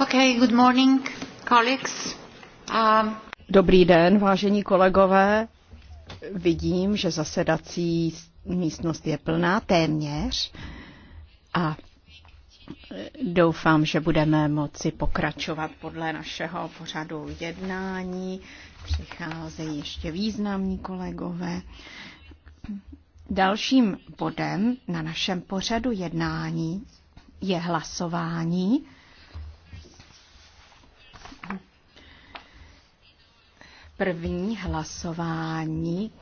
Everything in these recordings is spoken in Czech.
Um, Dobrý den, vážení kolegové. Vidím, že zasedací místnost je plná téměř a eh, doufám, že budeme moci pokračovat podle našeho pořadu jednání. Přicházejí ještě významní kolegové. Dalším bodem na našem pořadu jednání je hlasování První hlasování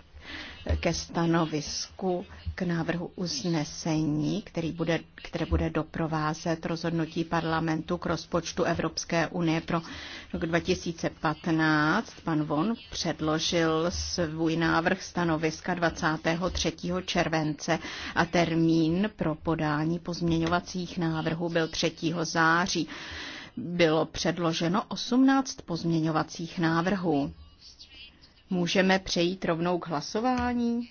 ke stanovisku k návrhu usnesení, který bude, které bude doprovázet rozhodnutí parlamentu k rozpočtu Evropské unie pro rok 2015. Pan Von předložil svůj návrh stanoviska 23. července a termín pro podání pozměňovacích návrhů byl 3. září bylo předloženo 18 pozměňovacích návrhů. Můžeme přejít rovnou k hlasování?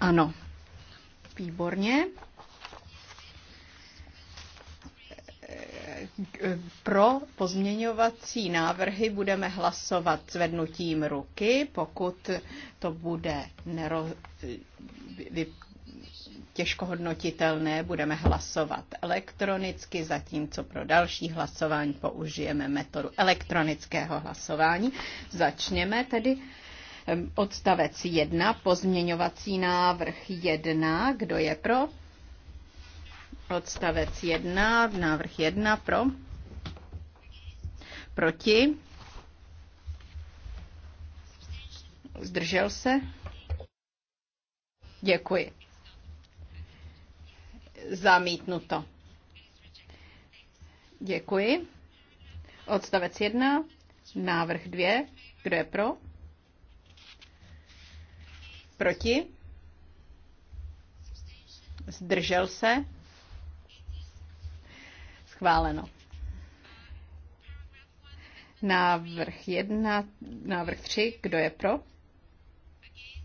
Ano. Výborně. pro pozměňovací návrhy budeme hlasovat zvednutím ruky, pokud to bude nero, těžko hodnotitelné, budeme hlasovat elektronicky, zatímco pro další hlasování použijeme metodu elektronického hlasování. Začněme tedy odstavec 1, pozměňovací návrh 1, kdo je pro? Odstavec 1, návrh 1 pro? Proti? Zdržel se? Děkuji. Zamítnuto. Děkuji. Odstavec 1, návrh 2. Kdo je pro? Proti? Zdržel se? Schváleno. Návrh 1, návrh 3. Kdo je pro?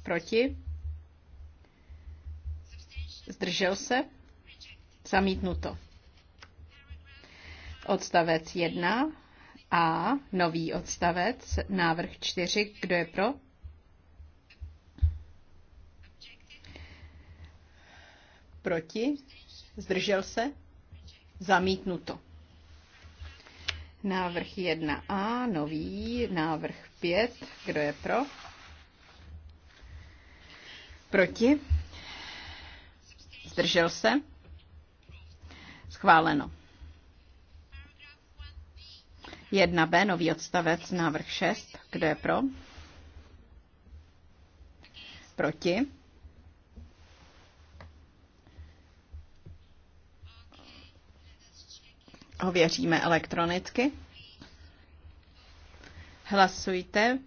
Proti? Zdržel se? Zamítnuto. Odstavec 1 a nový odstavec, návrh 4, kdo je pro? Proti? Zdržel se? Zamítnuto. Návrh 1a, nový, návrh 5, kdo je pro? Proti? Zdržel se? Schváleno. 1b, nový odstavec, návrh 6. Kdo je pro? Proti? Ověříme elektronicky. Hlasujte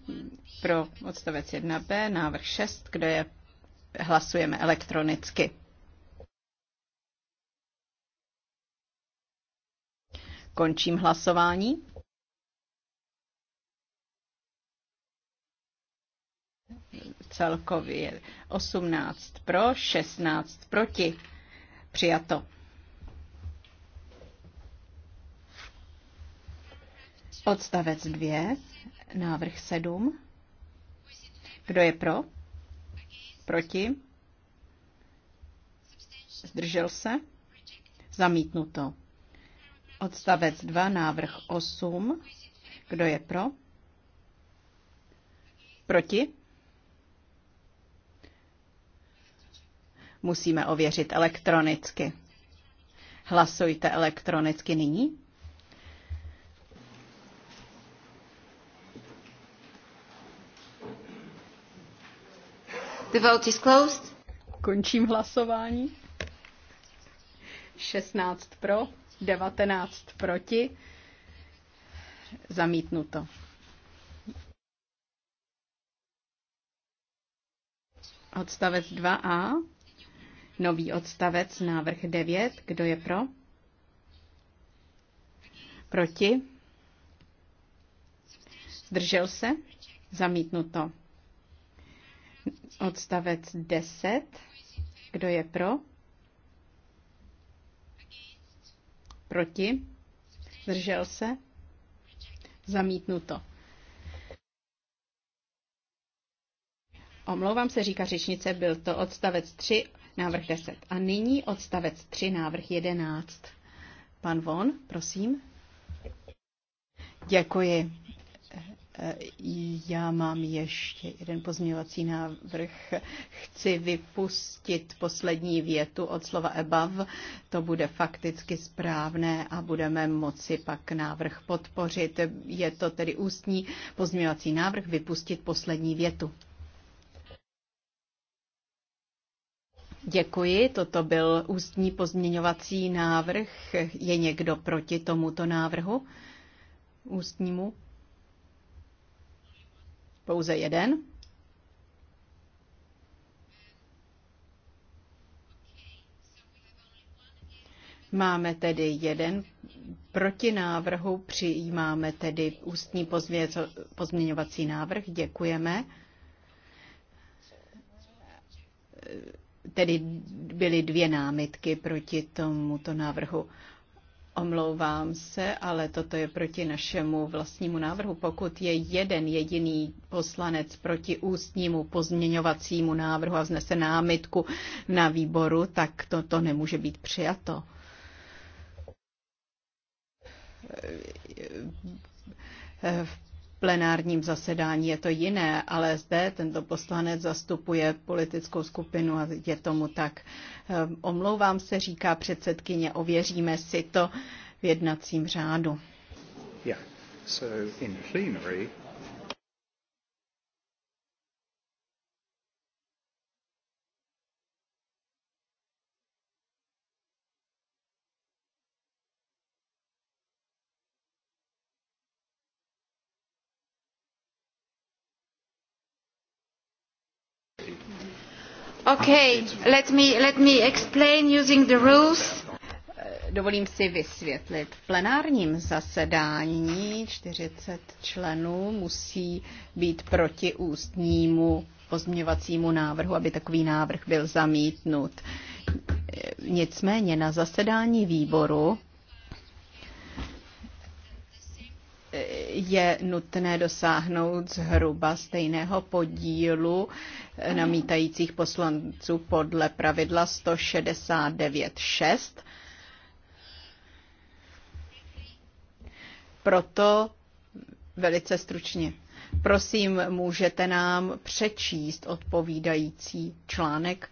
pro odstavec 1b, návrh 6, kdo je, hlasujeme elektronicky. Končím hlasování. Celkově 18 pro, 16 proti. Přijato. Odstavec 2, návrh 7. Kdo je pro? Proti? Zdržel se? Zamítnuto. Odstavec 2, návrh 8. Kdo je pro? Proti? Musíme ověřit elektronicky. Hlasujte elektronicky nyní. The vote is closed. Končím hlasování. 16 pro, 19 proti. Zamítnuto. Odstavec 2a. Nový odstavec, návrh 9. Kdo je pro? Proti? Zdržel se? Zamítnuto. Odstavec 10. Kdo je pro? Proti? Zdržel se? Zamítnuto. Omlouvám se, říká řečnice, byl to odstavec 3, návrh 10. A nyní odstavec 3, návrh 11. Pan Von, prosím. Děkuji. Já mám ještě jeden pozměňovací návrh. Chci vypustit poslední větu od slova above. To bude fakticky správné a budeme moci pak návrh podpořit. Je to tedy ústní pozměňovací návrh vypustit poslední větu. Děkuji, toto byl ústní pozměňovací návrh. Je někdo proti tomuto návrhu ústnímu? Pouze jeden? Máme tedy jeden proti návrhu, přijímáme tedy ústní pozměňovací návrh, děkujeme. Tedy byly dvě námitky proti tomuto návrhu. Omlouvám se, ale toto je proti našemu vlastnímu návrhu. Pokud je jeden jediný poslanec proti ústnímu pozměňovacímu návrhu a vznese námitku na výboru, tak toto nemůže být přijato v plenárním zasedání je to jiné, ale zde tento poslanec zastupuje politickou skupinu a je tomu tak. Eh, omlouvám se, říká předsedkyně, ověříme si to v jednacím řádu. Yeah. So in plenary, Okay, let me, let me explain using the rules. Dovolím si vysvětlit. V plenárním zasedání 40 členů musí být proti ústnímu pozměvacímu návrhu, aby takový návrh byl zamítnut. Nicméně na zasedání výboru je nutné dosáhnout zhruba stejného podílu namítajících poslanců podle pravidla 169.6. Proto velice stručně. Prosím, můžete nám přečíst odpovídající článek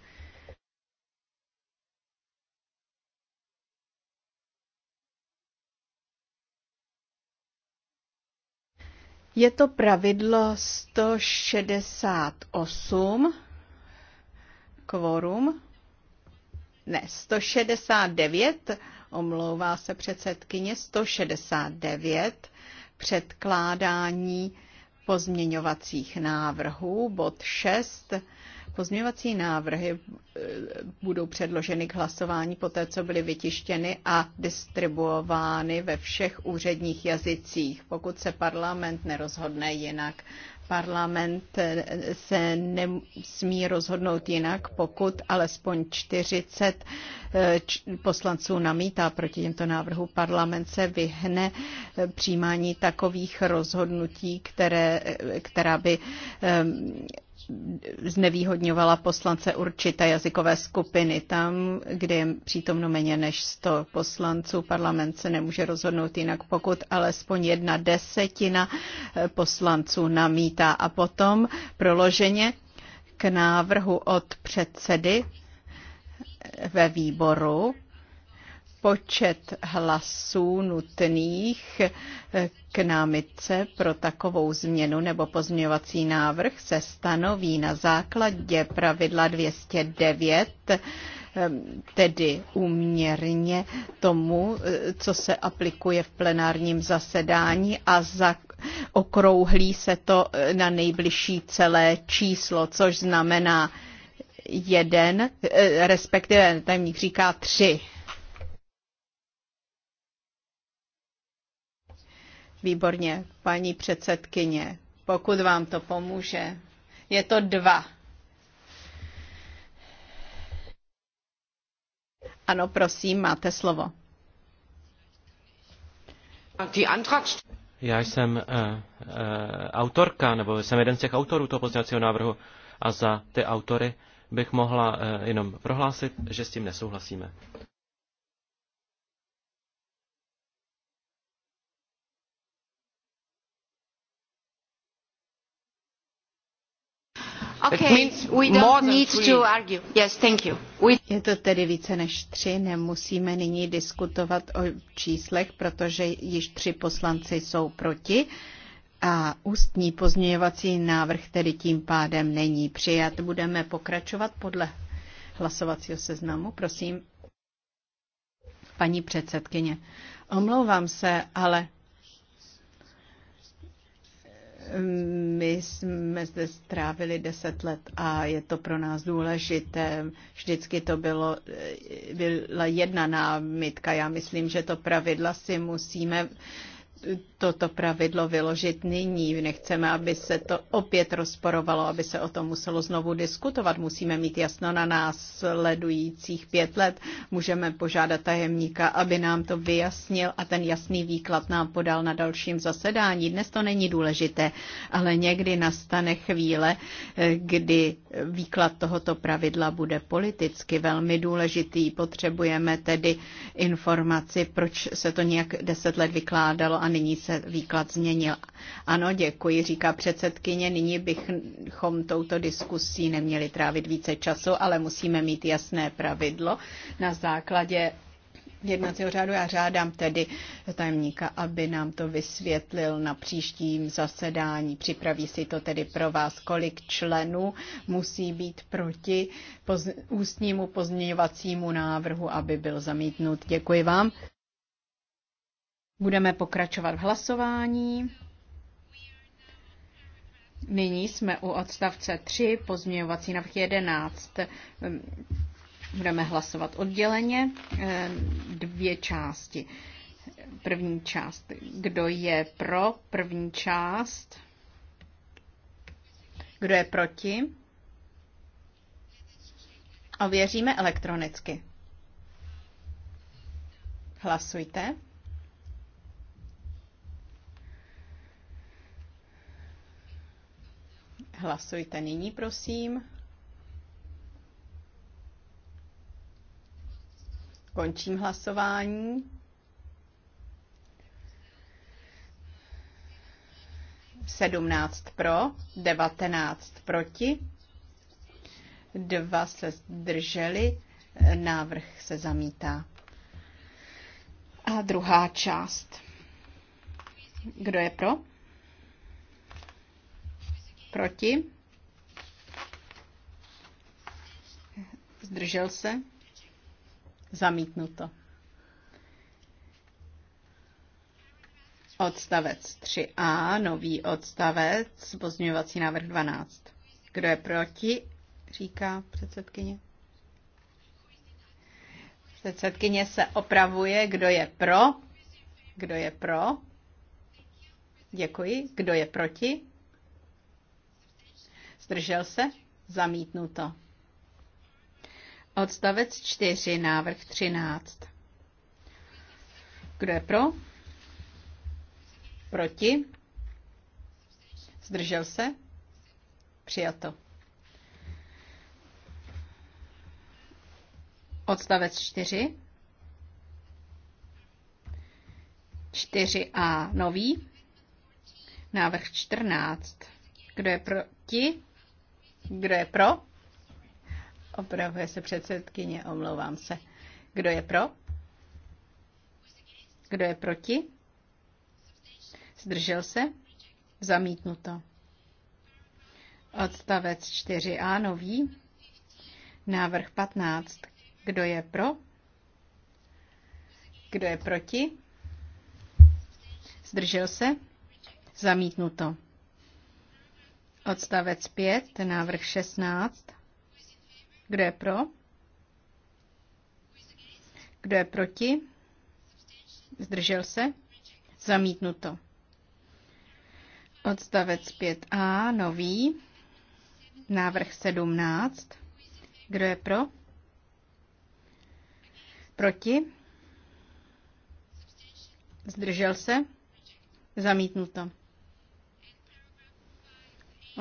Je to pravidlo 168, kvorum, ne, 169, omlouvá se předsedkyně, 169, předkládání pozměňovacích návrhů, bod 6, Pozměňovací návrhy eh, budou předloženy k hlasování poté, co byly vytištěny a distribuovány ve všech úředních jazycích, pokud se parlament nerozhodne jinak. Parlament eh, se nesmí rozhodnout jinak, pokud alespoň 40 eh, poslanců namítá proti těmto návrhu. Parlament se vyhne přijímání takových rozhodnutí, které, která by znevýhodňovala poslance určité jazykové skupiny. Tam, kde je přítomno méně než 100 poslanců, parlament se nemůže rozhodnout jinak, pokud alespoň jedna desetina eh, poslanců namítá. A potom proloženě k návrhu od předsedy eh, ve výboru počet hlasů nutných k námitce pro takovou změnu nebo pozměňovací návrh se stanoví na základě pravidla 209, tedy uměrně tomu, co se aplikuje v plenárním zasedání a za okrouhlí se to na nejbližší celé číslo, což znamená jeden, respektive tajemník říká tři Výborně, paní předsedkyně, pokud vám to pomůže. Je to dva. Ano, prosím, máte slovo. Já jsem uh, uh, autorka, nebo jsem jeden z těch autorů toho pozdějacího návrhu a za ty autory bych mohla uh, jenom prohlásit, že s tím nesouhlasíme. Je to tedy více než tři, nemusíme nyní diskutovat o číslech, protože již tři poslanci jsou proti a ústní pozměňovací návrh tedy tím pádem není přijat. Budeme pokračovat podle hlasovacího seznamu, prosím. Paní předsedkyně, omlouvám se, ale jsme zde strávili deset let a je to pro nás důležité. Vždycky to bylo, eh, byla jedna námitka. Já myslím, že to pravidla si musíme toto pravidlo vyložit nyní. Nechceme, aby se to opět rozporovalo, aby se o tom muselo znovu diskutovat. Musíme mít jasno na následujících pět let. Můžeme požádat tajemníka, aby nám to vyjasnil a ten jasný výklad nám podal na dalším zasedání. Dnes to není důležité, ale někdy nastane chvíle, kdy výklad tohoto pravidla bude politicky velmi důležitý. Potřebujeme tedy informaci, proč se to nějak deset let vykládalo a nyní se výklad změnil. Ano, děkuji, říká předsedkyně. Nyní bychom touto diskusí neměli trávit více času, ale musíme mít jasné pravidlo na základě jednacího řádu. Já řádám tedy tajemníka, aby nám to vysvětlil na příštím zasedání. Připraví si to tedy pro vás, kolik členů musí být proti poz- ústnímu pozměňovacímu návrhu, aby byl zamítnut. Děkuji vám. Budeme pokračovat v hlasování. Nyní jsme u odstavce 3, pozměňovací návrh 11. Budeme hlasovat odděleně eh, dvě části. První část. Kdo je pro první část? Kdo je proti? Ověříme elektronicky. Hlasujte. Hlasujte nyní, prosím. Končím hlasování. Sedmnáct pro, devatenáct proti, dva se zdrželi, návrh se zamítá. A druhá část. Kdo je pro? Proti? Zdržel se? Zamítnuto. Odstavec 3a, nový odstavec, pozměňovací návrh 12. Kdo je proti, říká předsedkyně. Předsedkyně se opravuje, kdo je pro, kdo je pro, děkuji, kdo je proti, Zdržel se? Zamítnuto. Odstavec 4, návrh 13. Kdo je pro? Proti? Zdržel se? Přijato. Odstavec 4. 4a nový. Návrh 14. Kdo je proti? Kdo je pro? Opravuje se předsedkyně, omlouvám se. Kdo je pro? Kdo je proti? Zdržel se? Zamítnuto. Odstavec 4a nový. Návrh 15. Kdo je pro? Kdo je proti? Zdržel se? Zamítnuto. Odstavec 5, návrh 16. Kdo je pro? Kdo je proti? Zdržel se? Zamítnuto. Odstavec 5a, nový. Návrh 17. Kdo je pro? Proti? Zdržel se? Zamítnuto.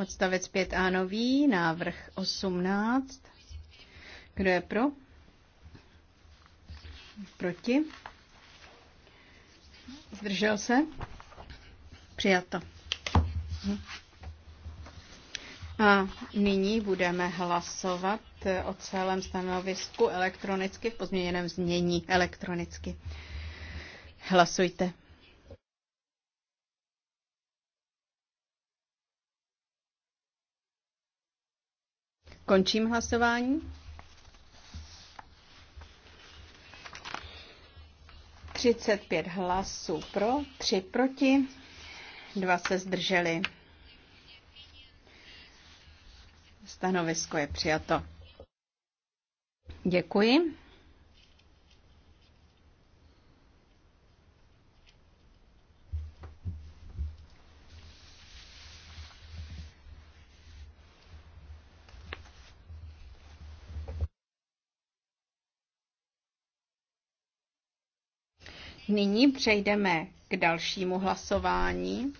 Odstavec 5a nový, návrh 18. Kdo je pro? Proti? Zdržel se? Přijato. A nyní budeme hlasovat o celém stanovisku elektronicky v pozměněném znění elektronicky. Hlasujte. Končím hlasování. 35 hlasů pro, tři proti, dva se zdrželi. Stanovisko je přijato. Děkuji. Nyní přejdeme k dalšímu hlasování.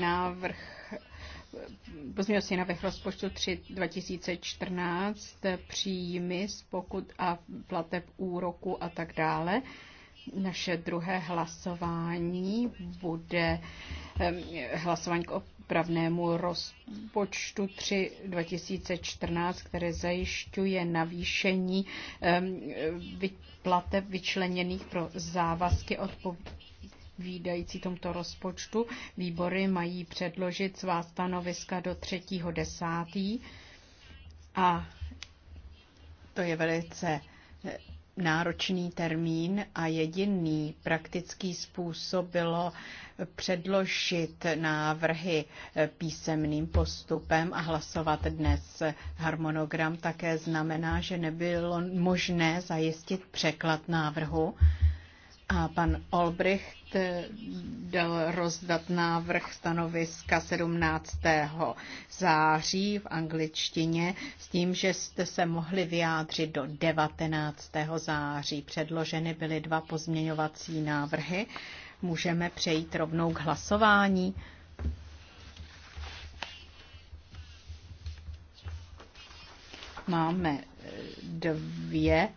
Návrh pozměňovací na rozpočtu 3 2014, příjmy z pokud a plateb úroku a tak dále. Naše druhé hlasování bude hlasování o opravnému rozpočtu 3 2014, které zajišťuje navýšení plateb vyčleněných pro závazky odpovědných výdající tomto rozpočtu. Výbory mají předložit svá stanoviska do 3.10. A to je velice náročný termín a jediný praktický způsob bylo předložit návrhy písemným postupem a hlasovat dnes. Harmonogram také znamená, že nebylo možné zajistit překlad návrhu. A pan Olbricht eh, dal rozdat návrh stanoviska 17. září v angličtině s tím, že jste se mohli vyjádřit do 19. září. Předloženy byly dva pozměňovací návrhy. Můžeme přejít rovnou k hlasování. Máme eh, dvě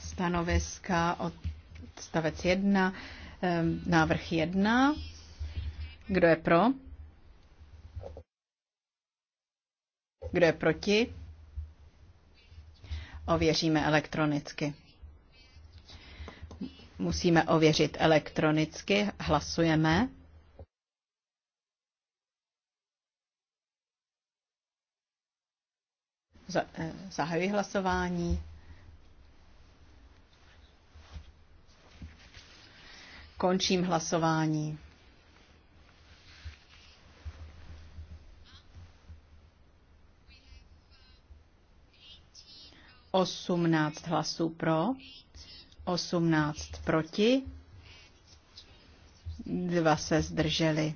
stanoviska od odstavec 1, návrh 1. Kdo je pro? Kdo je proti? Ověříme elektronicky. Musíme ověřit elektronicky. Hlasujeme. Eh, zahajuji hlasování. Končím hlasování. Osmnáct hlasů pro, osmnáct proti, dva se zdrželi.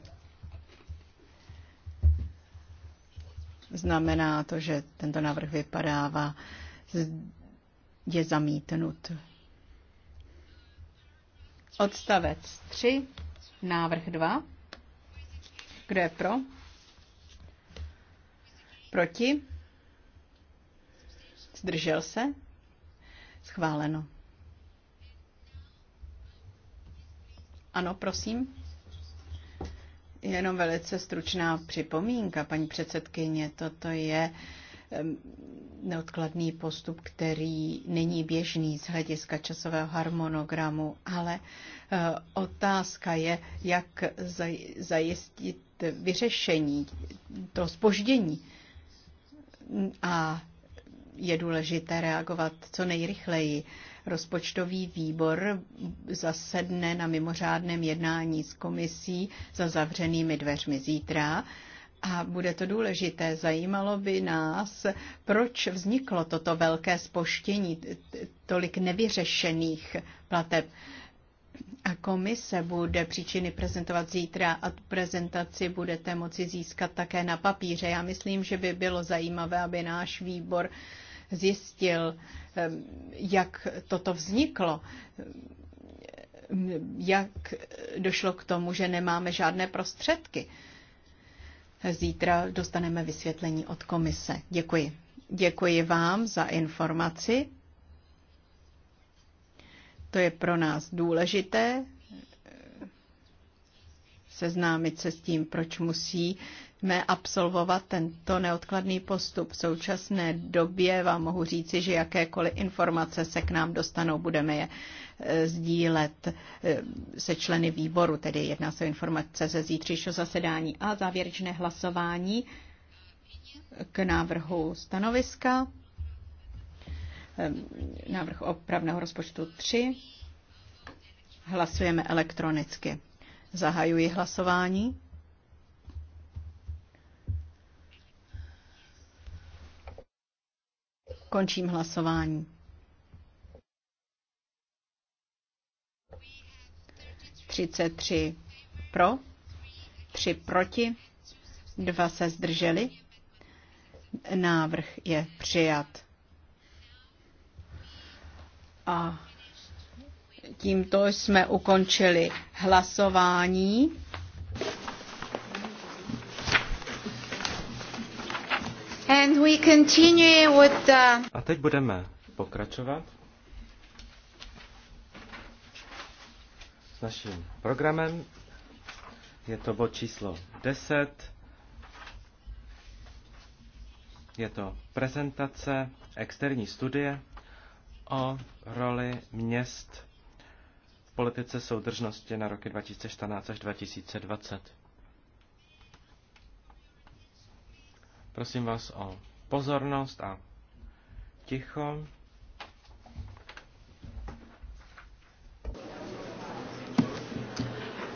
Znamená to, že tento návrh vypadává, je zamítnut. Odstavec 3, návrh 2. Kdo je pro? Proti? Zdržel se? Schváleno. Ano, prosím. Jenom velice stručná připomínka, paní předsedkyně. Toto je uh, neodkladný postup, který není běžný z hlediska časového harmonogramu, ale e, otázka je, jak zajistit vyřešení toho spoždění a je důležité reagovat co nejrychleji. Rozpočtový výbor zasedne na mimořádném jednání s komisí za zavřenými dveřmi zítra a bude to důležité. Zajímalo by nás, proč vzniklo toto velké spoštění tolik nevyřešených plateb. A komise bude příčiny prezentovat zítra a tu prezentaci budete moci získat také na papíře. Já myslím, že by bylo zajímavé, aby náš výbor zjistil, ehm, jak toto vzniklo ehm, jak došlo k tomu, že nemáme žádné prostředky. Zítra dostaneme vysvětlení od komise. Děkuji. Děkuji vám za informaci. To je pro nás důležité eh, seznámit se s tím, proč musíme absolvovat tento neodkladný postup. V současné době vám mohu říci, že jakékoliv informace se k nám dostanou, budeme je Eh, sdílet eh, se členy výboru, tedy jedná se o informace ze zítřejšího zasedání a závěrečné hlasování k návrhu stanoviska, eh, návrh opravného rozpočtu 3. Hlasujeme elektronicky. Zahajuji hlasování. Končím hlasování. 33 pro, 3 proti, 2 se zdrželi. Návrh je přijat. A tímto jsme ukončili hlasování. And we continue with the... A teď budeme pokračovat. naším programem. Je to bod číslo 10. Je to prezentace externí studie o roli měst v politice soudržnosti na roky 2014 až 2020. Prosím vás o pozornost a ticho.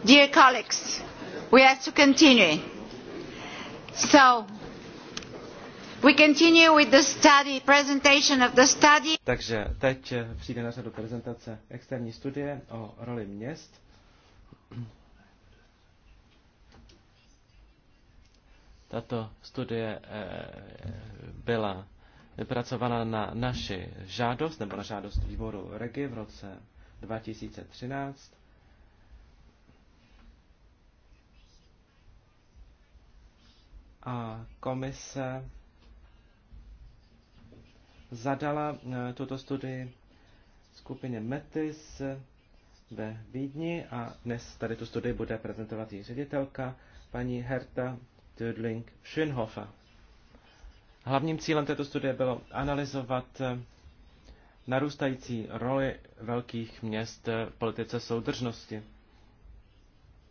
dear colleagues we have to continue so we continue with the study presentation of the study takže teď eh, přijde na řadu prezentace externí studie o roli měst tato studie eh, byla vypracovaná na naši žádost nebo na žádost výboru Regi v roce 2013 a komise zadala eh, tuto studii skupině METIS ve Vídni a dnes tady tu studii bude prezentovat její ředitelka paní Herta Tödling Schönhofer. Hlavním cílem této studie bylo analyzovat eh, narůstající roli velkých měst v politice soudržnosti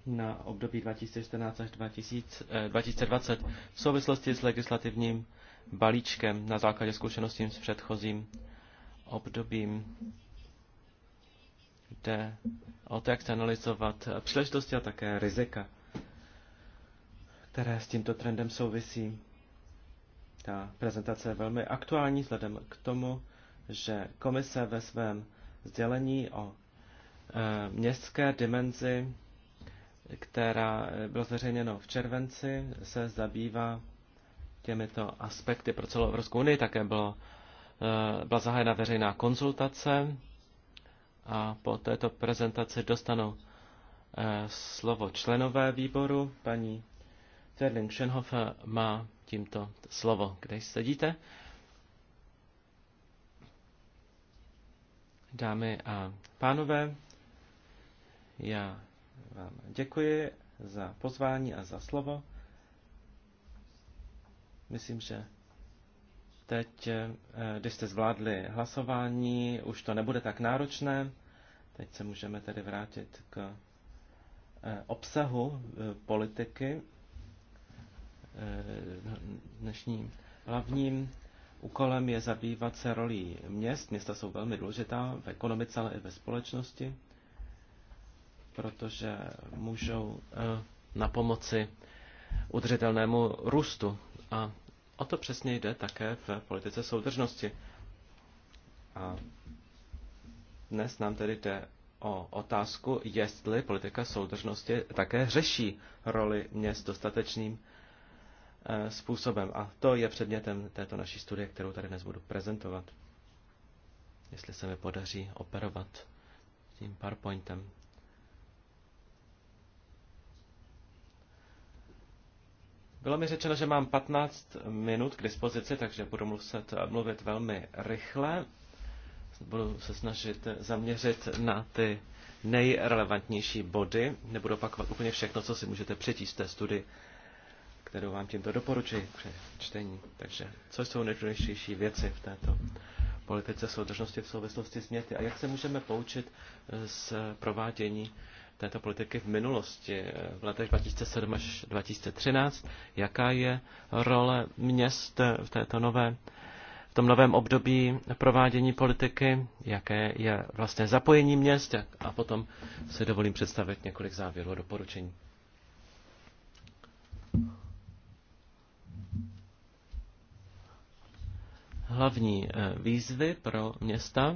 na období 2014 až 2020 eh, v souvislosti s legislativním balíčkem na základě zkušeností s předchozím obdobím. Jde o to, jak se analyzovat příležitosti a také rizika, které s tímto trendem souvisí. Ta prezentace je velmi aktuální vzhledem k tomu, že komise ve svém sdělení o e, městské dimenzi která eh, bylo zveřejněna v červenci, se zabývá těmito aspekty pro celou Evropskou unii. Také bylo, eh, byla zahájena veřejná konzultace a po této prezentaci dostanou eh, slovo členové výboru. Paní Terling Schenhoff má tímto slovo. Kde sedíte? Dámy a pánové, já vám děkuji za pozvání a za slovo. Myslím, že teď, eh, když jste zvládli hlasování, už to nebude tak náročné. Teď se můžeme tedy vrátit k eh, obsahu eh, politiky. Dnešním hlavním úkolem je zabývat se rolí měst. Města jsou velmi důležitá v ekonomice, ale i ve společnosti protože můžou eh, na pomoci udržitelnému růstu. A o to přesně jde také v politice soudržnosti. A dnes nám tedy jde o otázku, jestli politika soudržnosti také řeší roli měst dostatečným eh, způsobem. A to je předmětem této naší studie, kterou tady dnes budu prezentovat. Jestli se mi podaří operovat tím PowerPointem. Bylo mi řečeno, že mám 15 minut k dispozici, takže budu muset mluvit velmi rychle. Budu se snažit zaměřit na ty nejrelevantnější body. Nebudu opakovat úplně všechno, co si můžete přečíst té studii, kterou vám tímto doporučuji při čtení. Takže co jsou nejdůležitější věci v této politice soudržnosti v souvislosti s měty a jak se můžeme poučit z provádění této politiky v minulosti, v letech 2007 až 2013. Jaká je role měst v této nové v tom novém období provádění politiky, jaké je vlastně zapojení měst a potom si dovolím představit několik závěrů a doporučení. Hlavní eh, výzvy pro města.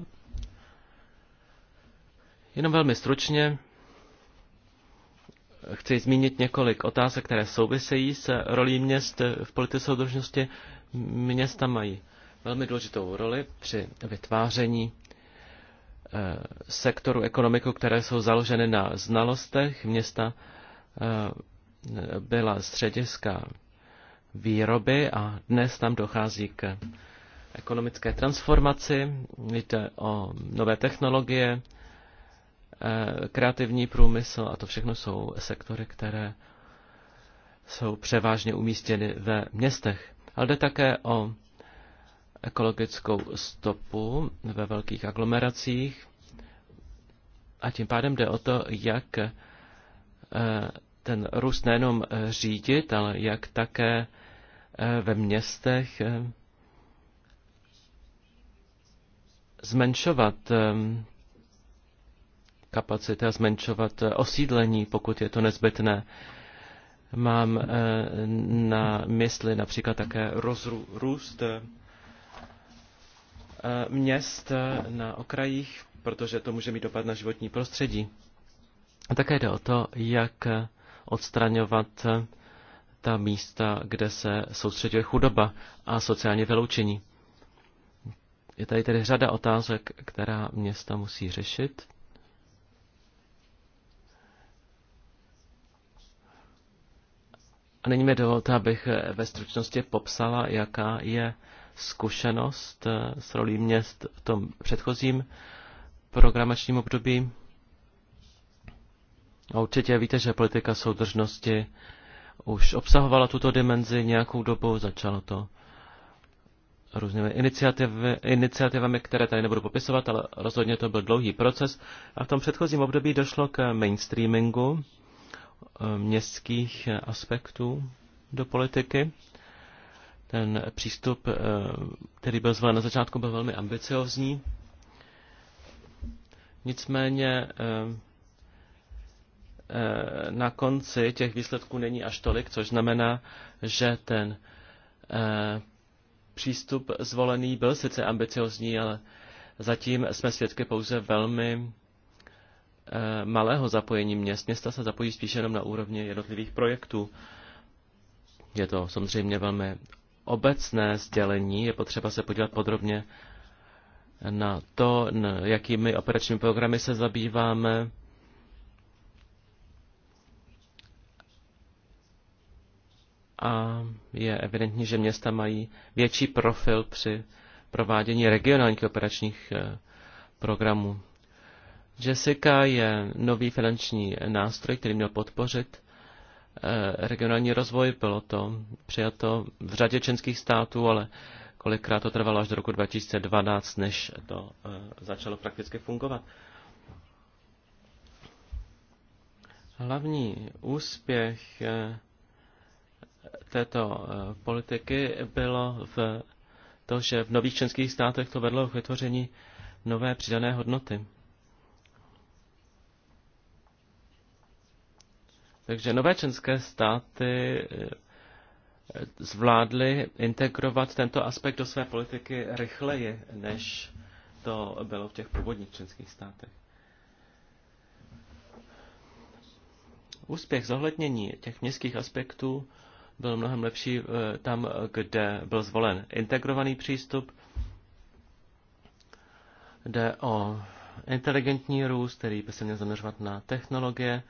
Jenom velmi stručně, chci zmínit několik otázek, které souvisejí s rolí měst v politice soudržnosti. Města mají velmi důležitou roli při vytváření eh, sektoru ekonomiku, které jsou založeny na znalostech. Města eh, byla střediska výroby a dnes tam dochází k ekonomické transformaci. Jde o nové technologie, Eh, kreativní průmysl a to všechno jsou sektory, které jsou převážně umístěny ve městech. Ale jde také o ekologickou stopu ve velkých aglomeracích a tím pádem jde o to, jak eh, ten růst nejenom řídit, ale jak také eh, ve městech zmenšovat kapacity a zmenšovat eh, osídlení, pokud je to nezbytné. Mám eh, na mysli například také rozrůst eh, měst na okrajích, protože to může mít dopad na životní prostředí. A také jde o to, jak odstraňovat ta místa, kde se soustředuje chudoba a sociální vyloučení. Je tady tedy řada otázek, která města musí řešit. A nyní mi dovolte, abych eh, ve stručnosti popsala, jaká je zkušenost eh, s rolí měst v tom předchozím programačním období. A určitě víte, že politika soudržnosti už obsahovala tuto dimenzi nějakou dobu, začalo to různými iniciativy, iniciativami, které tady nebudu popisovat, ale rozhodně to byl dlouhý proces. A v tom předchozím období došlo k mainstreamingu Eh, městských aspektů do politiky. Ten přístup, eh, který byl zvolen na začátku, byl velmi ambiciozní. Nicméně eh, na konci těch výsledků není až tolik, což znamená, že ten přístup zvolený byl sice ambiciozní, ale zatím jsme svědky pouze velmi Eh, malého zapojení měst. Města se zapojí spíše jenom na úrovni jednotlivých projektů. Je to samozřejmě velmi obecné sdělení, je potřeba se podívat podrobně na to, na jakými operačními programy se zabýváme, a je evidentní, že města mají větší profil při provádění regionálních operačních eh, programů. Jessica je nový finanční nástroj, který měl podpořit eh, regionální rozvoj. Bylo to přijato v řadě členských států, ale kolikrát to trvalo až do roku 2012, než to eh, začalo prakticky fungovat. Hlavní úspěch eh, této politiky bylo v to, že v nových členských státech to vedlo k vytvoření nové přidané hodnoty. Takže nové členské státy eh, zvládly integrovat tento aspekt do své politiky rychleji, než to bylo v těch původních členských státech. Úspěch zohlednění těch městských aspektů byl mnohem lepší eh, tam, kde byl zvolen integrovaný přístup. Jde o inteligentní růst, který by se měl zaměřovat na technologie,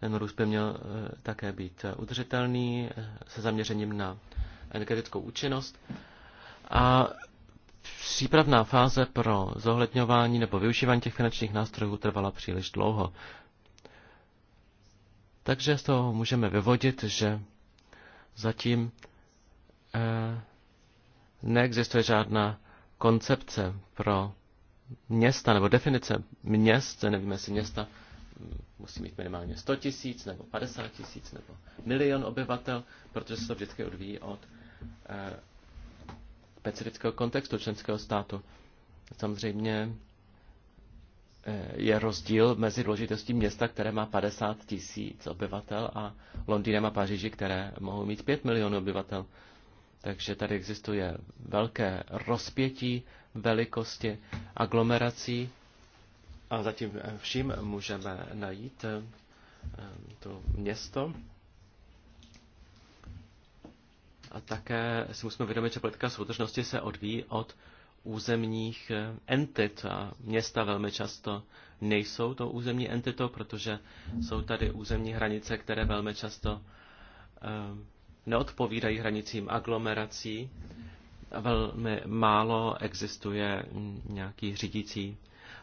ten růst by měl eh, také být eh, udržitelný eh, se zaměřením na energetickou účinnost. A přípravná fáze pro zohledňování nebo využívání těch finančních nástrojů trvala příliš dlouho. Takže z toho můžeme vyvodit, že zatím neexistuje žádná koncepce pro města nebo definice měst, nevíme si města musí mít minimálně 100 tisíc, nebo 50 tisíc, nebo milion obyvatel, protože se to vždycky odvíjí od eh, specifického kontextu členského státu. Samozřejmě eh, je rozdíl mezi důležitostí města, které má 50 tisíc obyvatel a Londýnem a Paříži, které mohou mít 5 milionů obyvatel. Takže tady existuje velké rozpětí velikosti aglomerací a zatím vším můžeme najít eh, to město. A také si musíme vědomit, že politika soudržnosti se odvíjí od územních eh, entit a města velmi často nejsou to územní entitou, protože jsou tady územní hranice, které velmi často eh, neodpovídají hranicím aglomerací. Velmi málo existuje nějaký řídící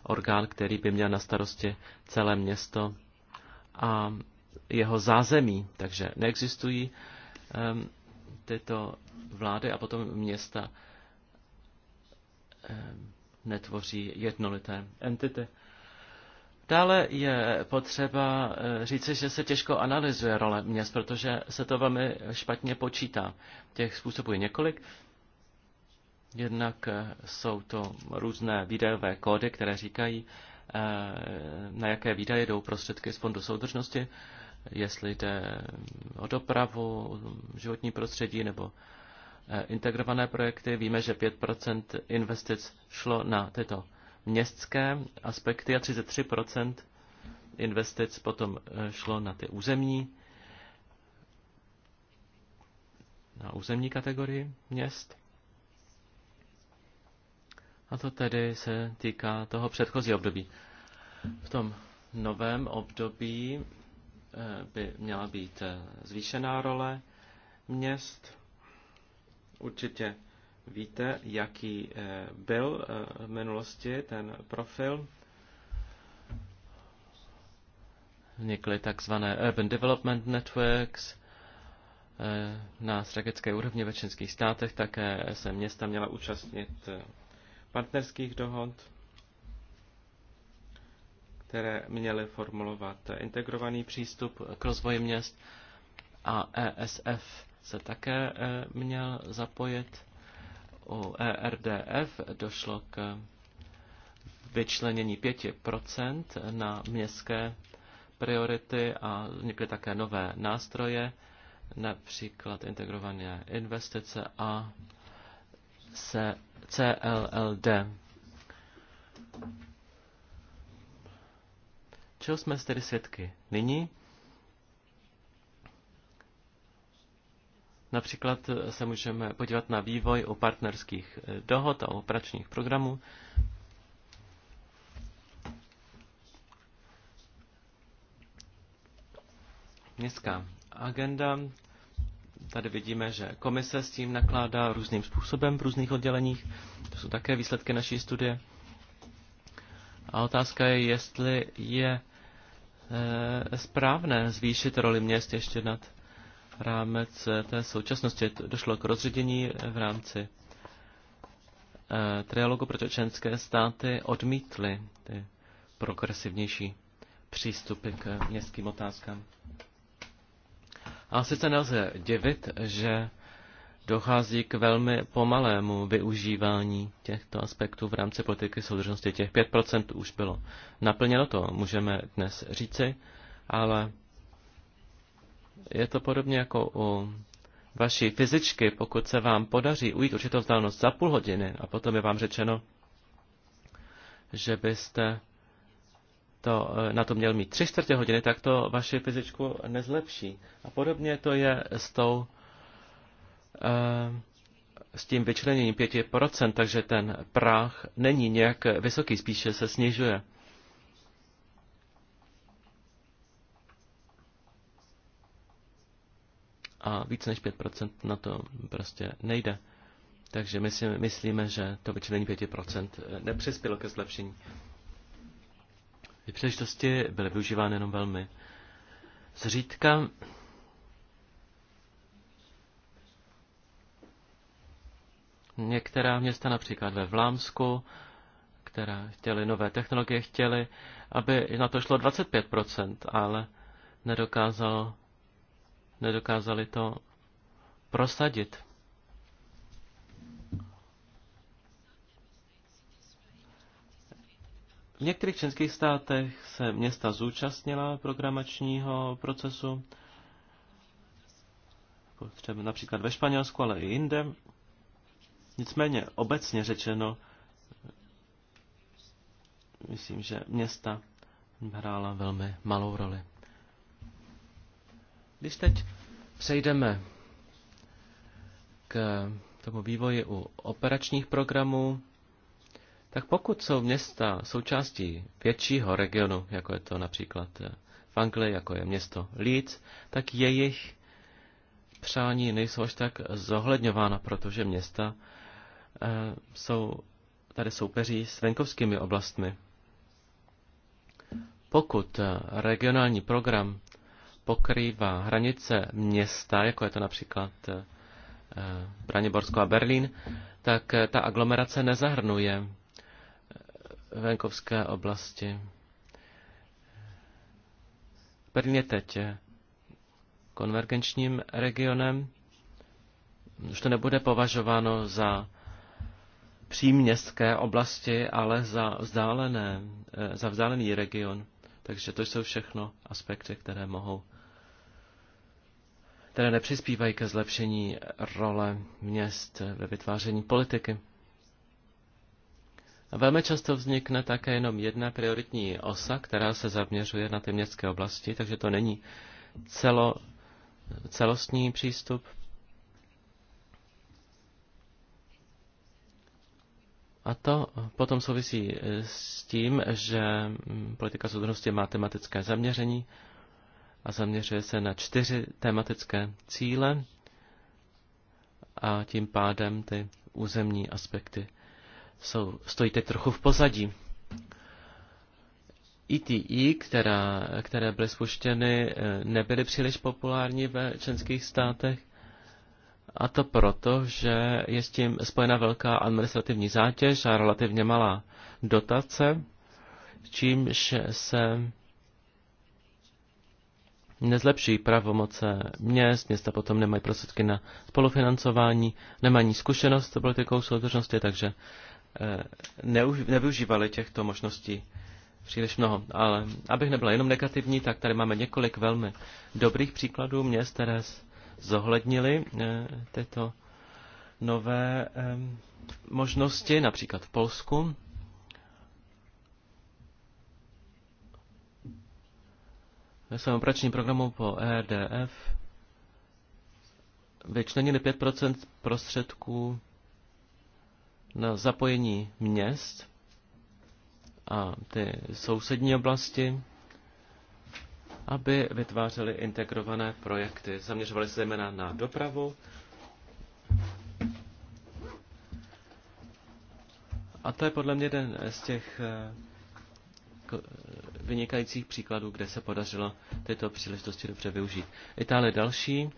orgán, který by měl na starosti celé město a jeho zázemí. Takže neexistují um, tyto vlády a potom města um, netvoří jednolité entity. Dále je potřeba eh, říci, že se těžko analyzuje role měst, protože se to velmi špatně počítá. Těch způsobů je několik. Jednak eh, jsou to různé výdajové kódy, které říkají, eh, na jaké výdaje jdou prostředky z Fondu soudržnosti, jestli jde mm, o dopravu, životní prostředí nebo eh, integrované projekty. Víme, že 5 investic šlo na tyto městské aspekty a 33 investic potom šlo na ty územní, na územní kategorii měst. A to tedy se týká toho předchozí období. V tom novém období eh, by měla být eh, zvýšená role měst. Určitě víte, jaký eh, byl v minulosti ten profil. Vznikly takzvané Urban Development Networks na strategické úrovni ve členských státech. Také se města měla účastnit partnerských dohod, které měly formulovat integrovaný přístup k rozvoji měst a ESF se také eh, měl zapojit. U ERDF došlo k vyčlenění 5% na městské priority a vznikly také nové nástroje, například integrované investice a se CLLD. Čeho jsme tedy svědky? Nyní Například se můžeme podívat na vývoj u partnerských eh, dohod a operačních programů. Městská agenda, Tady vidíme, že komise s tím nakládá různým způsobem v různých odděleních. To jsou také výsledky naší studie. A otázka je, jestli je e, správné zvýšit roli měst ještě nad rámec eh, té současnosti. Došlo k rozředění eh, v rámci e, trialogu, protože členské státy odmítly ty progresivnější přístupy k městským otázkám. A sice nelze divit, že dochází k velmi pomalému využívání těchto aspektů v rámci politiky soudržnosti. Těch 5% už bylo naplněno, to můžeme dnes říci, ale je to podobně jako u vaší fyzičky, pokud se vám podaří ujít určitou vzdálenost za půl hodiny a potom je vám řečeno, že byste to, eh, na to měl mít tři čtvrtě hodiny, tak to vaši fyzičku nezlepší. A podobně to je s tou eh, s tím vyčleněním 5%, takže ten práh není nějak vysoký, spíše se snižuje. A víc než 5% na to prostě nejde. Takže my si myslíme, že to vyčlenění 5% eh, nepřispělo ke zlepšení. Ty příležitosti byly využívány jenom velmi zřídka. Některá města, například ve Vlámsku, která chtěli nové technologie, chtěli, aby na to šlo 25%, ale nedokázalo, nedokázali to prosadit. V některých členských státech se města zúčastnila programačního procesu, třeba například ve Španělsku, ale i jinde. Nicméně obecně řečeno, myslím, že města hrála velmi malou roli. Když teď přejdeme k tomu vývoji u operačních programů, tak pokud jsou města součástí většího regionu, jako je to například eh, v Anglii, jako je město Leeds, tak jejich přání nejsou až tak zohledňována, protože města eh, jsou tady soupeří s venkovskými oblastmi. Pokud eh, regionální program pokrývá hranice města, jako je to například Braniborsko a Berlín, tak ta aglomerace nezahrnuje venkovské oblasti. Brně je teď konvergenčním regionem. Už to nebude považováno za příměstské oblasti, ale za, vzdálené, eh, za vzdálený region. Takže to jsou všechno aspekty, které mohou které nepřispívají ke zlepšení role měst ve vytváření politiky. Velmi často vznikne také jenom jedna prioritní osa, která se zaměřuje na ty městské oblasti, takže to není celo, celostní přístup. A to potom souvisí s tím, že politika soudržnosti má tematické zaměření a zaměřuje se na čtyři tematické cíle a tím pádem ty územní aspekty jsou, stojí teď trochu v pozadí. ETI, e, která, které byly spuštěny, eh, nebyly příliš populární ve členských státech. A to proto, že je s tím spojena velká administrativní zátěž a relativně malá dotace, čímž se nezlepší pravomoce měst, města potom nemají prostředky na spolufinancování, nemají zkušenost s politikou soudržnosti, takže Eh, nevyužívali těchto možností příliš mnoho. Ale abych nebyla jenom negativní, tak tady máme několik velmi dobrých příkladů měst, které zohlednili eh, tyto nové možnosti, například v Polsku. Ve svém operačním programu po ERDF vyčlenili 5 prostředků na zapojení měst a ty sousední oblasti, aby vytvářely integrované projekty. Zaměřovali se zejména na dopravu a to je podle mě jeden z těch eh, vynikajících příkladů, kde se podařilo tyto příležitosti dobře využít. Itálie další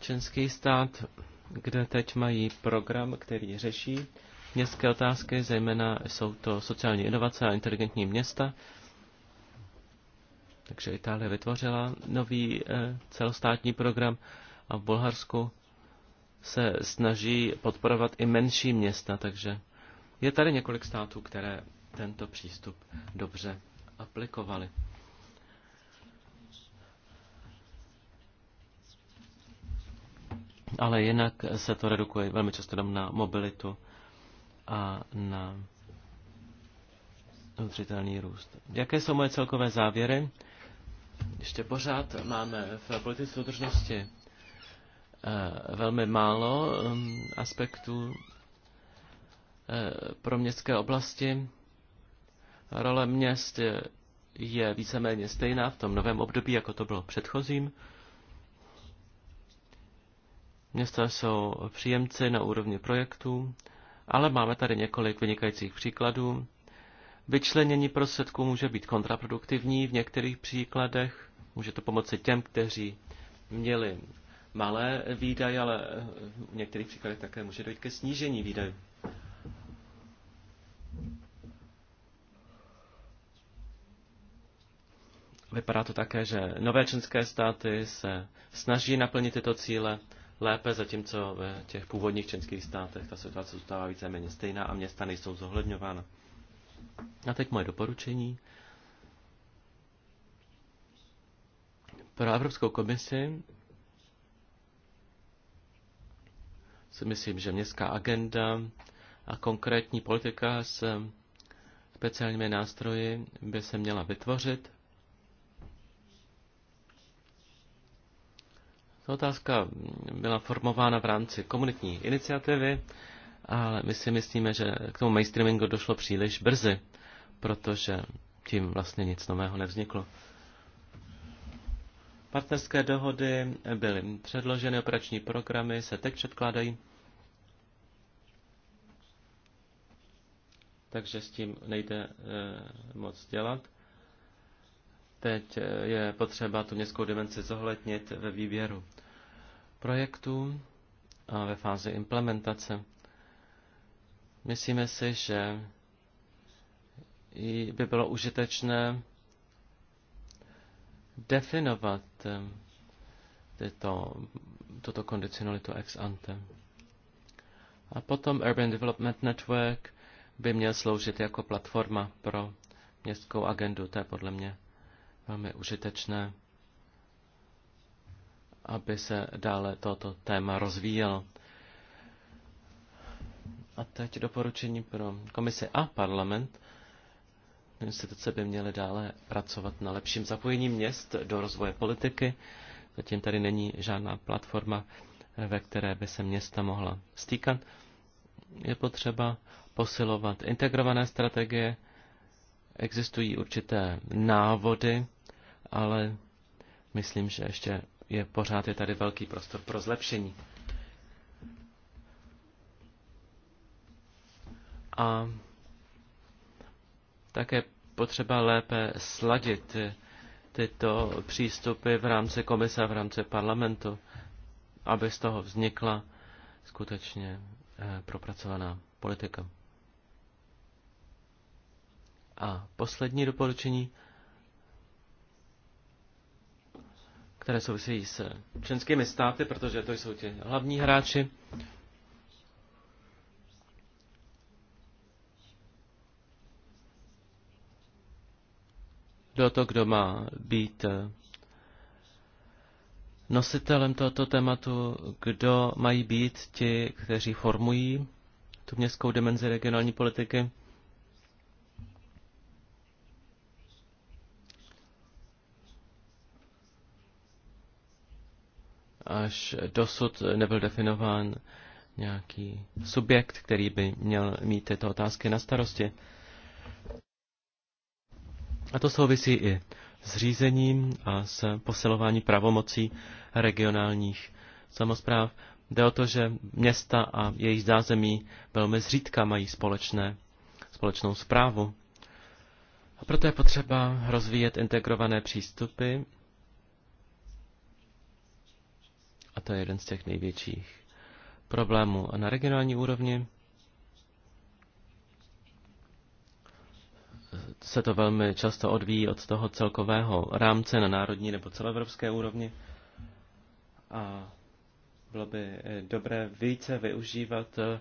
členský stát, kde teď mají program, který řeší městské otázky, zejména jsou to sociální inovace a inteligentní města. Takže Itálie vytvořila nový eh, celostátní program a v Bulharsku se snaží podporovat i menší města, takže je tady několik států, které tento přístup dobře aplikovali. Ale jinak se to redukuje velmi často na mobilitu a na udržitelný růst. Jaké jsou moje celkové závěry? Ještě pořád máme v politice soudržnosti eh, velmi málo hm, aspektů eh, pro městské oblasti. Role měst je víceméně stejná v tom novém období, jako to bylo v předchozím. Města jsou příjemci na úrovni projektů ale máme tady několik vynikajících příkladů. Vyčlenění prostředků může být kontraproduktivní v některých příkladech. Může to pomoci těm, kteří měli malé výdaje, ale eh, v některých příkladech také může dojít ke snížení výdajů. Vypadá to také, že nové členské státy se snaží naplnit tyto cíle, lépe, zatímco ve těch původních členských státech ta situace zůstává víceméně stejná a města nejsou zohledňována. A teď moje doporučení. Pro Evropskou komisi si myslím, že městská agenda a konkrétní politika s speciálními nástroji by se měla vytvořit Ta otázka byla formována v rámci komunitní iniciativy, ale my si myslíme, že k tomu mainstreamingu došlo příliš brzy, protože tím vlastně nic nového nevzniklo. Partnerské dohody byly předloženy, operační programy se teď předkládají. Takže s tím nejde e, moc dělat. Teď eh, je potřeba tu městskou dimenzi zohlednit ve výběru projektů a ve fázi implementace. Myslíme si, že by bylo užitečné definovat eh, tyto, tuto kondicionalitu ex ante. A potom Urban Development Network by měl sloužit jako platforma pro městskou agendu. To je podle mě velmi užitečné aby se dále toto téma rozvíjelo. A teď doporučení pro komisi a parlament. Instituce by měly dále pracovat na lepším zapojení měst do rozvoje politiky. Zatím tady není žádná platforma, ve které by se města mohla stýkat. Je potřeba posilovat integrované strategie. Existují určité návody, ale myslím, že ještě je pořád je tady velký prostor pro zlepšení. A také potřeba lépe sladit tyto přístupy v rámci komise a v rámci parlamentu, aby z toho vznikla skutečně eh, propracovaná politika. A poslední doporučení které souvisejí s členskými státy, protože to jsou ti hlavní hráči. Do to, kdo má být eh, nositelem tohoto tématu, kdo mají být ti, kteří formují tu městskou dimenzi regionální politiky. až dosud nebyl definován nějaký subjekt, který by měl mít tyto otázky na starosti. A to souvisí i s řízením a s posilování pravomocí regionálních samozpráv. Jde o to, že města a jejich zázemí velmi zřídka mají společné, společnou zprávu. A proto je potřeba rozvíjet integrované přístupy to je jeden z těch největších problémů. A na regionální úrovni se to velmi často odvíjí od toho celkového rámce na národní nebo celoevropské úrovni. A bylo by eh, dobré více využívat eh,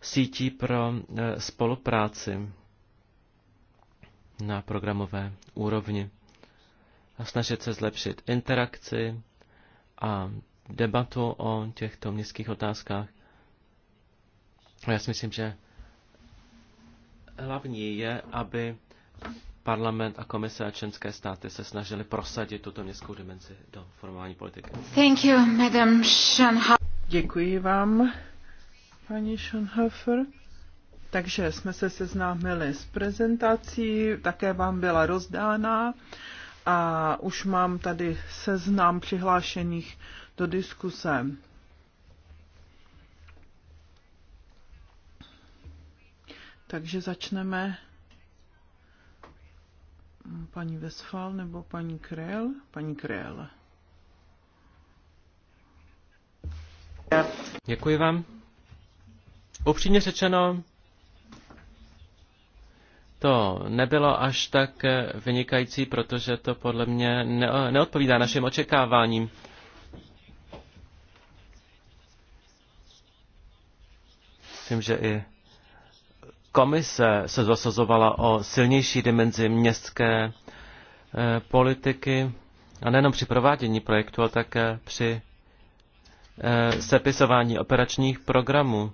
sítí pro eh, spolupráci na programové úrovni a snažit se zlepšit interakci a debatu o těchto městských otázkách. Já si myslím, že hlavní je, aby parlament a komise a členské státy se snažili prosadit tuto městskou dimenzi do formování politiky. Thank you, Madam Děkuji vám, paní Schoenhofer. Takže jsme se seznámili s prezentací, také vám byla rozdána a už mám tady seznam přihlášených do diskuse. Takže začneme paní Vesfal nebo paní Krel? Paní Krel. Děkuji vám. Upřímně řečeno, to nebylo až tak vynikající, protože to podle mě neodpovídá našim očekáváním. Myslím, že i komise se zasazovala o silnější dimenzi městské eh, politiky a nejenom při provádění projektu, ale také při eh, sepisování operačních programů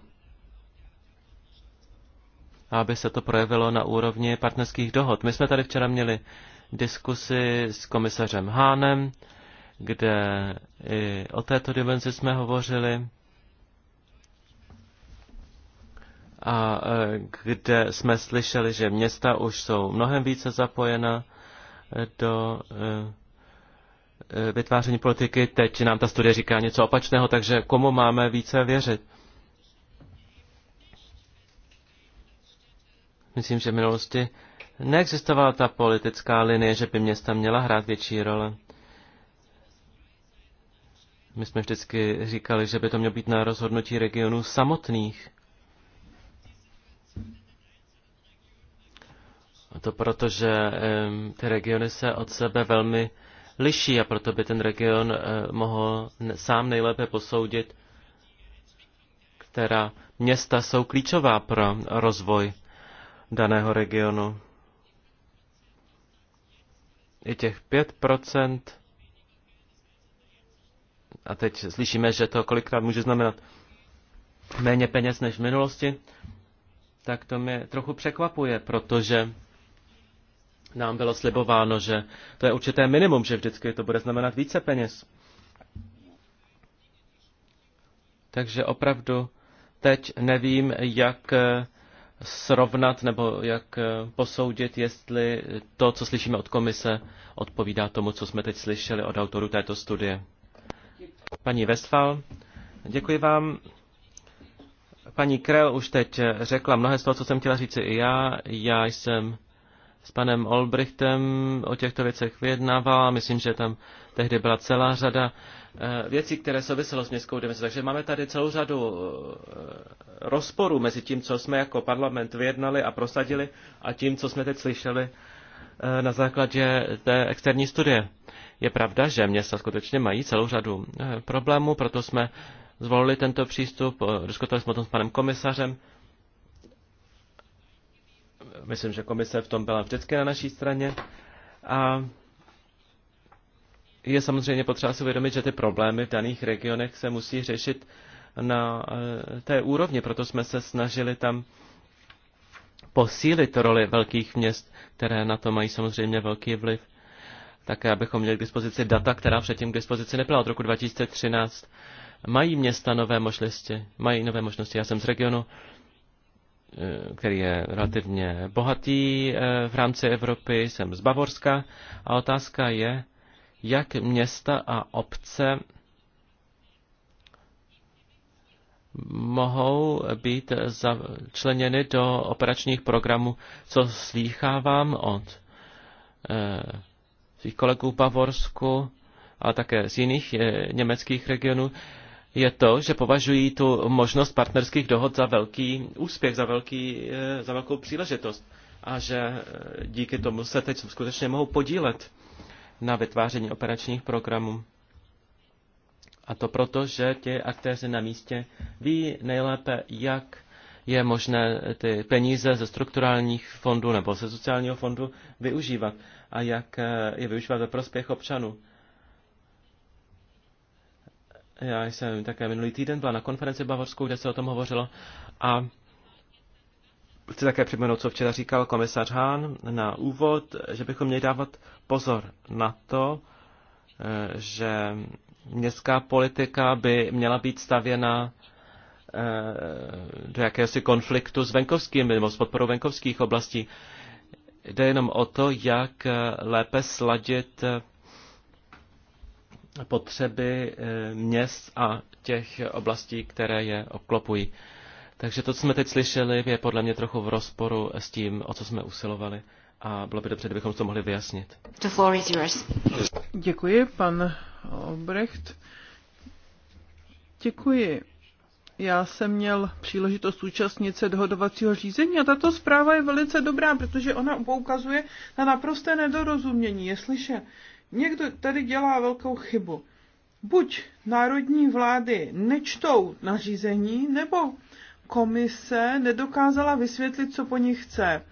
aby se to projevilo na úrovni partnerských dohod. My jsme tady včera měli diskusi s komisařem Hánem, kde i o této dimenzi jsme hovořili a e, kde jsme slyšeli, že města už jsou mnohem více zapojena do e, e, vytváření politiky. Teď nám ta studie říká něco opačného, takže komu máme více věřit? Myslím, že v minulosti neexistovala ta politická linie, že by města měla hrát větší role. My jsme vždycky říkali, že by to mělo být na rozhodnutí regionů samotných. A to proto, že ty regiony se od sebe velmi liší a proto by ten region eh, mohl sám nejlépe posoudit, která města jsou klíčová pro rozvoj daného regionu. I těch 5%, a teď slyšíme, že to kolikrát může znamenat méně peněz než v minulosti, tak to mě trochu překvapuje, protože nám bylo slibováno, že to je určité minimum, že vždycky to bude znamenat více peněz. Takže opravdu teď nevím, jak eh, srovnat nebo jak eh, posoudit, jestli to, co slyšíme od komise, odpovídá tomu, co jsme teď slyšeli od autorů této studie. Paní Westphal, děkuji vám. Paní Krell už teď eh, řekla mnohé z toho, co jsem chtěla říct i já. Já jsem s panem Olbrichtem o těchto věcech vyjednávala. Myslím, že tam tehdy byla celá řada Eh, věcí, které souvisely s městskou dimenzí. Takže máme tady celou řadu eh, rozporů mezi tím, co jsme jako parlament vyjednali a prosadili a tím, co jsme teď slyšeli eh, na základě té externí studie. Je pravda, že města skutečně mají celou řadu problémů, proto jsme zvolili tento přístup, diskutovali jsme o tom s panem komisařem. Myslím, že komise v tom byla vždycky na naší straně. A je samozřejmě potřeba si uvědomit, že ty problémy v daných regionech se musí řešit na eh, té úrovni, proto jsme se snažili tam posílit roli velkých měst, které na to mají samozřejmě velký vliv. Také abychom měli k dispozici data, která předtím k dispozici nebyla od roku 2013. Mají města nové možnosti. Mají nové možnosti. Já jsem z regionu, eh, který je relativně bohatý eh, v rámci Evropy, jsem z Bavorska a otázka je, jak města a obce mohou být začleněny do operačních programů, co slýchávám od e, svých kolegů v Bavorsku a také z jiných eh, německých regionů, je to, že považují tu možnost partnerských dohod za velký úspěch, za, velký, eh, za velkou příležitost a že eh, díky tomu se teď skutečně mohou podílet na vytváření operačních programů. A to proto, že ti aktéři na místě ví nejlépe, jak je možné ty peníze ze strukturálních fondů nebo ze sociálního fondu využívat a jak eh, je využívat ve prospěch občanů. Já jsem také minulý týden byla na konferenci v Bavorsku, kde se o tom hovořilo a Chci také připomenout, co včera říkal komisař Hán na úvod, že bychom měli dávat pozor na to, eh, že městská politika by měla být stavěna eh, do jakéhosi konfliktu s venkovskými, nebo s podporou venkovských oblastí. Jde jenom o to, jak lépe sladit eh, potřeby měst a těch oblastí, které je obklopují. Takže to, co jsme teď slyšeli, je podle mě trochu v rozporu s tím, o co jsme usilovali. A bylo by dobře, kdybychom to mohli vyjasnit. The floor is yours. Děkuji, pan Obrecht. Děkuji. Já jsem měl příležitost účastnit se dohodovacího řízení a tato zpráva je velice dobrá, protože ona poukazuje na naprosté nedorozumění. Jestliže někdo tady dělá velkou chybu, buď národní vlády nečtou nařízení, nebo komise nedokázala vysvětlit, co po ní chce.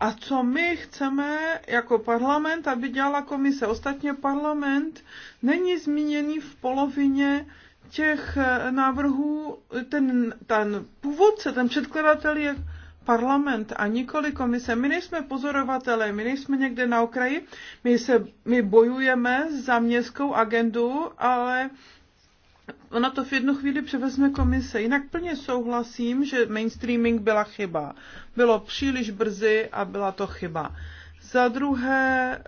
A co my chceme jako parlament, aby dělala komise. Ostatně parlament není zmíněný v polovině těch eh, návrhů, ten, ten původce, ten předkladatel je parlament a nikoli komise. My nejsme pozorovatelé, my nejsme někde na okraji, my, se, my bojujeme za městskou agendu, ale ona to v jednu chvíli převezme komise. Jinak plně souhlasím, že mainstreaming byla chyba. Bylo příliš brzy a byla to chyba. Za druhé,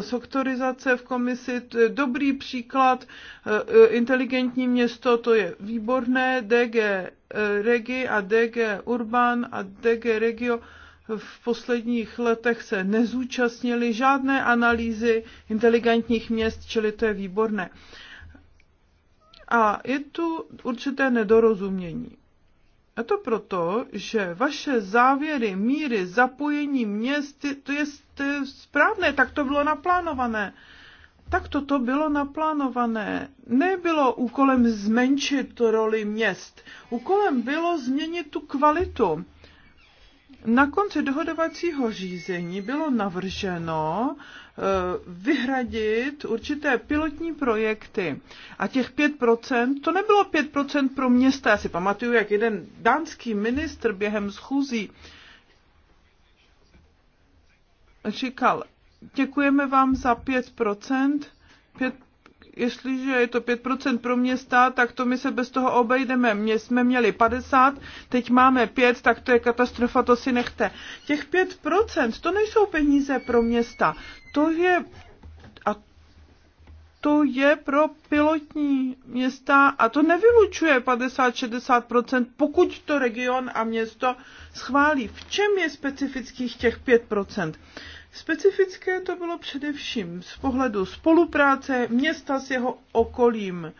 sektorizace eh, v komisi, to je dobrý příklad, eh, eh, inteligentní město, to je výborné, DG Regi a DG Urban a DG Regio v posledních letech se nezúčastnili žádné analýzy inteligentních měst, čili to je výborné. A je tu určité nedorozumění. A to proto, že vaše závěry, míry, zapojení měst, to je správné, tak to bylo naplánované. Tak toto bylo naplánované. Nebylo úkolem zmenšit roli měst. Úkolem bylo změnit tu kvalitu. Na konci dohodovacího řízení bylo navrženo, Eh, vyhradit určité pilotní projekty. A těch 5%, to nebylo 5% pro města. Já si pamatuju, jak jeden dánský ministr během schůzí říkal, děkujeme vám za 5%, 5 jestliže je to 5% pro města, tak to my se bez toho obejdeme. Mě jsme měli 50, teď máme 5, tak to je katastrofa, to si nechte. Těch 5% to nejsou peníze pro města, to je a to je pro pilotní města a to nevylučuje 50-60%, pokud to region a město schválí. V čem je specifických těch 5%? Specifické to bylo především z pohledu spolupráce města s jeho okolím eh,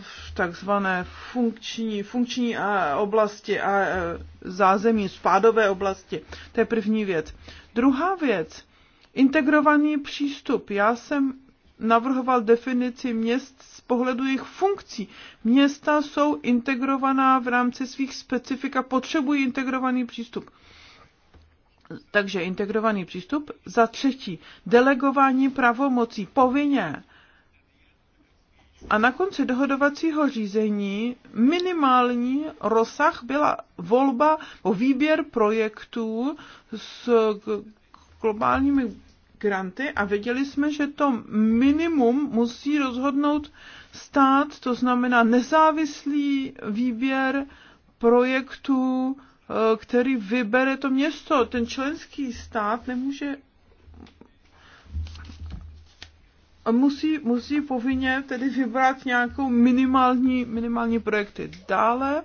v takzvané funkční, funkční oblasti a eh, zázemí, spádové oblasti. To je první věc. Druhá věc, integrovaný přístup. Já jsem navrhoval definici měst z pohledu jejich funkcí. Města jsou integrovaná v rámci svých specifik a potřebují integrovaný přístup. Takže integrovaný přístup. Za třetí, delegování pravomocí povinně. A na konci dohodovacího řízení minimální rozsah byla volba o výběr projektů s globálními granty a věděli jsme, že to minimum musí rozhodnout stát, to znamená nezávislý výběr projektů Eh, který vybere to město. Ten členský stát nemůže musí, musí povinně tedy vybrat nějakou minimální, minimální projekty. Dále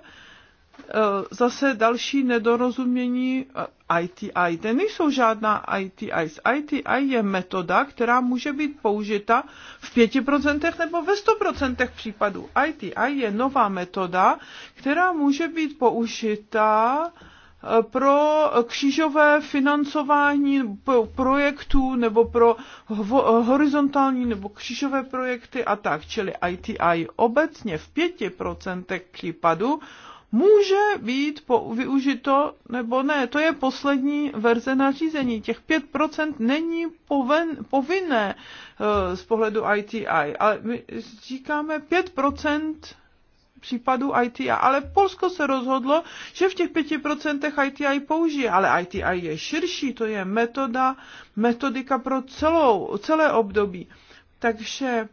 eh, zase další nedorozumění eh, ITI. To nejsou žádná ITI. ITI je metoda, která může být použita v 5% nebo ve 100% případů. ITI je nová metoda, která může být použita eh, pro křížové financování projektů nebo pro horizontální nebo křížové projekty a tak, čili ITI obecně v 5% případů může být využito nebo ne. To je poslední verze nařízení. Těch 5% není poven, povinné eh, z pohledu ITI, ale my říkáme 5% případu ITI, ale Polsko se rozhodlo, že v těch 5% ITI použije, ale ITI je širší, to je metoda, metodika pro celou, celé období. Takže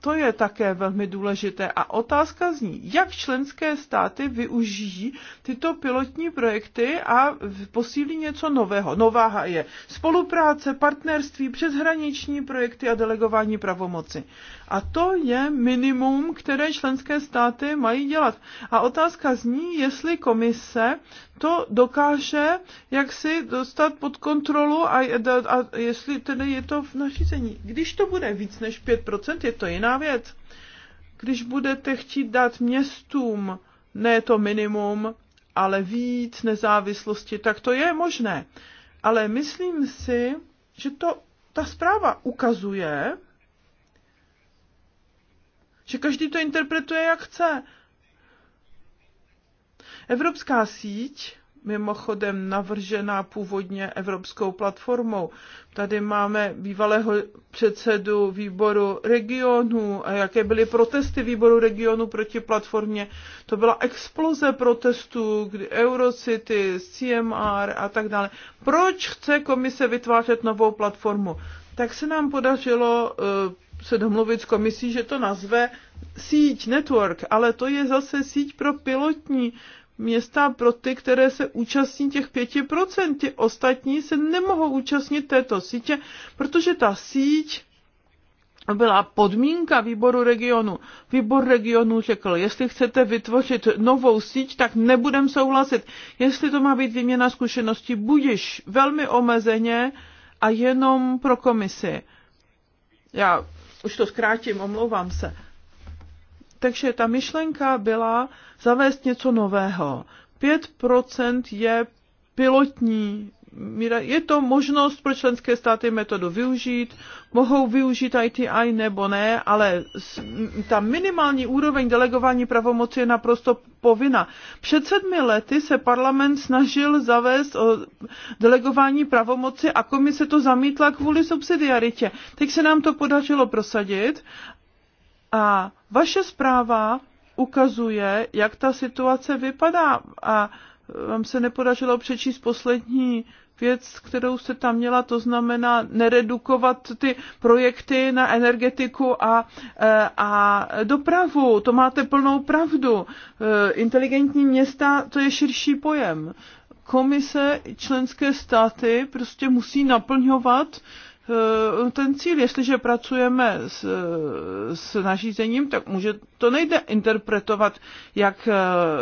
to je také velmi důležité. A otázka zní, jak členské státy využijí tyto pilotní projekty a posílí něco nového. Nová je spolupráce, partnerství, přeshraniční projekty a delegování pravomoci. A to je minimum, které členské státy mají dělat. A otázka zní, jestli komise to dokáže jak si dostat pod kontrolu a, a jestli tedy je to v nařízení. Když to bude víc než 5%, je to jiná věc. Když budete chtít dát městům ne to minimum, ale víc nezávislosti, tak to je možné. Ale myslím si, že to ta zpráva ukazuje, že každý to interpretuje, jak chce. Evropská síť, mimochodem navržená původně Evropskou platformou. Tady máme bývalého předsedu výboru regionu a jaké byly protesty výboru regionu proti platformě. To byla exploze protestů, kdy Eurocity, CMR a tak dále. Proč chce komise vytvářet novou platformu? Tak se nám podařilo eh, se domluvit s komisí, že to nazve síť, network, ale to je zase síť pro pilotní města pro ty, které se účastní těch 5%. Ty ostatní se nemohou účastnit této sítě, protože ta síť byla podmínka výboru regionu. Výbor regionu řekl, jestli chcete vytvořit novou síť, tak nebudem souhlasit. Jestli to má být výměna zkušeností, budiš velmi omezeně a jenom pro komisi. Já už to zkrátím, omlouvám se. Takže ta myšlenka byla zavést něco nového. 5% je pilotní je to možnost pro členské státy metodu využít, mohou využít ITI nebo ne, ale ta minimální úroveň delegování pravomoci je naprosto povinna. Před sedmi lety se parlament snažil zavést o delegování pravomoci a komise to zamítla kvůli subsidiaritě. Teď se nám to podařilo prosadit a vaše zpráva ukazuje, jak ta situace vypadá a e, vám se nepodařilo přečíst poslední věc, kterou se tam měla, to znamená neredukovat ty projekty na energetiku a, e, a dopravu. To máte plnou pravdu. E, inteligentní města, to je širší pojem. Komise, členské státy prostě musí naplňovat uh, Eh, ten cíl. Jestliže pracujeme s, s nařízením, tak může, to nejde interpretovat, jak eh,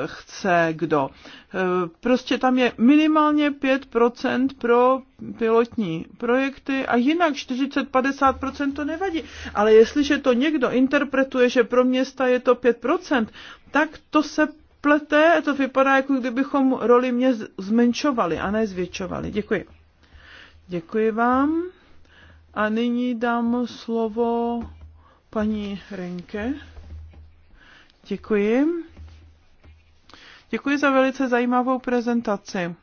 chce kdo. Eh, prostě tam je minimálně 5% pro pilotní projekty a jinak 40-50% to nevadí. Ale jestliže to někdo interpretuje, že pro města je to 5%, tak to se plete, to vypadá, jako kdybychom roli mě zmenšovali a ne zvětšovali. Děkuji. Děkuji vám. A nyní dám slovo paní Renke. Děkuji. Děkuji za velice zajímavou prezentaci.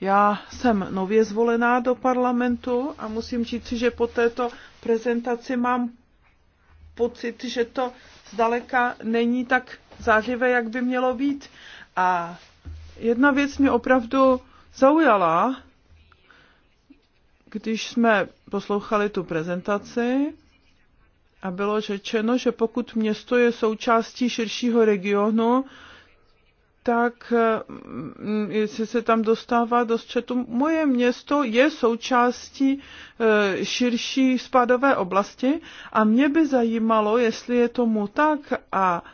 Já jsem nově zvolená do parlamentu a musím říct, že po této prezentaci mám pocit, že to zdaleka není tak zářivé, jak by mělo být. A jedna věc mě opravdu zaujala, když jsme poslouchali tu prezentaci a bylo řečeno, že pokud město je součástí širšího regionu, tak mm, jestli se tam dostává do střetu, moje město je součástí e, širší spadové oblasti a mě by zajímalo, jestli je tomu tak a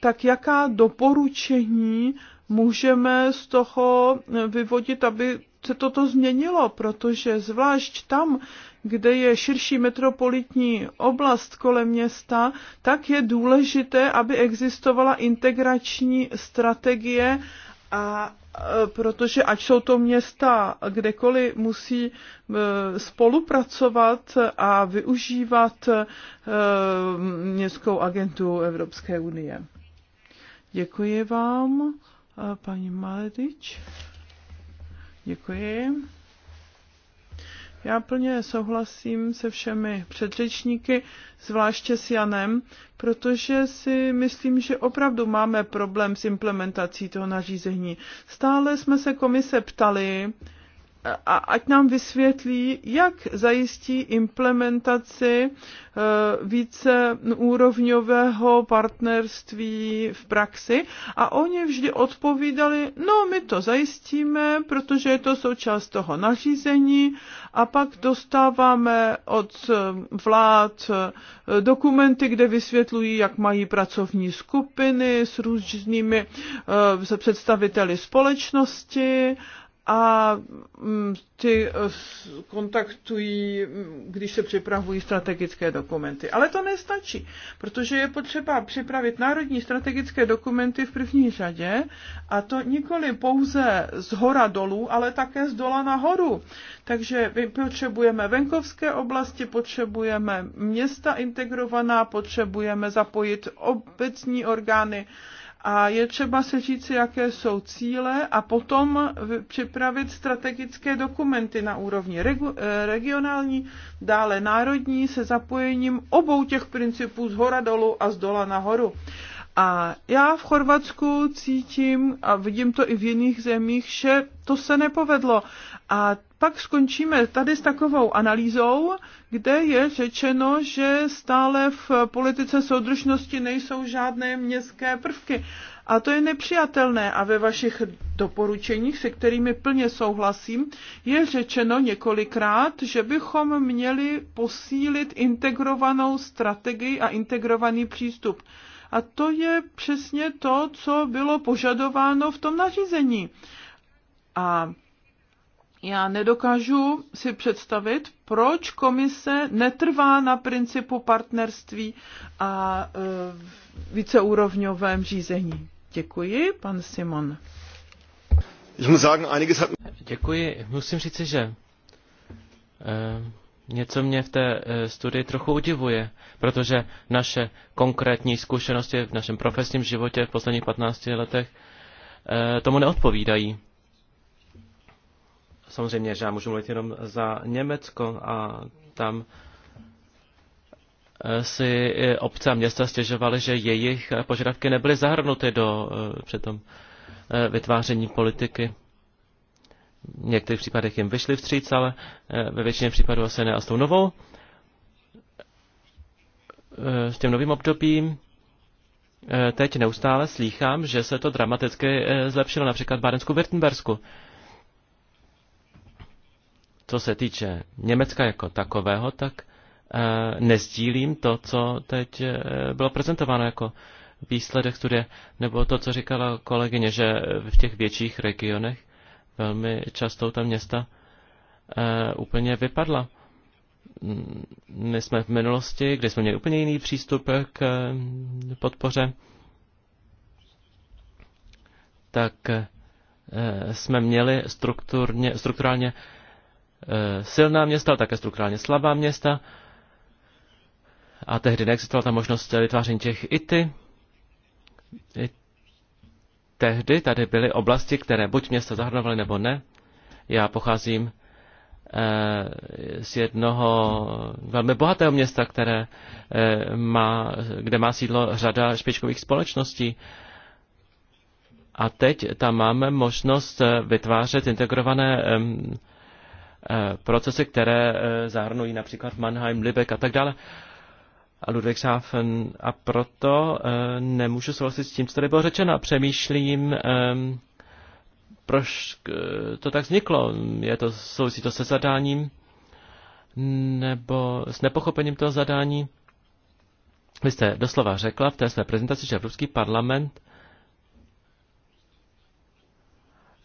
tak jaká doporučení můžeme z toho vyvodit, aby se toto změnilo, protože zvlášť tam, kde je širší metropolitní oblast kolem města, tak je důležité, aby existovala integrační strategie a e, protože ať jsou to města kdekoliv, musí e, spolupracovat a využívat e, městskou agentu Evropské unie. Děkuji vám, paní Maledič. Děkuji. Já plně souhlasím se všemi předřečníky, zvláště s Janem, protože si myslím, že opravdu máme problém s implementací toho nařízení. Stále jsme se komise ptali, a ať nám vysvětlí, jak zajistí implementaci eh, více úrovňového partnerství v praxi. A oni vždy odpovídali, no my to zajistíme, protože je to součást toho nařízení a pak dostáváme od eh, vlád eh, dokumenty, kde vysvětlují, jak mají pracovní skupiny s různými představiteli společnosti a mm, ty eh, kontaktují, mm, když se připravují strategické dokumenty. Ale to nestačí, protože je potřeba připravit národní strategické dokumenty v první řadě a to nikoli pouze z hora dolů, ale také z dola nahoru. Takže my potřebujeme venkovské oblasti, potřebujeme města integrovaná, potřebujeme zapojit obecní orgány, a je třeba se říct, jaké jsou cíle a potom připravit strategické dokumenty na úrovni eh, regionální, dále národní se zapojením obou těch principů z hora dolů a z dola nahoru. A já v Chorvatsku cítím, a vidím to i v jiných zemích, že to se nepovedlo. A pak skončíme tady s takovou analýzou, kde je řečeno, že stále v politice soudržnosti nejsou žádné městské prvky. A to je nepřijatelné. A ve vašich doporučeních, se kterými plně souhlasím, je řečeno několikrát, že bychom měli posílit integrovanou strategii a integrovaný přístup. A to je přesně to, co bylo požadováno v tom nařízení. A já nedokážu si představit, proč komise netrvá na principu partnerství a e, víceúrovňovém řízení. Děkuji, pan Simon. Děkuji. Musím říct, že e, něco mě v té e, studii trochu udivuje, protože naše konkrétní zkušenosti v našem profesním životě v posledních 15 letech e, tomu neodpovídají. Samozřejmě, že já můžu mluvit jenom za Německo a tam e, si obce a města stěžovaly, že jejich požadavky nebyly zahrnuty do přitom vytváření politiky v některých případech jim vyšli vstříc, ale eh, ve většině případů asi ne. A s tou novou, eh, s tím novým obdobím, eh, teď neustále slýchám, že se to dramaticky zlepšilo, například v Bádensku, Wirtenbersku. Co se týče Německa jako takového, tak nezdílím to, co teď bylo prezentováno jako výsledek studie, nebo to, co říkala kolegyně, že v těch větších regionech velmi často ta města eh, úplně vypadla. Mm, my jsme v minulosti, kde jsme měli úplně jiný přístup k mm, podpoře, tak eh, jsme měli strukturně, strukturálně eh, silná města, ale také strukturálně slabá města. A tehdy neexistovala ta možnost vytváření těch ITY, tehdy tady byly oblasti, které buď města zahrnovaly nebo ne. Já pocházím eh, z jednoho velmi bohatého města, které eh, má, kde má sídlo řada špičkových společností. A teď tam máme možnost eh, vytvářet integrované procesy, které zahrnují například Mannheim, Lübeck a tak dále a Ludwigshafen a proto e, nemůžu souhlasit s tím, co tady bylo řečeno. Přemýšlím, e, proč e, to tak vzniklo. Je to, souvisí to se zadáním nebo s nepochopením toho zadání. Vy jste doslova řekla v té své prezentaci, že Evropský parlament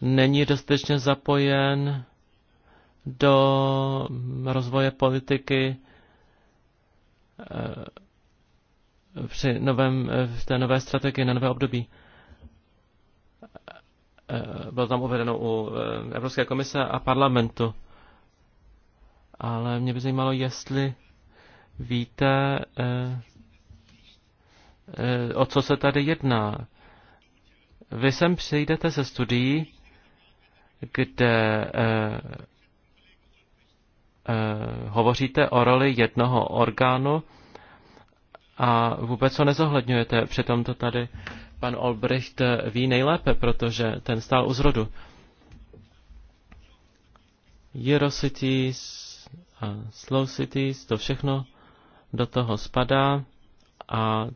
není dostatečně zapojen do rozvoje politiky Eh, při novém, v eh, té nové strategii na nové období. Eh, bylo tam uvedeno u Evropské komise a parlamentu. Ale mě by zajímalo, jestli víte, o co se tady jedná. Vy sem přijdete se studií, kde Eh, hovoříte o roli jednoho orgánu a vůbec ho nezohledňujete. Přitom to tady pan Olbricht eh, ví nejlépe, protože ten stál u zrodu. Eurocities a Slow Cities, to všechno do toho spadá a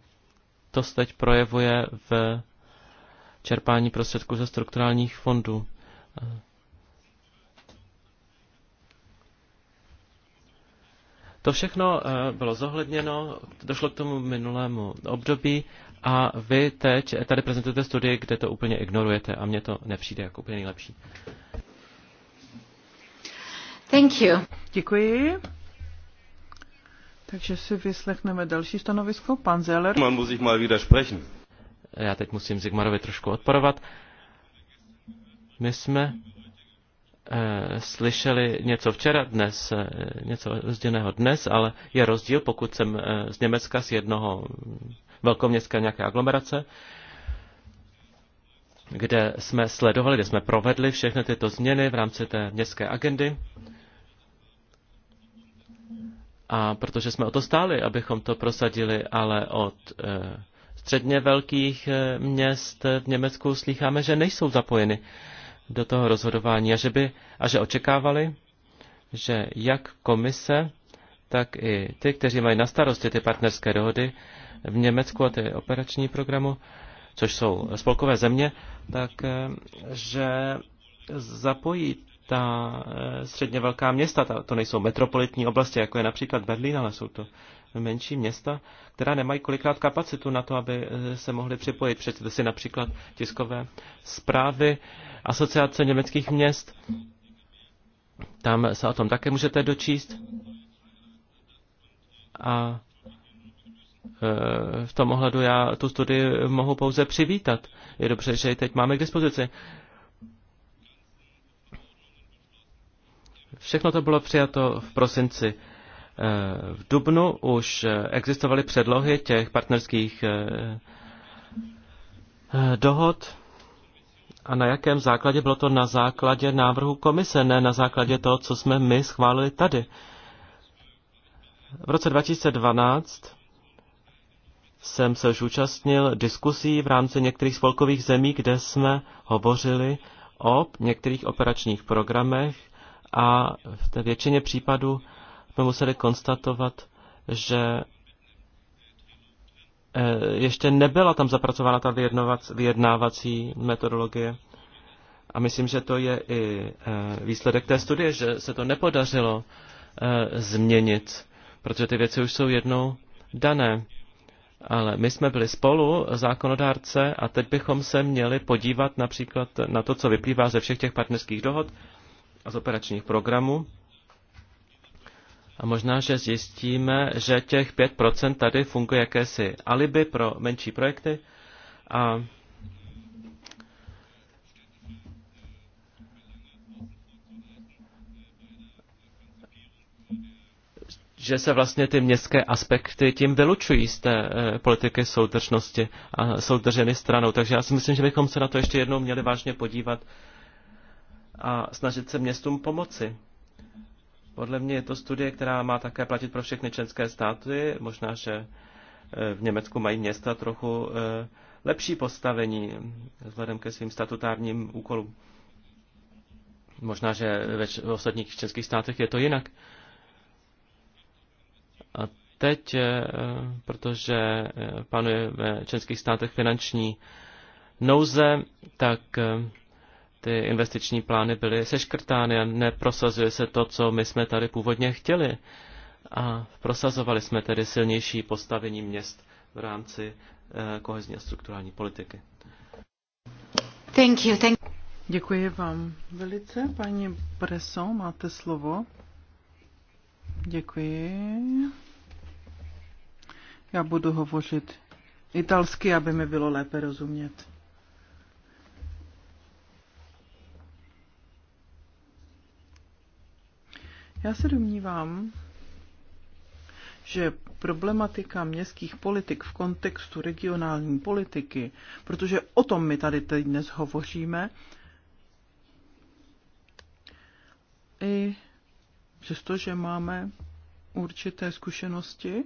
to se teď projevuje v čerpání prostředků ze strukturálních fondů. Eh, To všechno eh, bylo zohledněno, došlo k tomu minulému období a vy teď tady prezentujete studii, kde to úplně ignorujete a mně to nepřijde jako úplně nejlepší. Thank you. Děkuji. Takže si vyslechneme další stanovisko. Pan Zeller. Man muss ich mal widersprechen. Já teď musím Zigmarovi trošku odporovat. My jsme Eh, slyšeli něco včera, dnes, eh, něco zděného dnes, ale je rozdíl, pokud jsem eh, z Německa, z jednoho velkoměstska nějaké aglomerace, kde jsme sledovali, kde jsme provedli všechny tyto změny v rámci té městské agendy. A protože jsme o to stáli, abychom to prosadili, ale od středně velkých měst v Německu slycháme, že nejsou zapojeny do toho rozhodování a že, by, a že očekávali, že jak komise, tak i ty, kteří mají na starosti ty partnerské dohody v Německu a ty operační programu, což jsou spolkové země, tak eh, že zapojí ta eh, středně velká města, ta, to nejsou metropolitní oblasti, jako je například Berlín, ale jsou to menší města, která nemají kolikrát kapacitu na to, aby eh, se mohly připojit. Přečte si například tiskové zprávy Asociace německých měst. Tam se o tom také můžete dočíst. A eh, v tom ohledu já tu studii mohu pouze přivítat. Je dobře, že ji teď máme k dispozici. Všechno to bylo přijato v prosinci v Dubnu už existovaly předlohy těch partnerských eh, eh, dohod a na jakém základě bylo to na základě návrhu komise, ne na základě toho, co jsme my schválili tady. V roce 2012 jsem se už účastnil diskusí v rámci některých spolkových zemí, kde jsme hovořili o některých operačních programech a v té většině případů jsme museli konstatovat, že eh, ještě nebyla tam zapracována ta vyjednávací metodologie. A myslím, že to je i eh, výsledek té studie, že se to nepodařilo eh, změnit, protože ty věci už jsou jednou dané. Ale my jsme byli spolu zákonodárce a teď bychom se měli podívat například na to, co vyplývá ze všech těch partnerských dohod a z operačních programů a možná, že zjistíme, že těch 5% tady funguje jakési alibi pro menší projekty a že se vlastně ty městské aspekty tím vylučují z té e, politiky soudržnosti a soudržený stranou. Takže já si myslím, že bychom se na to ještě jednou měli vážně podívat a snažit se městům pomoci. Podle mě je to studie, která má také platit pro všechny členské státy. Možná, že e, v Německu mají města trochu e, lepší postavení vzhledem ke svým statutárním úkolům. Možná, že ve ostatních českých státech je to jinak. A teď, e, protože panuje ve českých státech finanční nouze, tak ty investiční plány byly seškrtány a neprosazuje se to, co my jsme tady původně chtěli. A prosazovali jsme tedy silnější postavení měst v rámci eh, kohezní a strukturální politiky. Thank you, thank you. Děkuji vám velice. Paní Preso, máte slovo. Děkuji. Já budu hovořit italsky, aby mi bylo lépe rozumět. Já se domnívám, že problematika městských politik v kontextu regionální politiky, protože o tom my tady teď dnes hovoříme, i přestože máme určité zkušenosti,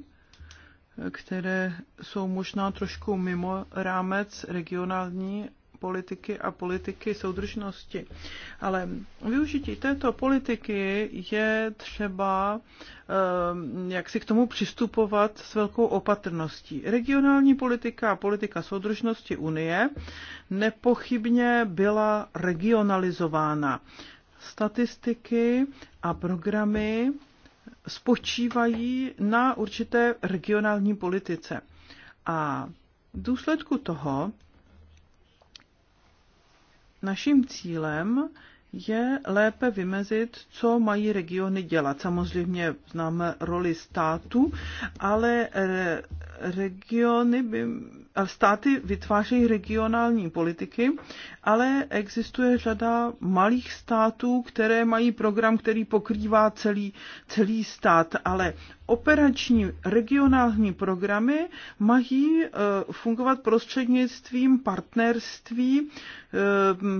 které jsou možná trošku mimo rámec regionální politiky a politiky soudržnosti. Ale využití této politiky je třeba ehm, jak si k tomu přistupovat s velkou opatrností. Regionální politika a politika soudržnosti Unie nepochybně byla regionalizována. Statistiky a programy spočívají na určité regionální politice. A v důsledku toho Naším cílem je lépe vymezit, co mají regiony dělat. Samozřejmě známe roli státu, ale regiony by státy vytvářejí regionální politiky, ale existuje řada malých států, které mají program, který pokrývá celý, celý stát, ale operační regionální programy mají eh, fungovat prostřednictvím partnerství eh,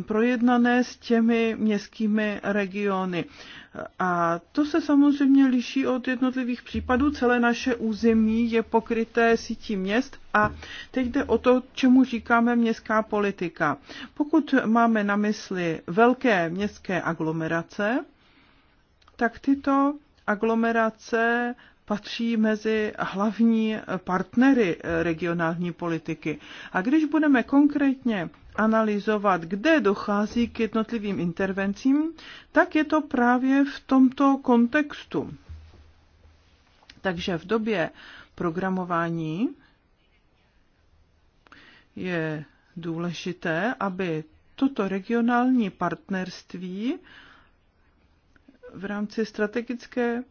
projednané s těmi městskými regiony. A to se samozřejmě liší od jednotlivých případů. Celé naše území je pokryté sítí měst a teď jde o to, čemu říkáme městská politika. Pokud máme na mysli velké městské aglomerace, tak tyto aglomerace patří mezi hlavní partnery regionální politiky. A když budeme konkrétně analyzovat, kde dochází k jednotlivým intervencím, tak je to právě v tomto kontextu. Takže v době programování je důležité, aby toto regionální partnerství v rámci strategického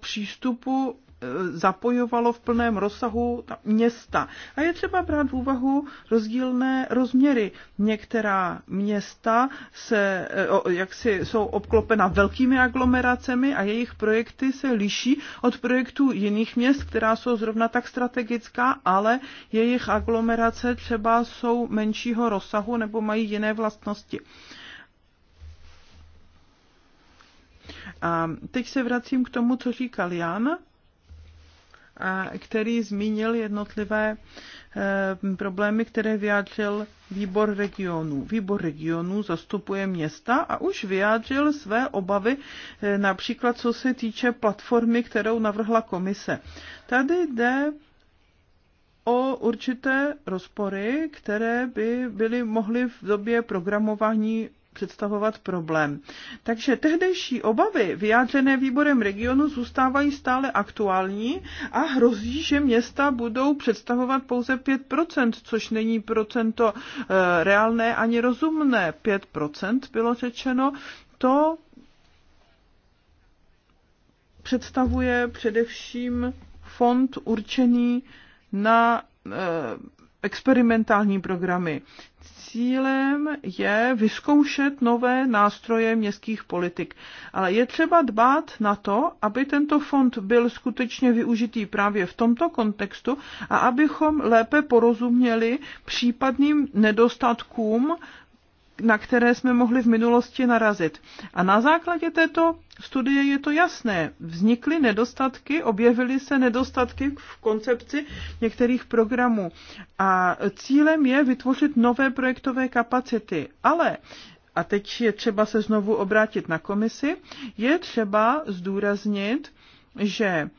přístupu Eh, zapojovalo v plném rozsahu města. A je třeba brát v úvahu rozdílné rozměry. Některá města se, eh, jak si, jsou obklopena velkými aglomeracemi a jejich projekty se liší od projektů jiných měst, která jsou zrovna tak strategická, ale jejich aglomerace třeba jsou menšího rozsahu nebo mají jiné vlastnosti. A teď se vracím k tomu, co říkal Jan a který zmínil jednotlivé eh, problémy, které vyjádřil výbor regionů. Výbor regionů zastupuje města a už vyjádřil své obavy, eh, například co se týče platformy, kterou navrhla komise. Tady jde o určité rozpory, které by byly mohly v době programování představovat problém. Takže tehdejší obavy vyjádřené výborem regionu zůstávají stále aktuální a hrozí, že města budou představovat pouze 5%, což není procento eh, reálné ani rozumné. 5% bylo řečeno, to představuje především fond určený na eh, experimentální programy. Cílem je vyzkoušet nové nástroje městských politik, ale je třeba dbát na to, aby tento fond byl skutečně využitý právě v tomto kontextu a abychom lépe porozuměli případným nedostatkům na které jsme mohli v minulosti narazit. A na základě této studie je to jasné. Vznikly nedostatky, objevily se nedostatky v koncepci některých programů. A cílem je vytvořit nové projektové kapacity. Ale a teď je třeba se znovu obrátit na komisi, je třeba zdůraznit, že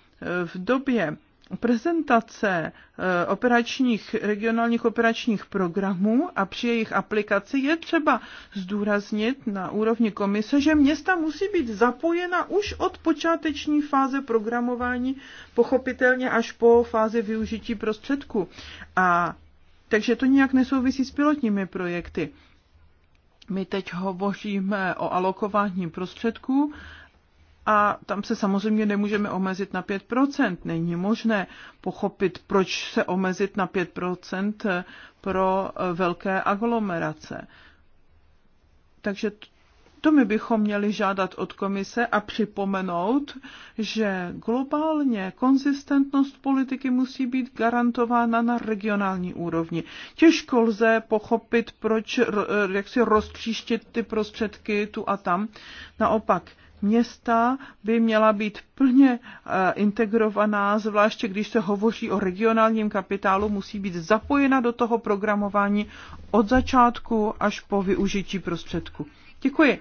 v době prezentace eh, operačních, regionálních operačních programů a při jejich aplikaci je třeba zdůraznit na úrovni komise, že města musí být zapojena už od počáteční fáze programování, pochopitelně až po fázi využití prostředků. A takže to nějak nesouvisí s pilotními projekty. My teď hovoříme o alokování prostředků a tam se samozřejmě nemůžeme omezit na 5%. Není možné pochopit, proč se omezit na 5% pro velké aglomerace. Takže to my bychom měli žádat od komise a připomenout, že globálně konzistentnost politiky musí být garantována na regionální úrovni. Těžko lze pochopit, proč jak si roztříštit ty prostředky tu a tam. Naopak, města by měla být plně eh, integrovaná, zvláště když se hovoří o regionálním kapitálu, musí být zapojena do toho programování od začátku až po využití prostředku. Děkuji.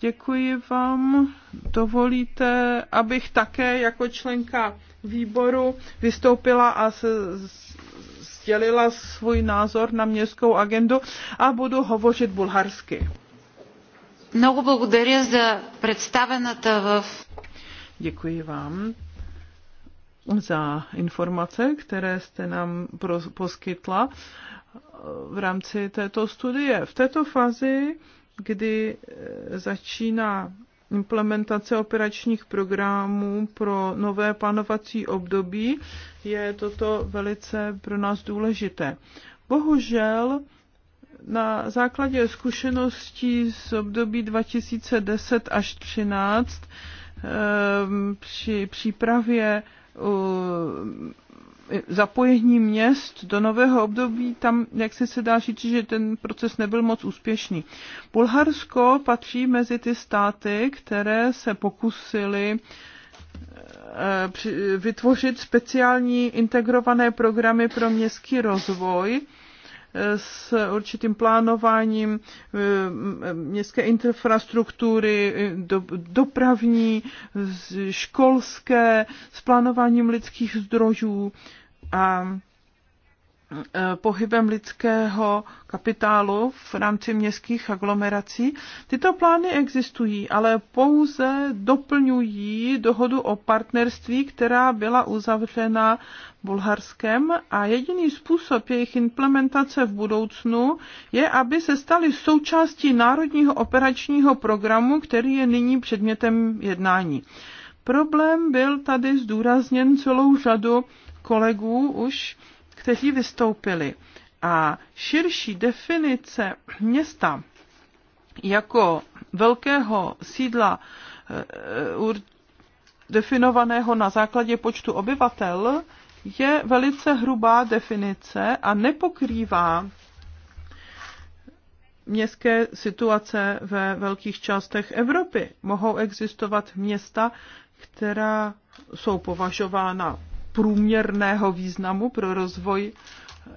Děkuji vám. Dovolíte, abych také jako členka výboru vystoupila a se, sdělila svůj názor na městskou agendu a budu hovořit bulharsky. Много благодаря за представената в... Děkuji vám za informace, které jste nám poskytla eh, v rámci této studie. V této fázi, kdy eh, začíná implementace operačních programů pro nové plánovací období, je toto velice pro nás důležité. Bohužel na základě zkušeností z období 2010 až 2013 ehm, při přípravě zapojení měst do nového období, tam, jak si se dá říct, že ten proces nebyl moc úspěšný. Bulharsko patří mezi ty státy, které se pokusily eh, vytvořit speciální integrované programy pro městský rozvoj, s určitým plánováním eh, městské infrastruktury, dopravní, školské, s plánováním lidských zdrojů a Eh, pohybem lidského kapitálu v rámci městských aglomerací. Tyto plány existují, ale pouze doplňují dohodu o partnerství, která byla uzavřena Bulharskem a jediný způsob jejich implementace v budoucnu je, aby se staly součástí národního operačního programu, který je nyní předmětem jednání. Problém byl tady zdůrazněn celou řadu kolegů už kteří vystoupili. A širší definice města jako velkého sídla eh, definovaného na základě počtu obyvatel je velice hrubá definice a nepokrývá městské situace ve velkých částech Evropy. Mohou existovat města, která jsou považována průměrného významu pro rozvoj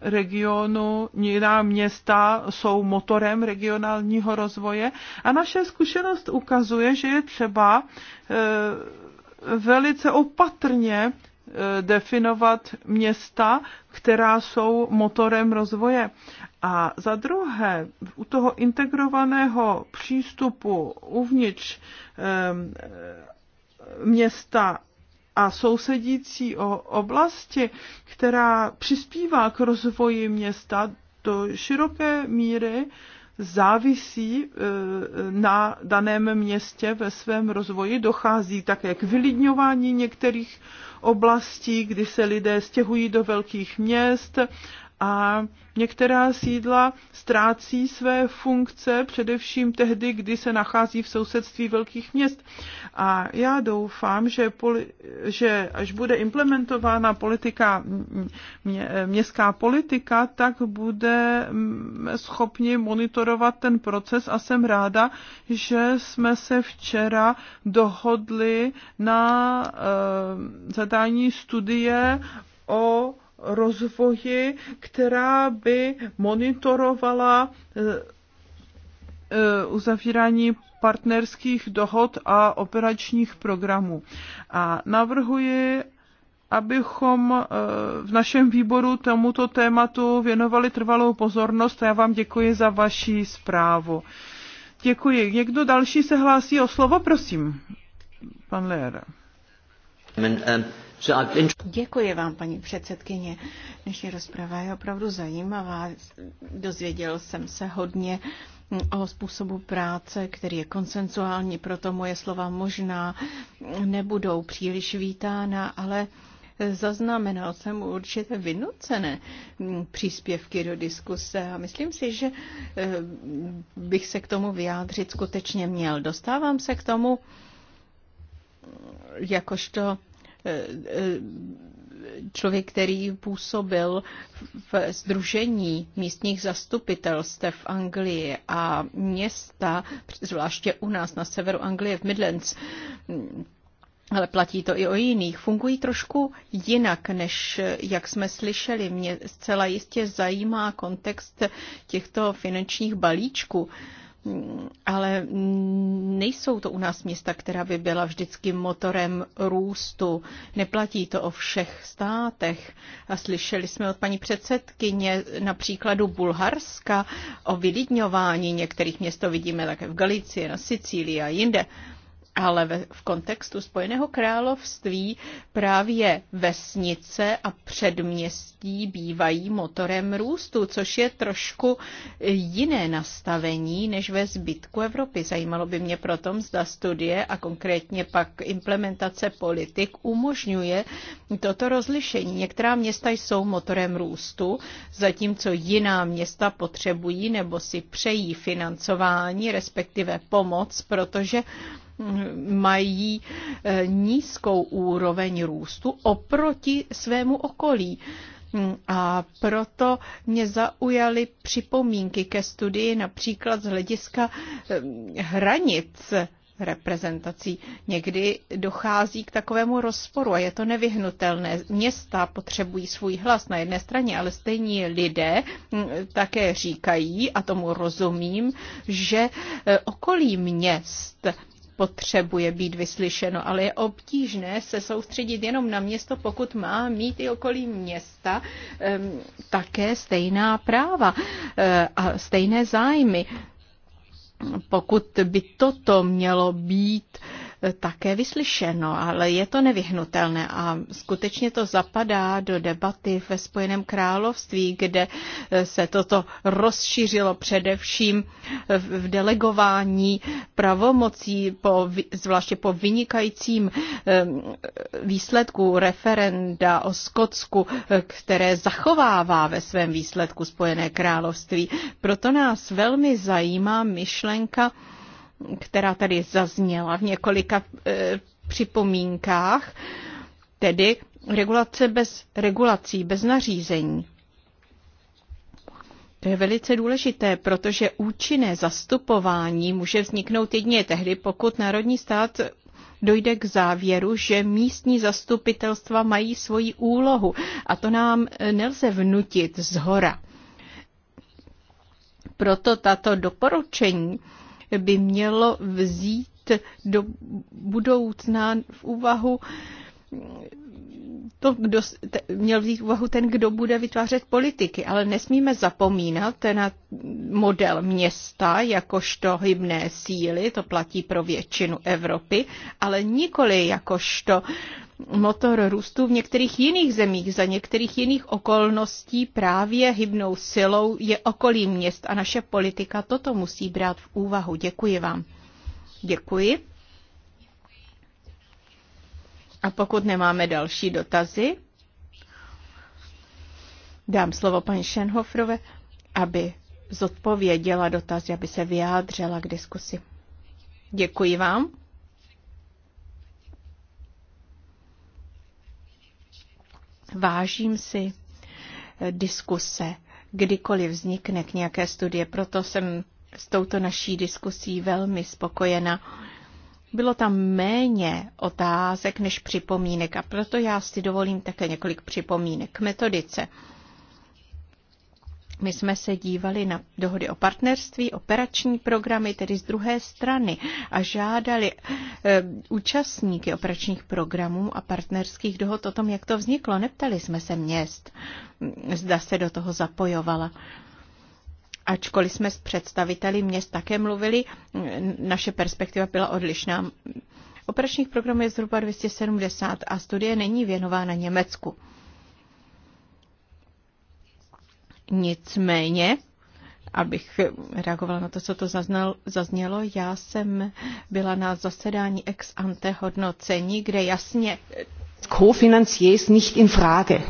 regionu, jiná města jsou motorem regionálního rozvoje a naše zkušenost ukazuje, že je třeba e, velice opatrně e, definovat města, která jsou motorem rozvoje. A za druhé, u toho integrovaného přístupu uvnitř e, města a sousedící o oblasti, která přispívá k rozvoji města do široké míry, závisí e, na daném městě ve svém rozvoji. Dochází také k vylidňování některých oblastí, kdy se lidé stěhují do velkých měst a některá sídla ztrácí své funkce především tehdy, kdy se nachází v sousedství velkých měst. A já doufám, že, poli, že až bude implementována politika, mě, městská politika, tak bude schopni monitorovat ten proces a jsem ráda, že jsme se včera dohodli na e, zadání studie o rozvoji, která by monitorovala e, e, uzavírání partnerských dohod a operačních programů. A navrhuji, abychom e, v našem výboru tomuto tématu věnovali trvalou pozornost a já vám děkuji za vaši zprávu. Děkuji. Někdo další se hlásí o slovo, prosím? Pan Leer. Děkuji vám, paní předsedkyně. Dnešní rozprava je opravdu zajímavá. Dozvěděl jsem se hodně o způsobu práce, který je konsensuální, proto moje slova možná nebudou příliš vítána, ale zaznamenal jsem určitě vynucené příspěvky do diskuse a myslím si, že eh, bych se k tomu vyjádřit skutečně měl. Dostávám se k tomu jakožto Eh, eh, člověk, který působil v združení místních zastupitelstev v Anglii a města, zvláště u nás na severu Anglie v Midlands, hm, ale platí to i o jiných, fungují trošku jinak, než eh, jak jsme slyšeli. Mě zcela jistě zajímá kontext těchto finančních balíčků ale nejsou to u nás města, která by byla vždycky motorem růstu. Neplatí to o všech státech. A slyšeli jsme od paní předsedkyně na příkladu Bulharska o vylidňování některých měst, to vidíme také v Galicii, na Sicílii a jinde. Ale ve, v kontextu Spojeného království právě vesnice a předměstí bývají motorem růstu, což je trošku jiné nastavení než ve zbytku Evropy. Zajímalo by mě proto, zda studie a konkrétně pak implementace politik umožňuje toto rozlišení. Některá města jsou motorem růstu, zatímco jiná města potřebují nebo si přejí financování, respektive pomoc, protože mají eh, nízkou úroveň růstu oproti svému okolí. Mm, a proto mě zaujaly připomínky ke studii například z hlediska eh, hranic reprezentací. Někdy dochází k takovému rozporu a je to nevyhnutelné. Města potřebují svůj hlas na jedné straně, ale stejní lidé mm, také říkají, a tomu rozumím, že eh, okolí měst potřebuje být vyslyšeno, ale je obtížné se soustředit jenom na město, pokud má mít i okolí města také stejná práva eh, a stejné zájmy. Pokud by toto mělo být také vyslyšeno, ale je to nevyhnutelné a skutečně to zapadá do debaty ve Spojeném království, kde eh, se toto rozšířilo především eh, v delegování pravomocí, po, zvláště po vynikajícím eh, výsledku referenda o Skotsku, které zachovává ve svém výsledku Spojené království. Proto nás velmi zajímá myšlenka, která tady zazněla v několika e, připomínkách, tedy regulace bez regulací, bez nařízení. To je velice důležité, protože účinné zastupování může vzniknout jedině tehdy, pokud národní stát dojde k závěru, že místní zastupitelstva mají svoji úlohu a to nám e, nelze vnutit z hora. Proto tato doporučení by mělo vzít do budoucna v úvahu to, kdo, te, měl vzít v úvahu ten, kdo bude vytvářet politiky, ale nesmíme zapomínat na model města jakožto hybné síly, to platí pro většinu Evropy, ale nikoli jakožto uh, motor růstu v některých jiných zemích, za některých jiných okolností právě hybnou silou je okolí měst a naše politika toto musí brát v úvahu. Děkuji vám. Děkuji. A pokud nemáme další dotazy, dám slovo paní Šenhofrove, aby zodpověděla dotazy, aby se vyjádřila k diskusi. Děkuji vám. Vážím si eh, diskuse, kdykoliv vznikne k nějaké studie, proto jsem s touto naší diskusí velmi spokojena. Bylo tam méně otázek než připomínek a proto já si dovolím také několik připomínek k metodice. My jsme se dívali na dohody o partnerství, operační programy, tedy z druhé strany, a žádali e, účastníky operačních programů a partnerských dohod o tom, jak to vzniklo. Neptali jsme se měst, hm, zda se do toho zapojovala. Ačkoliv jsme s představiteli měst také mluvili, hm, naše perspektiva byla odlišná. Operačních programů je zhruba 270 a studie není věnována Německu. Nicméně, abych reagovala na to, co to zaznal, zaznělo, já jsem byla na zasedání ex ante hodnocení, kde jasně... Co-financiers nicht in Frage,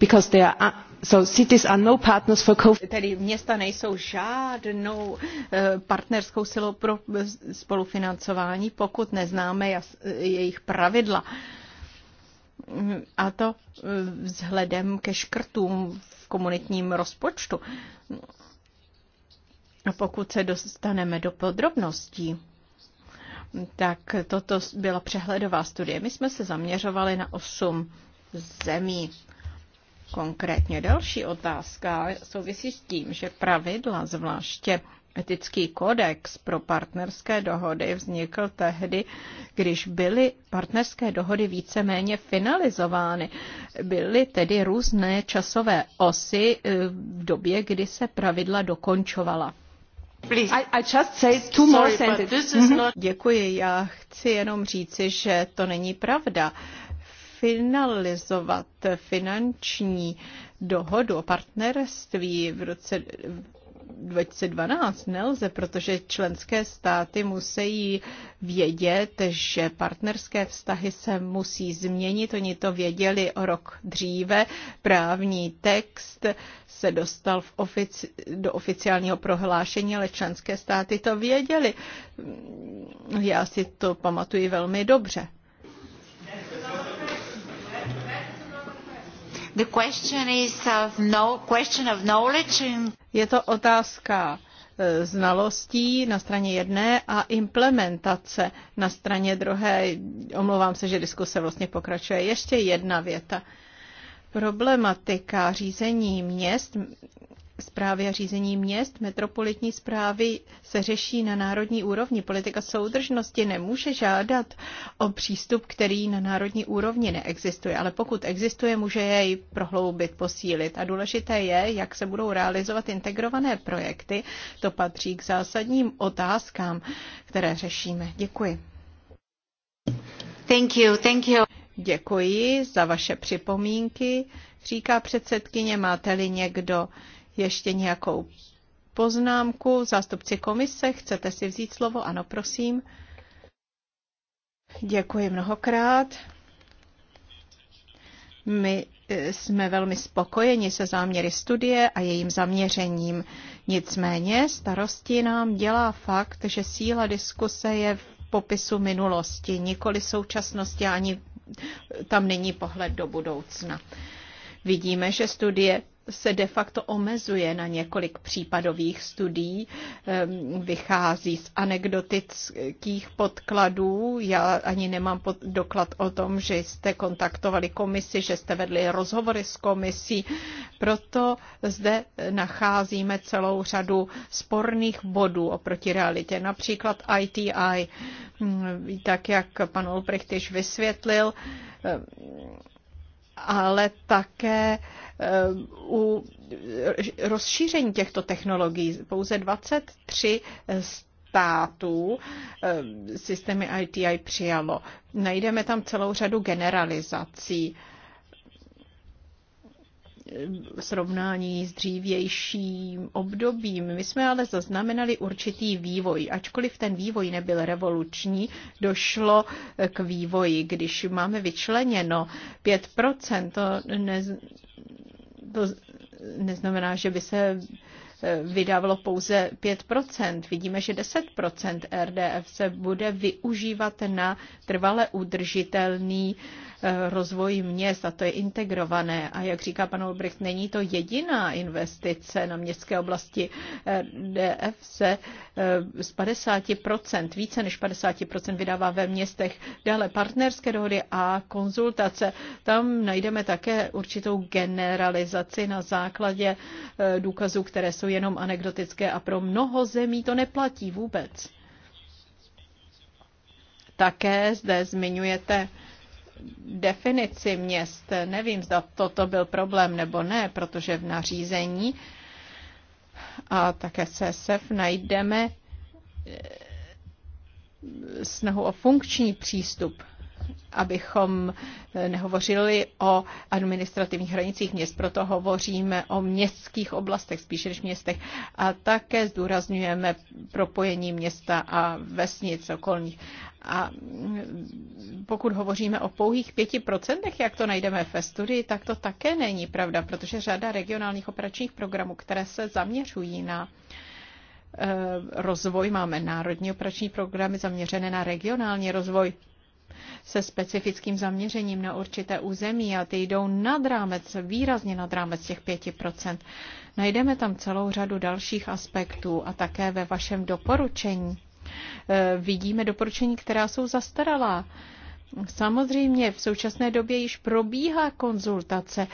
because they are So cities are no partners for co Tedy města nejsou žádnou eh, partnerskou silou pro spolufinancování, pokud neznáme jas, jejich pravidla. A to eh, vzhledem ke škrtům komunitním rozpočtu. A Pokud se dostaneme do podrobností, tak toto byla přehledová studie. My jsme se zaměřovali na osm zemí. Konkrétně další otázka souvisí s tím, že pravidla, zvláště Etický kodex pro partnerské dohody vznikl tehdy, když byly partnerské dohody víceméně finalizovány. Byly tedy různé časové osy eh, v době, kdy se pravidla dokončovala. Děkuji, já chci jenom říci, že to není pravda. Finalizovat finanční dohodu o partnerství v roce 2012 nelze, protože členské státy musí vědět, že partnerské vztahy se musí změnit. Oni to věděli o rok dříve. Právní text se dostal v ofici- do oficiálního prohlášení, ale členské státy to věděli. Já si to pamatuji velmi dobře. No, Je to otázka e, znalostí na straně jedné a implementace na straně druhé. Omlouvám se, že diskuse vlastně pokračuje. Ještě jedna věta. Problematika řízení měst zprávy a řízení měst, metropolitní zprávy se řeší na národní úrovni. Politika soudržnosti nemůže žádat o přístup, který na národní úrovni neexistuje, ale pokud existuje, může jej prohloubit, posílit. A důležité je, jak se budou realizovat integrované projekty. To patří k zásadním otázkám, které řešíme. Děkuji. Thank you, thank you. Děkuji za vaše připomínky. Říká předsedkyně, máte-li někdo ještě nějakou poznámku. Zástupci komise, chcete si vzít slovo? Ano, prosím. Děkuji mnohokrát. My e, jsme velmi spokojeni se záměry studie a jejím zaměřením. Nicméně starosti nám dělá fakt, že síla diskuse je v popisu minulosti, nikoli současnosti ani tam není pohled do budoucna. Vidíme, že studie se de facto omezuje na několik případových studií, ehm, vychází z anekdotických podkladů. Já ani nemám doklad o tom, že jste kontaktovali komisi, že jste vedli rozhovory s komisí. Proto zde nacházíme celou řadu sporných bodů oproti realitě. Například ITI, mm, tak jak pan Olbrecht již vysvětlil, ehm, ale také eh, u rozšíření těchto technologií. Pouze 23 států eh, systémy ITI přijalo. Najdeme tam celou řadu generalizací Eh, srovnání s dřívějším obdobím. My jsme ale zaznamenali určitý vývoj. Ačkoliv ten vývoj nebyl revoluční, došlo eh, k vývoji. Když máme vyčleněno 5%, to, ne, to neznamená, že by se eh, vydávalo pouze 5%. Vidíme, že 10% RDF se bude využívat na trvale udržitelný uh, Eh, rozvoji měst a to je integrované. A jak říká pan Olbricht, není to jediná investice na městské oblasti. DF se eh, z 50%, více než 50% vydává ve městech. Dále partnerské dohody a konzultace. Tam najdeme také určitou generalizaci na základě eh, důkazů, které jsou jenom anekdotické a pro mnoho zemí to neplatí vůbec. Také zde zmiňujete definici měst. Nevím, zda toto byl problém nebo ne, protože v nařízení a také v CSF najdeme eh, snahu o funkční přístup abychom eh, nehovořili o administrativních hranicích měst, proto hovoříme o městských oblastech spíše než městech a také zdůrazňujeme propojení města a vesnic okolních. A mm, pokud hovoříme o pouhých 5%, jak to najdeme ve studii, tak to také není pravda, protože řada regionálních operačních programů, které se zaměřují na eh, rozvoj, máme národní operační programy zaměřené na regionální rozvoj se specifickým zaměřením na určité území a ty jdou nad rámec, výrazně nad rámec těch 5%. Najdeme tam celou řadu dalších aspektů a také ve vašem doporučení. E, vidíme doporučení, která jsou zastaralá. Samozřejmě v současné době již probíhá konzultace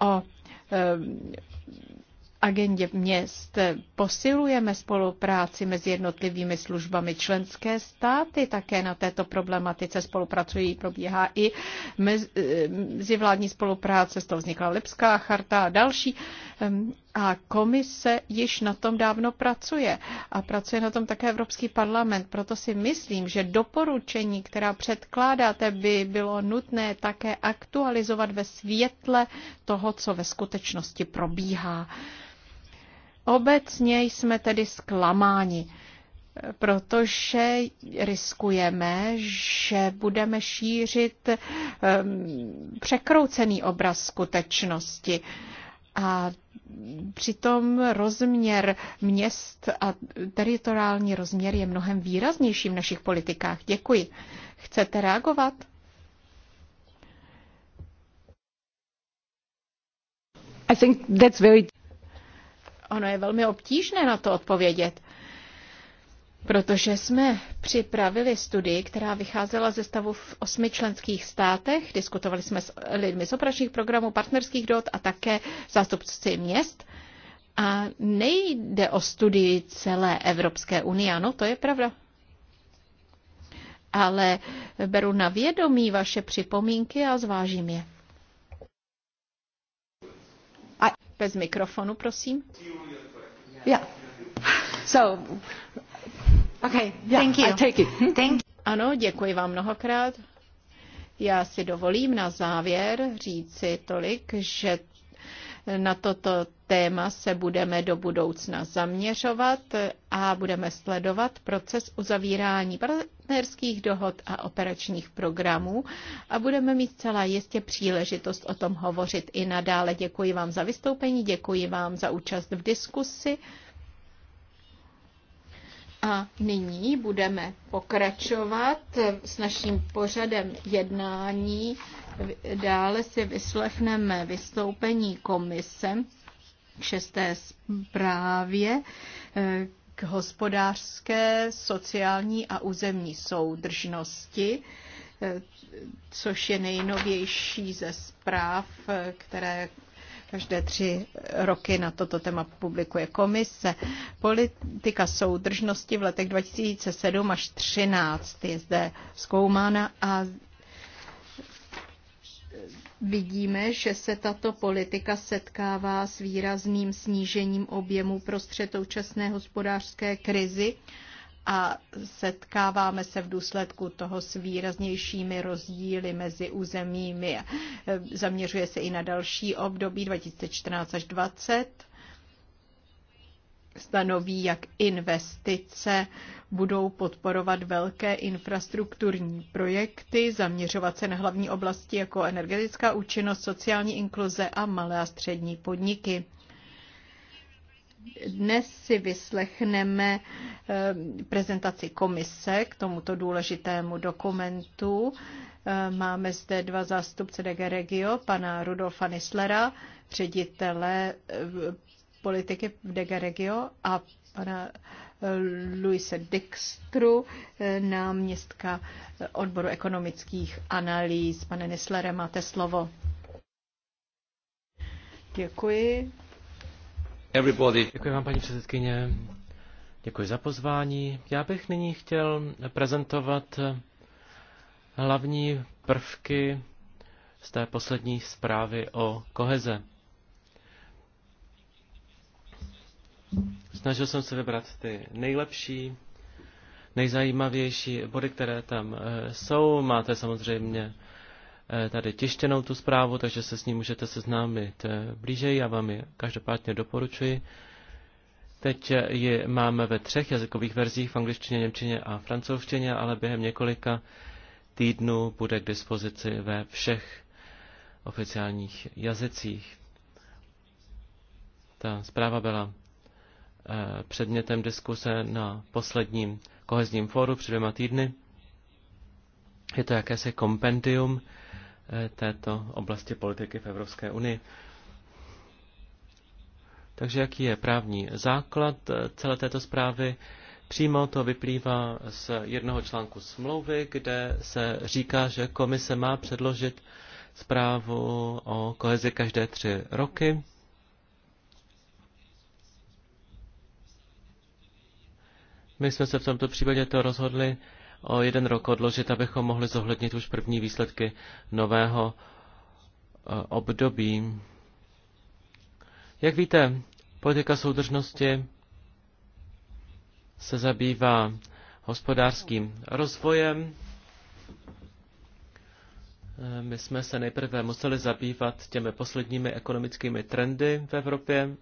o e, agendě měst posilujeme spolupráci mezi jednotlivými službami. Členské státy také na této problematice spolupracují. Probíhá i mezivládní spolupráce, z toho vznikla Lipská charta a další. A komise již na tom dávno pracuje a pracuje na tom také Evropský parlament. Proto si myslím, že doporučení, která předkládáte, by bylo nutné také aktualizovat ve světle toho, co ve skutečnosti probíhá. Obecně jsme tedy zklamáni, protože riskujeme, že budeme šířit ehm, překroucený obraz skutečnosti. A přitom rozměr měst a teritoriální rozměr je mnohem výraznější v našich politikách. Děkuji. Chcete reagovat? I think that's very ono je velmi obtížné na to odpovědět. Protože jsme připravili studii, která vycházela ze stavu v osmi členských státech, diskutovali jsme s lidmi z operačních programů, partnerských dot a také zástupci měst. A nejde o studii celé Evropské unie, ano, to je pravda. Ale beru na vědomí vaše připomínky a zvážím je. A bez mikrofonu, prosím. Ano, děkuji vám mnohokrát. Já si dovolím na závěr říci tolik, že na toto téma se budeme do budoucna zaměřovat a budeme sledovat proces uzavírání partnerských dohod a operačních programů a budeme mít celá jistě příležitost o tom hovořit i nadále. Děkuji vám za vystoupení, děkuji vám za účast v diskusi. A nyní budeme pokračovat s naším pořadem jednání. Dále si vyslechneme vystoupení komise šesté zprávě eh, k hospodářské, sociální a územní soudržnosti, eh, což je nejnovější ze zpráv, eh, které každé tři roky na toto téma publikuje komise. Politika soudržnosti v letech 2007 až 2013 je zde zkoumána a vidíme, že se tato politika setkává s výrazným snížením objemu prostřed současné hospodářské krizi a setkáváme se v důsledku toho s výraznějšími rozdíly mezi územími. Zaměřuje se i na další období 2014 až 2020 stanoví, jak investice budou podporovat velké infrastrukturní projekty, zaměřovat se na hlavní oblasti jako energetická účinnost, sociální inkluze a malé a střední podniky. Dnes si vyslechneme eh, prezentaci komise k tomuto důležitému dokumentu. Eh, máme zde dva zástupce DG Regio, pana Rudolfa Nislera, ředitele eh, politiky v Dega Regio a pana eh, Luise Dixtru, eh, náměstka eh, odboru ekonomických analýz. Pane Neslere, máte slovo. Děkuji. Everybody. Děkuji vám, paní předsedkyně. Děkuji za pozvání. Já bych nyní chtěl prezentovat hlavní prvky z té poslední zprávy o koheze. Snažil jsem se vybrat ty nejlepší, nejzajímavější body, které tam eh, jsou. Máte samozřejmě eh, tady tištěnou tu zprávu, takže se s ní můžete seznámit eh, blíže. Já vám ji každopádně doporučuji. Teď ji máme ve třech jazykových verzích, v angličtině, němčině a francouzštině, ale během několika týdnů bude k dispozici ve všech oficiálních jazycích. Ta zpráva byla Eh, předmětem diskuse na posledním kohezním fóru před dvěma týdny. Je to jakési kompendium eh, této oblasti politiky v Evropské unii. Takže jaký je právní základ eh, celé této zprávy? Přímo to vyplývá z jednoho článku smlouvy, kde se říká, že komise má předložit zprávu o kohezi každé tři roky. My jsme se v tomto případě to rozhodli o jeden rok odložit, abychom mohli zohlednit už první výsledky nového e, období. Jak víte, politika soudržnosti se zabývá hospodářským rozvojem. E, my jsme se nejprve museli zabývat těmi posledními ekonomickými trendy v Evropě.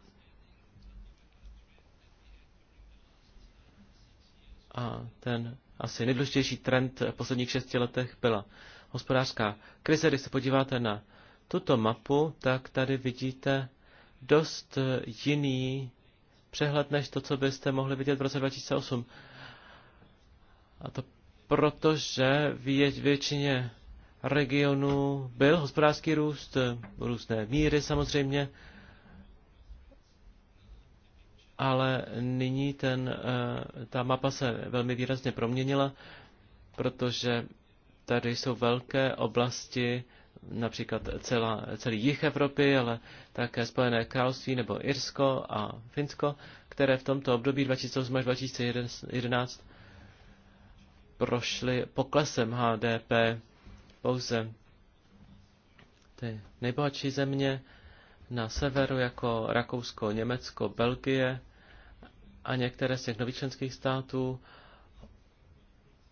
A ten asi nejdůležitější trend v posledních šesti letech byla hospodářská krize. Když se podíváte na tuto mapu, tak tady vidíte dost jiný přehled než to, co byste mohli vidět v roce 2008. A to proto, že v většině regionů byl hospodářský růst, různé míry samozřejmě, ale nyní ten, eh, ta mapa se velmi výrazně proměnila, protože tady jsou velké oblasti, například celá, celý jih Evropy, ale také Spojené království nebo Irsko a Finsko, které v tomto období 2008 až 2011 prošly poklesem HDP pouze ty nejbohatší země na severu jako Rakousko, Německo, Belgie a některé z těch nových členských států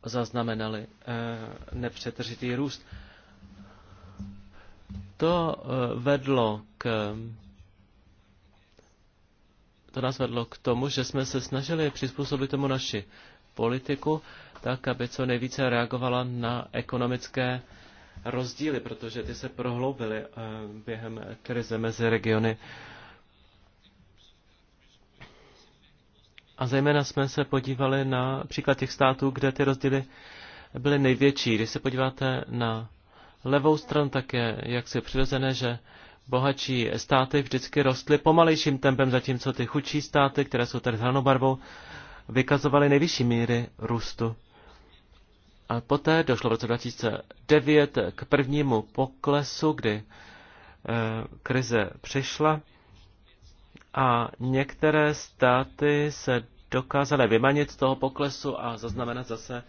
zaznamenaly eh, nepřetržitý růst. To eh, vedlo k to nás vedlo k tomu, že jsme se snažili přizpůsobit tomu naši politiku, tak, aby co nejvíce reagovala na ekonomické rozdíly, protože ty se prohloubily eh, během krize mezi regiony. A zejména jsme se podívali na příklad těch států, kde ty rozdíly byly největší. Když se podíváte na levou stranu, tak je jaksi přirozené, že bohatší státy vždycky rostly pomalejším tempem, zatímco ty chudší státy, které jsou tady zelenou barvou, vykazovaly nejvyšší míry růstu. A poté došlo v roce 2009 k prvnímu poklesu, kdy eh, krize přišla a některé státy se dokázaly vymanit z toho poklesu a zaznamenat zase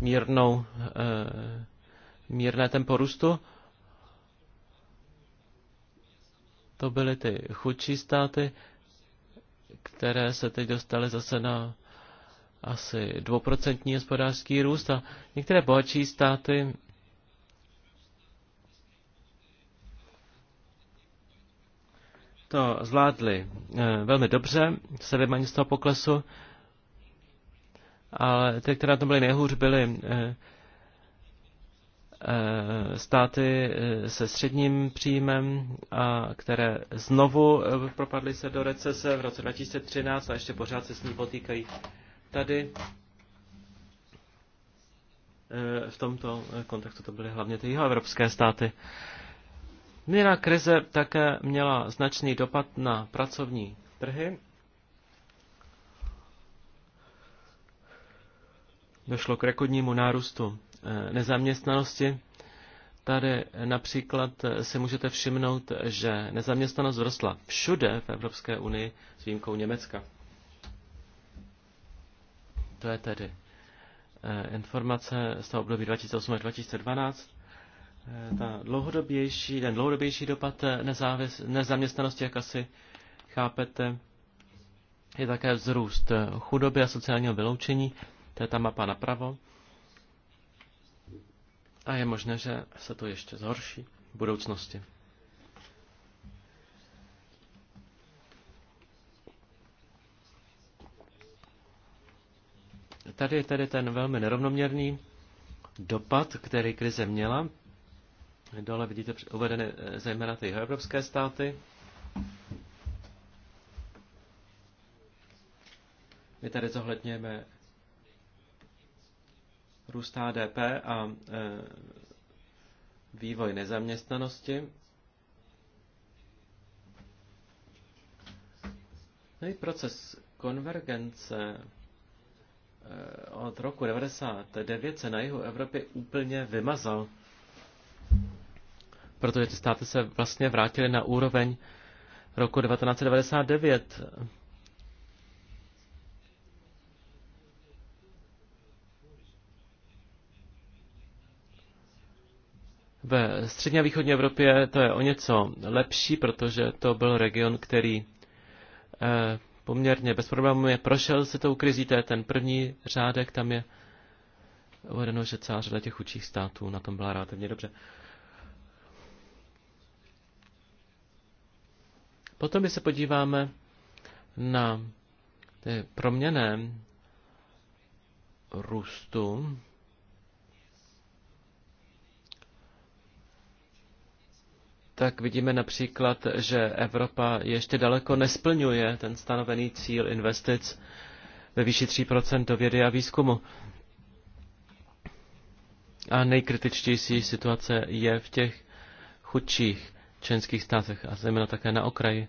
mírnou, eh, mírné tempo růstu. To byly ty chudší státy, které se teď dostaly zase na asi dvouprocentní hospodářský růst a některé bohatší státy to zvládli eh, velmi dobře, se vymaní z toho poklesu, ale ty, které na tom byly nejhůř, byly eh, eh, státy se středním příjmem, a které znovu propadly se do recese v roce 2013 a ještě pořád se s ní potýkají tady. V tomto kontextu to byly hlavně ty jihoevropské evropské státy. Míra krize také měla značný dopad na pracovní trhy. Došlo k rekordnímu nárůstu eh, nezaměstnanosti. Tady například eh, si můžete všimnout, že nezaměstnanost vzrostla všude v Evropské unii s výjimkou Německa. To je tedy eh, informace z toho období 2008 2012. Eh, ta dlouhodobější, ten dlouhodobější dopad eh, nezávis, nezaměstnanosti, jak asi chápete, je také vzrůst eh, chudoby a sociálního vyloučení. To je ta mapa napravo. A je možné, že se to ještě zhorší v budoucnosti. Tady je tedy ten velmi nerovnoměrný dopad, který krize měla Dole vidíte uvedené eh, zejména ty evropské státy. My tady zohledněme růst HDP a e, vývoj nezaměstnanosti. No i proces konvergence eh, od roku 99 se na jihu Evropy úplně vymazal protože ty státy se vlastně vrátily na úroveň roku 1999. Ve střední a východní Evropě to je o něco lepší, protože to byl region, který eh, poměrně bez problémů je prošel se tou krizí. To je ten první řádek, tam je uvedeno, že celá řada těch chudších států na tom byla relativně dobře. Potom, když se podíváme na ty proměné růstu, tak vidíme například, že Evropa ještě daleko nesplňuje ten stanovený cíl investic ve výši 3% do vědy a výzkumu. A nejkritičtější situace je v těch chudších členských státech a zejména také na okraji.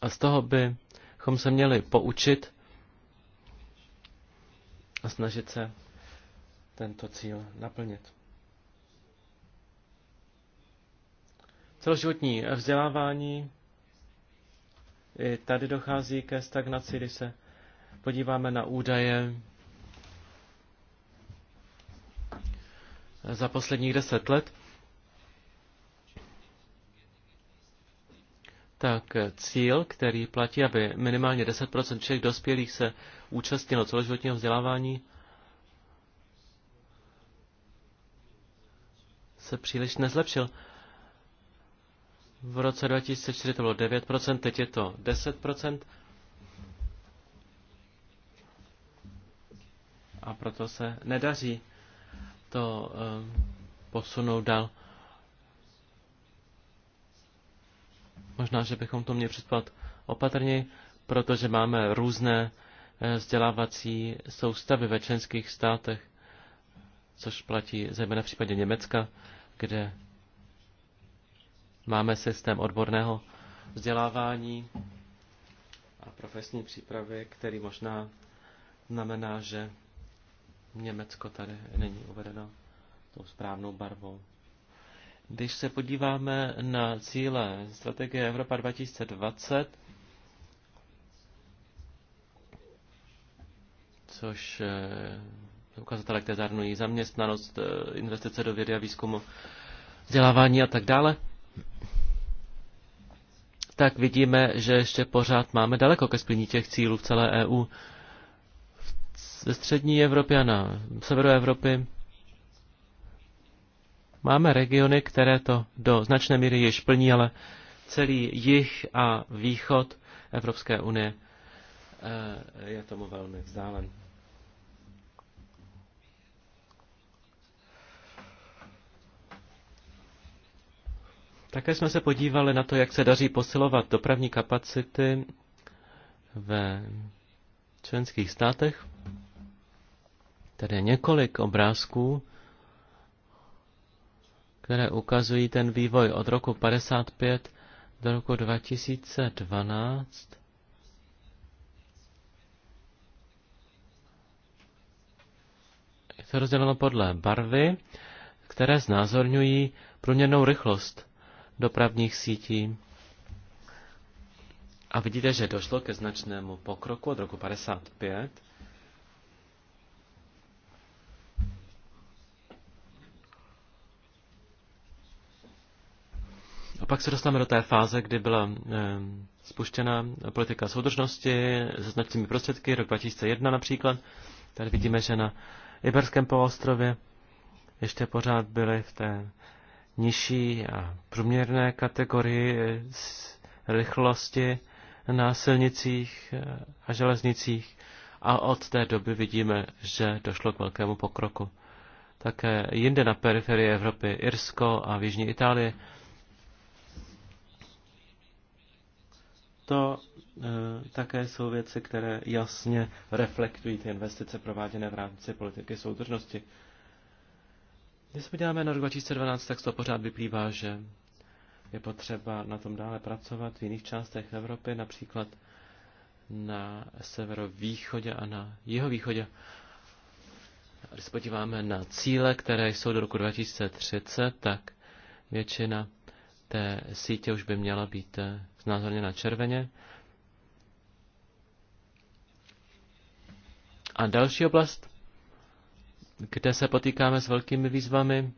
A z toho bychom se měli poučit a snažit se tento cíl naplnit. Celoživotní vzdělávání. I tady dochází ke stagnaci, když se podíváme na údaje za posledních deset let, tak cíl, který platí, aby minimálně 10% všech dospělých se účastnilo celoživotního vzdělávání, se příliš nezlepšil. V roce 2004 to bylo 9%, teď je to 10%. A proto se nedaří to eh, posunout dál. Možná, že bychom to měli předpovat opatrně, protože máme různé eh, vzdělávací soustavy ve členských státech, což platí zejména v případě Německa, kde máme systém odborného vzdělávání a profesní přípravy, který možná znamená, že Německo tady není uvedeno tou správnou barvou. Když se podíváme na cíle strategie Evropa 2020, což eh, ukazatele, které zahrnují zaměstnanost, eh, investice do vědy a výzkumu, vzdělávání a tak dále, tak vidíme, že ještě pořád máme daleko ke splnění těch cílů v celé EU. Ze střední Evropy a na severu Evropy máme regiony, které to do značné míry již plní, ale celý jih a východ Evropské unie eh, je tomu velmi vzdálen. Také jsme se podívali na to, jak se daří posilovat dopravní kapacity ve členských státech. Tady je několik obrázků, které ukazují ten vývoj od roku 55 do roku 2012. Je to rozděleno podle barvy, které znázorňují průměrnou rychlost dopravních sítí. A vidíte, že došlo ke značnému pokroku od roku 55 pak se dostaneme do té fáze, kdy byla eh, spuštěna politika soudržnosti se značnými prostředky, rok 2001 například. Tady vidíme, že na Iberském poloostrově ještě pořád byly v té nižší a průměrné kategorii rychlosti na silnicích eh, a železnicích a od té doby vidíme, že došlo k velkému pokroku. Také jinde na periferii Evropy, Irsko a v Jižní Itálii, to eh, také jsou věci, které jasně reflektují ty investice prováděné v rámci politiky soudržnosti. Když se podíváme na rok 2012, tak to pořád vyplývá, že je potřeba na tom dále pracovat v jiných částech Evropy, například na severovýchodě a na jihovýchodě. Když se podíváme na cíle, které jsou do roku 2030, tak většina té sítě už by měla být eh, znázorněna červeně. A další oblast, kde se potýkáme s velkými výzvami,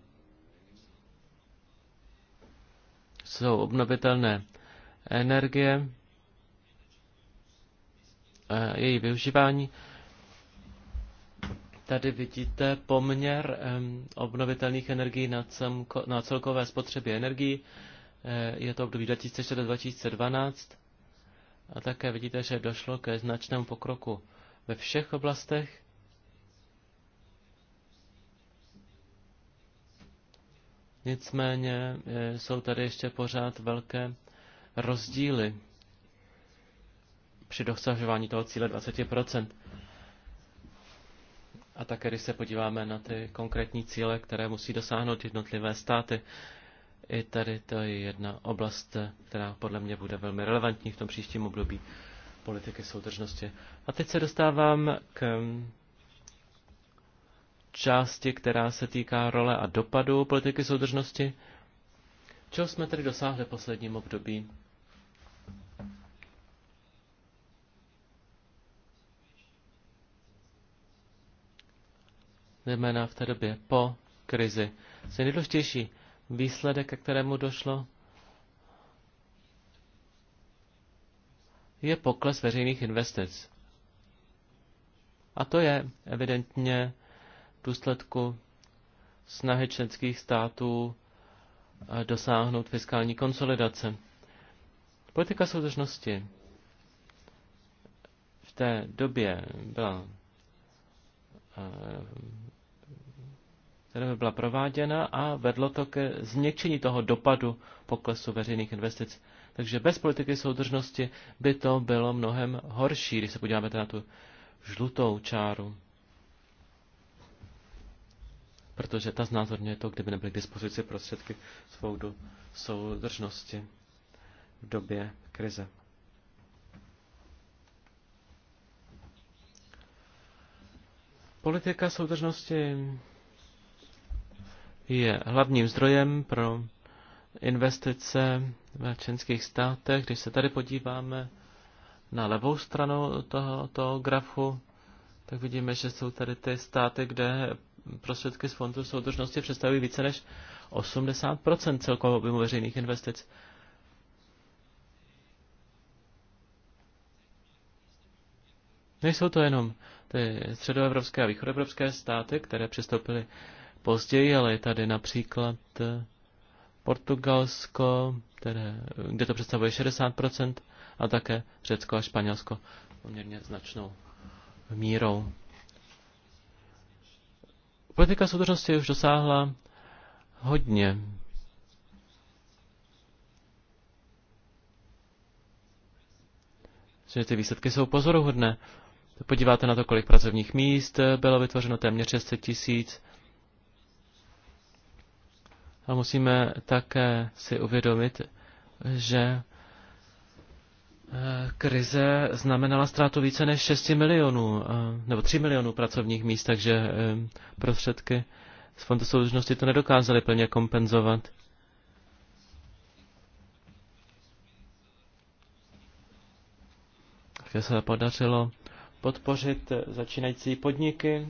jsou obnovitelné energie, eh, její využívání. Tady vidíte poměr obnovitelných energií na, celkové spotřebě energií. Eh, je to období 2004-2012 a také vidíte, že došlo ke značnému pokroku ve všech oblastech. Nicméně eh, jsou tady ještě pořád velké rozdíly při dosažování toho cíle 20%. A také, když se podíváme na ty konkrétní cíle, které musí dosáhnout jednotlivé státy, i tady to je jedna oblast, která podle mě bude velmi relevantní v tom příštím období politiky soudržnosti. A teď se dostávám k části, která se týká role a dopadu politiky soudržnosti. Čeho jsme tedy dosáhli v posledním období? Zejména v té době po krizi. Se nejdůležitější, výsledek, ke kterému došlo, je pokles veřejných investic. A to je evidentně v důsledku snahy členských států eh, dosáhnout fiskální konsolidace. Politika soudržnosti v té době byla eh, která by byla prováděna a vedlo to ke změkčení toho dopadu poklesu veřejných investic. Takže bez politiky soudržnosti by to bylo mnohem horší, když se podíváme na tu žlutou čáru. Protože ta znázorňuje to, kdyby nebyly k dispozici prostředky svoudu soudržnosti v době krize. Politika soudržnosti je hlavním zdrojem pro investice v členských státech. Když se tady podíváme na levou stranu tohoto grafu, tak vidíme, že jsou tady ty státy, kde prostředky z fondu soudržnosti představují více než 80 celkového objemu veřejných investic. Nejsou to jenom ty středoevropské a východoevropské státy, které přistoupily později, ale je tady například eh, Portugalsko, které, kde to představuje 60%, a také Řecko a Španělsko poměrně značnou mírou. Politika soudržnosti už dosáhla hodně. Že ty výsledky jsou pozoruhodné. Podíváte na to, kolik pracovních míst bylo vytvořeno, téměř 600 tisíc a musíme také si uvědomit, že eh, krize znamenala ztrátu více než 6 milionů, eh, nebo 3 milionů pracovních míst, takže eh, prostředky z Fondu soudržnosti to nedokázaly plně kompenzovat. Také se podařilo podpořit začínající podniky.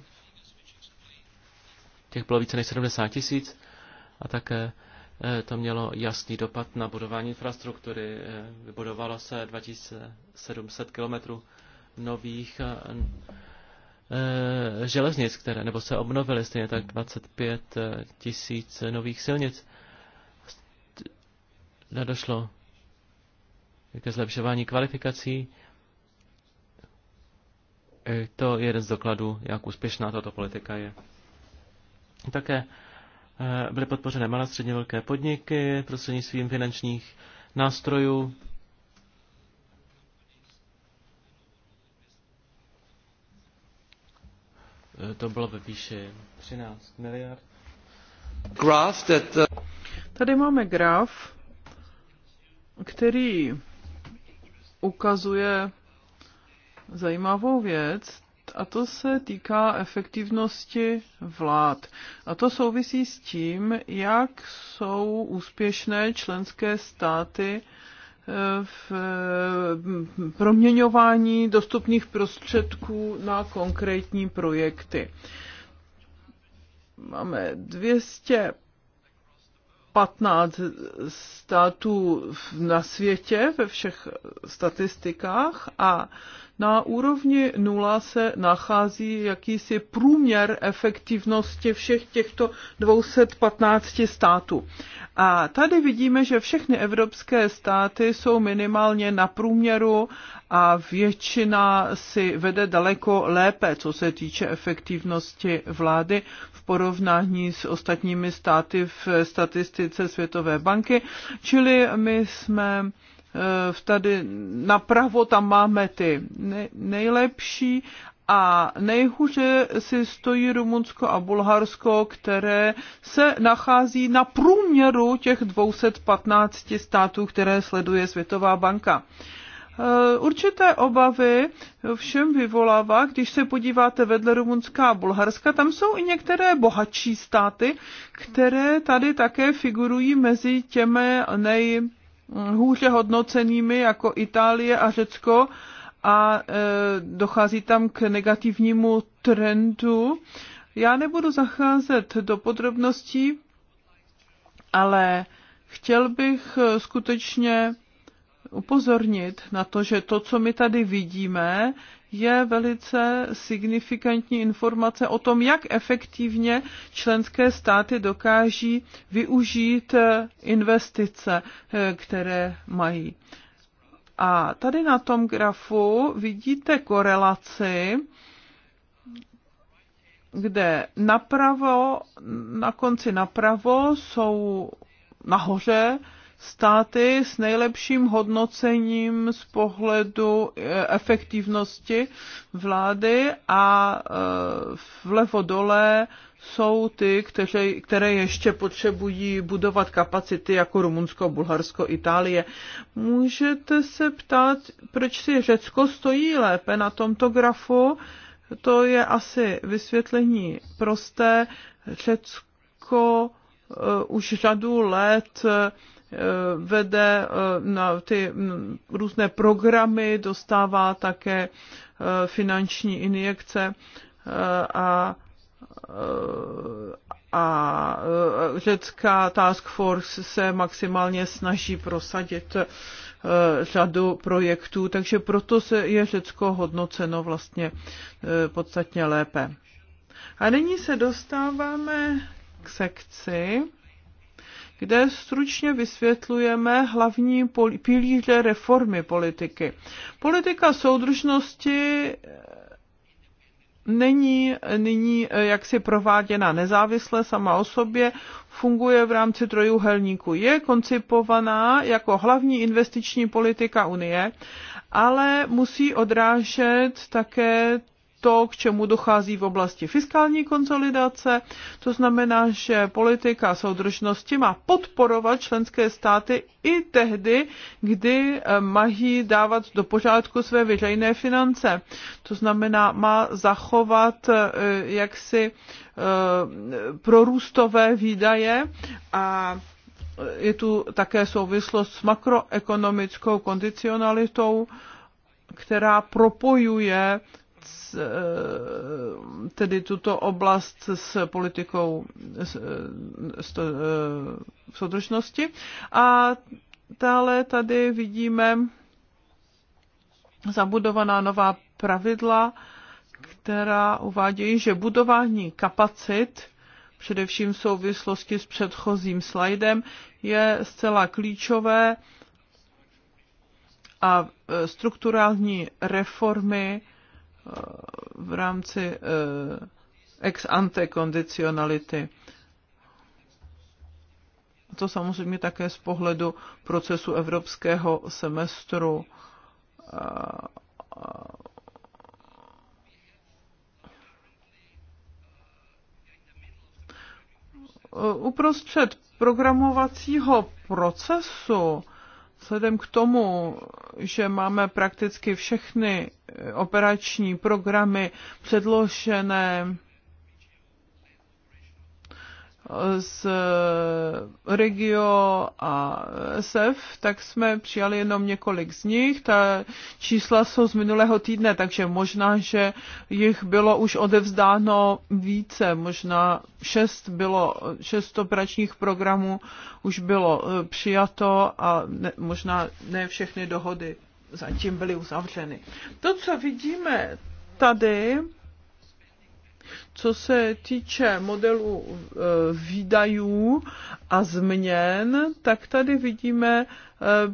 Těch bylo více než 70 tisíc a také eh, to mělo jasný dopad na budování infrastruktury. Eh, vybudovalo se 2700 kilometrů nových eh, železnic, které, nebo se obnovily, stejně tak 25 tisíc nových silnic. Nedošlo ke zlepšování kvalifikací. To je jeden z dokladů, jak úspěšná tato politika je. Také Eh, byly podpořené malé středně velké podniky prostřednictvím finančních nástrojů. Eh, to bylo ve výši 13 miliard. Graf that, uh, Tady máme graf, který ukazuje zajímavou věc a to se týká efektivnosti vlád. A to souvisí s tím, jak jsou úspěšné členské státy eh, v eh, proměňování dostupných prostředků na konkrétní projekty. Máme 200 15 států na světě ve všech statistikách a na úrovni nula se nachází jakýsi průměr efektivnosti všech těchto 215 států. A tady vidíme, že všechny evropské státy jsou minimálně na průměru a většina si vede daleko lépe, co se týče efektivnosti vlády porovnání s ostatními státy v statistice Světové banky, čili my jsme eh, tady napravo tam máme ty nejlepší a nejhůře si stojí Rumunsko a Bulharsko, které se nachází na průměru těch 215 států, které sleduje Světová banka. Eh, určité obavy všem vyvolává, když se podíváte vedle Rumunská a Bulharska, tam jsou i některé bohatší státy, které tady také figurují mezi těmi nejhůře hodnocenými jako Itálie a Řecko a eh, dochází tam k negativnímu trendu. Já nebudu zacházet do podrobností, ale chtěl bych eh, skutečně upozornit na to, že to, co my tady vidíme, je velice signifikantní informace o tom, jak efektivně členské státy dokáží využít eh, investice, eh, které mají. A tady na tom grafu vidíte korelaci, kde napravo, na konci napravo jsou nahoře státy s nejlepším hodnocením z pohledu eh, efektivnosti vlády a eh, vlevo dole jsou ty, které, které ještě potřebují budovat kapacity jako Rumunsko, Bulharsko, Itálie. Můžete se ptát, proč si Řecko stojí lépe na tomto grafu? To je asi vysvětlení prosté. Řecko eh, už řadu let Eh, vede eh, na ty mm, různé programy, dostává také eh, finanční injekce a a řecká task force se maximálně snaží prosadit řadu projektů, takže proto se je Řecko hodnoceno vlastně podstatně lépe. A nyní se dostáváme k sekci kde stručně vysvětlujeme hlavní pilíře reformy politiky. Politika soudržnosti eh, není nyní eh, jaksi prováděna nezávisle sama o sobě, funguje v rámci trojuhelníku. Je koncipovaná jako hlavní investiční politika Unie, ale musí odrážet také to, k čemu dochází v oblasti fiskální konsolidace. To znamená, že politika soudržnosti má podporovat členské státy i tehdy, kdy eh, mají dávat do pořádku své veřejné finance. To znamená, má zachovat eh, jaksi eh, prorůstové výdaje a je tu také souvislost s makroekonomickou kondicionalitou, která propojuje Eh, tedy tuto oblast s politikou eh, eh, soudržnosti. A dále tady vidíme zabudovaná nová pravidla, která uvádějí, že budování kapacit, především v souvislosti s předchozím slajdem, je zcela klíčové a strukturální reformy v rámci eh, ex ante kondicionality. To samozřejmě také z pohledu procesu evropského semestru. Eh, uprostřed programovacího procesu Vzhledem k tomu, že máme prakticky všechny operační programy předložené z Regio a SF, tak jsme přijali jenom několik z nich. Ta čísla jsou z minulého týdne, takže možná, že jich bylo už odevzdáno více, možná šest, bylo, šest operačních programů už bylo eh, přijato a ne, možná ne všechny dohody zatím byly uzavřeny. To, co vidíme tady, co se týče modelu e, výdajů a změn, tak tady vidíme e,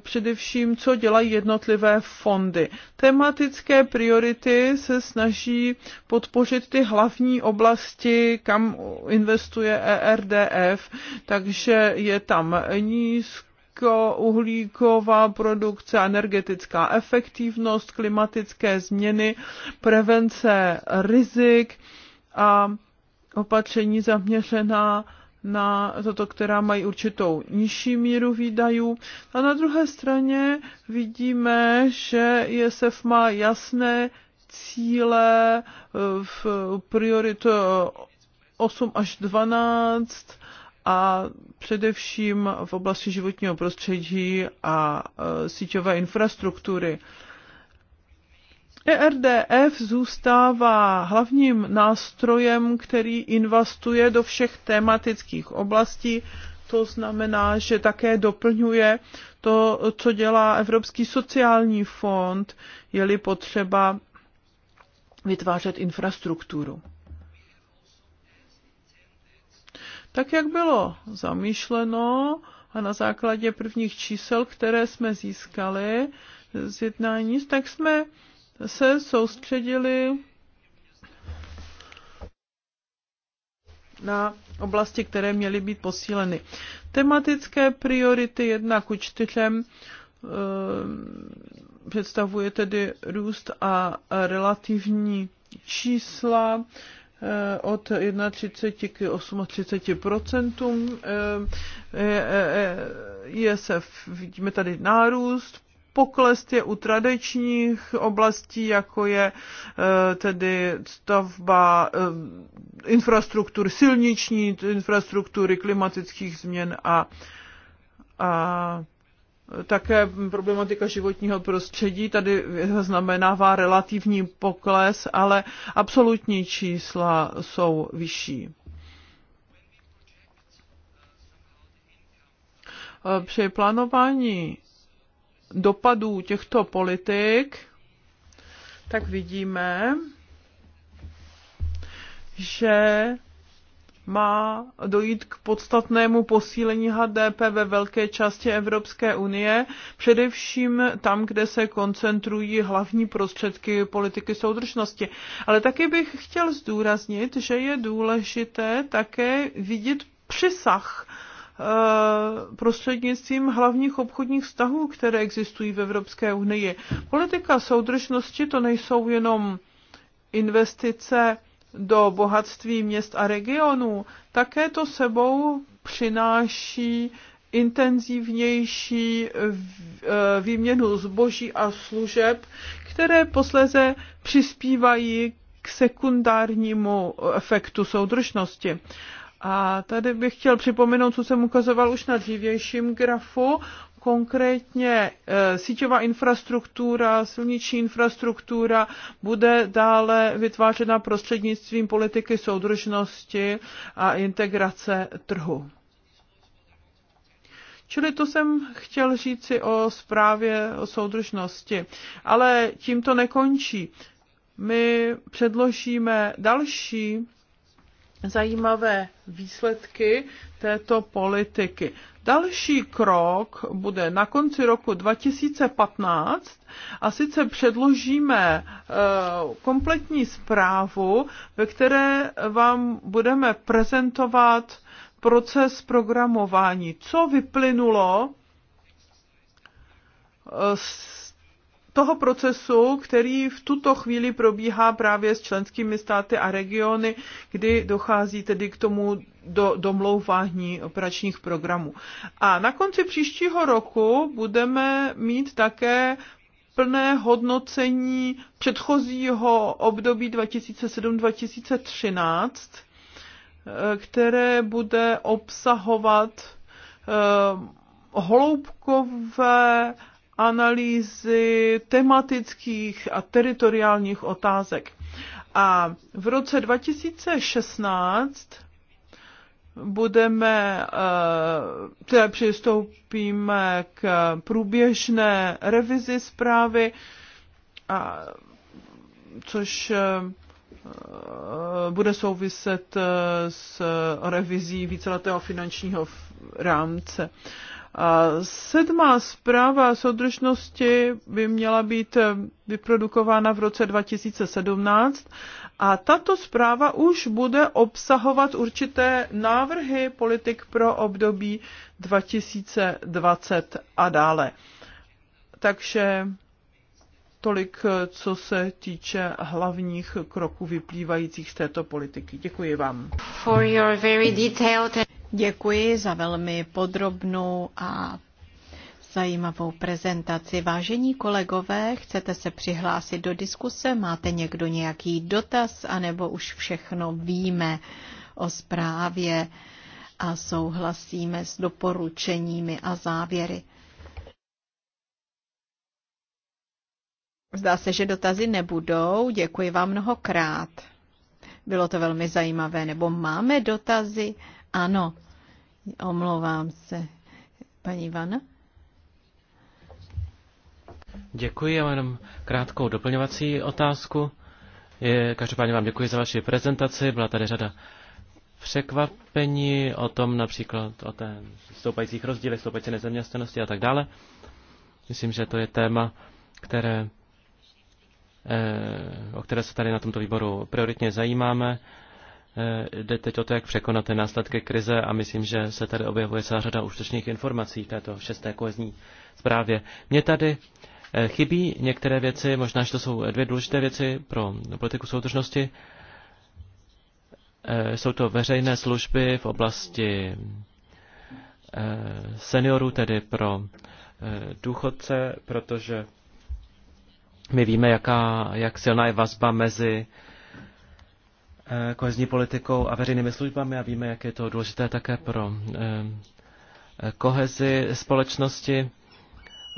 především, co dělají jednotlivé fondy. Tematické priority se snaží podpořit ty hlavní oblasti, kam investuje ERDF, takže je tam nízko uhlíková produkce, energetická efektivnost, klimatické změny, prevence rizik, a opatření zaměřená na toto, která mají určitou nižší míru výdajů. A na druhé straně vidíme, že ISF má jasné cíle e, v prioritu 8 e, až 12 a především v oblasti životního prostředí a e, síťové infrastruktury. ERDF zůstává hlavním nástrojem, který investuje do všech tematických oblastí, to znamená, že také doplňuje to, co dělá Evropský sociální fond, je-li potřeba vytvářet infrastrukturu. Tak, jak bylo zamýšleno a na základě prvních čísel, které jsme získali z jednání, tak jsme se soustředili na oblasti, které měly být posíleny. Tematické priority jedna ku čtyřem eh, představuje tedy růst a relativní čísla eh, od 31 k 38 eh, je se, vidíme tady nárůst, Pokles je u tradičních oblastí, jako je e, tedy stavba e, infrastruktur silniční, infrastruktury klimatických změn a, a také problematika životního prostředí tady znamenává relativní pokles, ale absolutní čísla jsou vyšší. E, při plánování dopadů těchto politik, tak vidíme, že má dojít k podstatnému posílení HDP ve velké části Evropské unie, především tam, kde se koncentrují hlavní prostředky politiky soudržnosti. Ale taky bych chtěl zdůraznit, že je důležité také vidět přesah Eh, prostřednictvím hlavních obchodních vztahů, které existují v Evropské unii. Politika soudržnosti to nejsou jenom investice do bohatství měst a regionů, také to sebou přináší intenzivnější eh, výměnu zboží a služeb, které posléze přispívají k sekundárnímu efektu soudržnosti. A tady bych chtěl připomenout, co jsem ukazoval už na dřívějším grafu, konkrétně e, síťová infrastruktura, silniční infrastruktura bude dále vytvářena prostřednictvím politiky soudržnosti a integrace trhu. Čili to jsem chtěl říci o zprávě o soudržnosti. Ale tím to nekončí. My předložíme další zajímavé výsledky této politiky. Další krok bude na konci roku 2015 a sice předložíme eh, kompletní zprávu, ve které vám budeme prezentovat proces programování, co vyplynulo eh, z toho procesu, který v tuto chvíli probíhá právě s členskými státy a regiony, kdy dochází tedy k tomu do, domlouvání operačních programů. A na konci příštího roku budeme mít také plné hodnocení předchozího období 2007-2013, které bude obsahovat holoubkové eh, analýzy tematických a teritoriálních otázek. A v roce 2016 budeme, eh, teda přistoupíme k průběžné revizi zprávy, a, což eh, bude souviset eh, s revizí víceletého finančního rámce. A sedmá zpráva soudržnosti by měla být eh, vyprodukována v roce 2017 a tato zpráva už bude obsahovat určité návrhy politik pro období 2020 a dále. Takže Tolik, co se týče hlavních kroků vyplývajících z této politiky. Děkuji vám. For your very detailed... Děkuji za velmi podrobnou a zajímavou prezentaci. Vážení kolegové, chcete se přihlásit do diskuse? Máte někdo nějaký dotaz, a nebo už všechno víme o zprávě a souhlasíme s doporučeními a závěry? Zdá se, že dotazy nebudou. Děkuji vám mnohokrát. Bylo to velmi zajímavé. Nebo máme dotazy? Ano. Omlouvám se. Paní Vana? Děkuji, já mám jenom krátkou doplňovací otázku. Je, každopádně vám děkuji za vaši prezentaci, byla tady řada překvapení o tom například o té stoupajících rozdílech, stoupající nezaměstnanosti a tak dále. Myslím, že to je téma, které Eh, o které se tady na tomto výboru prioritně zajímáme. Eh, jde teď o to, jak překonat ty následky krize a myslím, že se tady objevuje celá řada užitečných informací v této šesté kohezní zprávě. Mě tady eh, chybí některé věci, možná, že to jsou dvě důležité věci pro politiku soudržnosti. Jsou to veřejné služby v oblasti seniorů, tedy pro důchodce, protože my víme, jaká, jak silná je vazba mezi eh, kohezní politikou a veřejnými službami a víme, jak je to důležité také pro eh, eh, kohezi společnosti.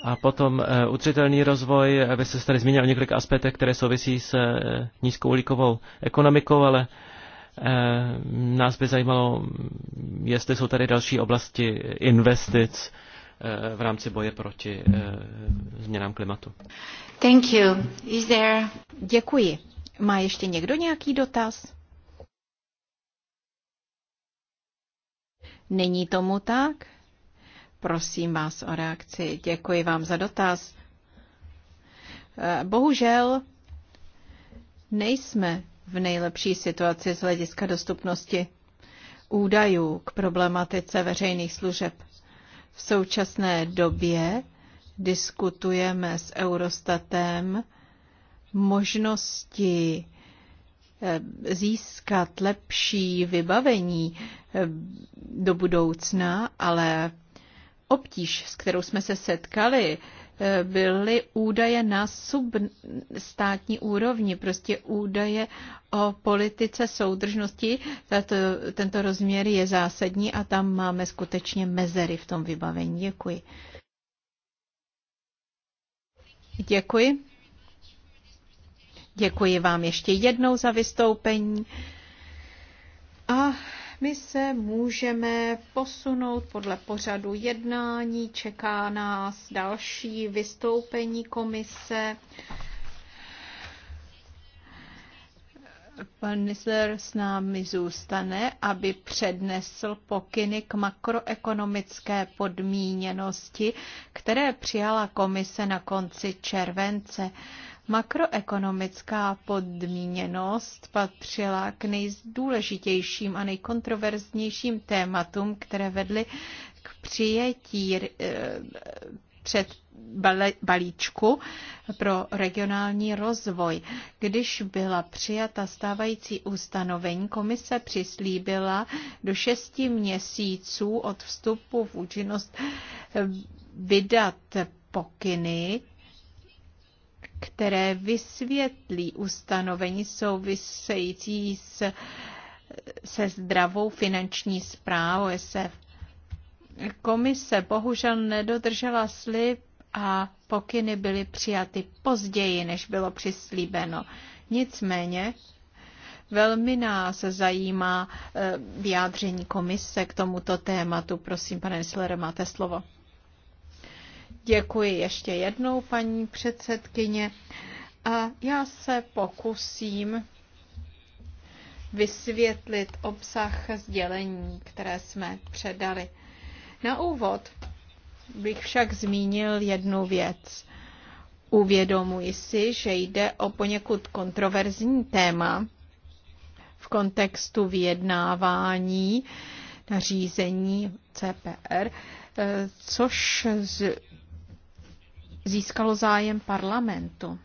A potom udržitelný rozvoj, vy jste tady zmínil o několik aspektech, které souvisí s nízkouhlíkovou ekonomikou, ale nás by zajímalo, jestli jsou tady další oblasti investic, Eh, v rámci boje proti eh, změnám klimatu. Thank you. Is there... Děkuji. Má ještě někdo nějaký dotaz? Není tomu tak? Prosím vás o reakci. Děkuji vám za dotaz. Eh, bohužel nejsme v nejlepší situaci z hlediska dostupnosti údajů k problematice veřejných služeb. V současné době diskutujeme s Eurostatem možnosti eh, získat lepší vybavení eh, do budoucna, ale obtíž, s kterou jsme se setkali byly údaje na substátní úrovni, prostě údaje o politice soudržnosti. Tato, tento rozměr je zásadní a tam máme skutečně mezery v tom vybavení. Děkuji. Děkuji. Děkuji vám ještě jednou za vystoupení. A my se můžeme posunout podle pořadu jednání, čeká nás další vystoupení komise. Pan Nisler s námi zůstane, aby přednesl pokyny k makroekonomické podmíněnosti, které přijala komise na konci července. Makroekonomická podmíněnost patřila k nejdůležitějším a nejkontroverznějším tématům, které vedly k přijetí eh, před balíčku pro regionální rozvoj. Když byla přijata stávající ustanovení, komise přislíbila do šesti měsíců od vstupu v účinnost eh, vydat pokyny které vysvětlí ustanovení související s, se zdravou finanční zprávou SF. Komise bohužel nedodržela slib a pokyny byly přijaty později, než bylo přislíbeno. Nicméně velmi nás zajímá eh, vyjádření komise k tomuto tématu. Prosím, pane Slere, máte slovo. Děkuji ještě jednou, paní předsedkyně. A já se pokusím vysvětlit obsah sdělení, které jsme předali. Na úvod bych však zmínil jednu věc. Uvědomuji si, že jde o poněkud kontroverzní téma v kontextu vyjednávání nařízení CPR, eh, což z získalo zájem parlamentu.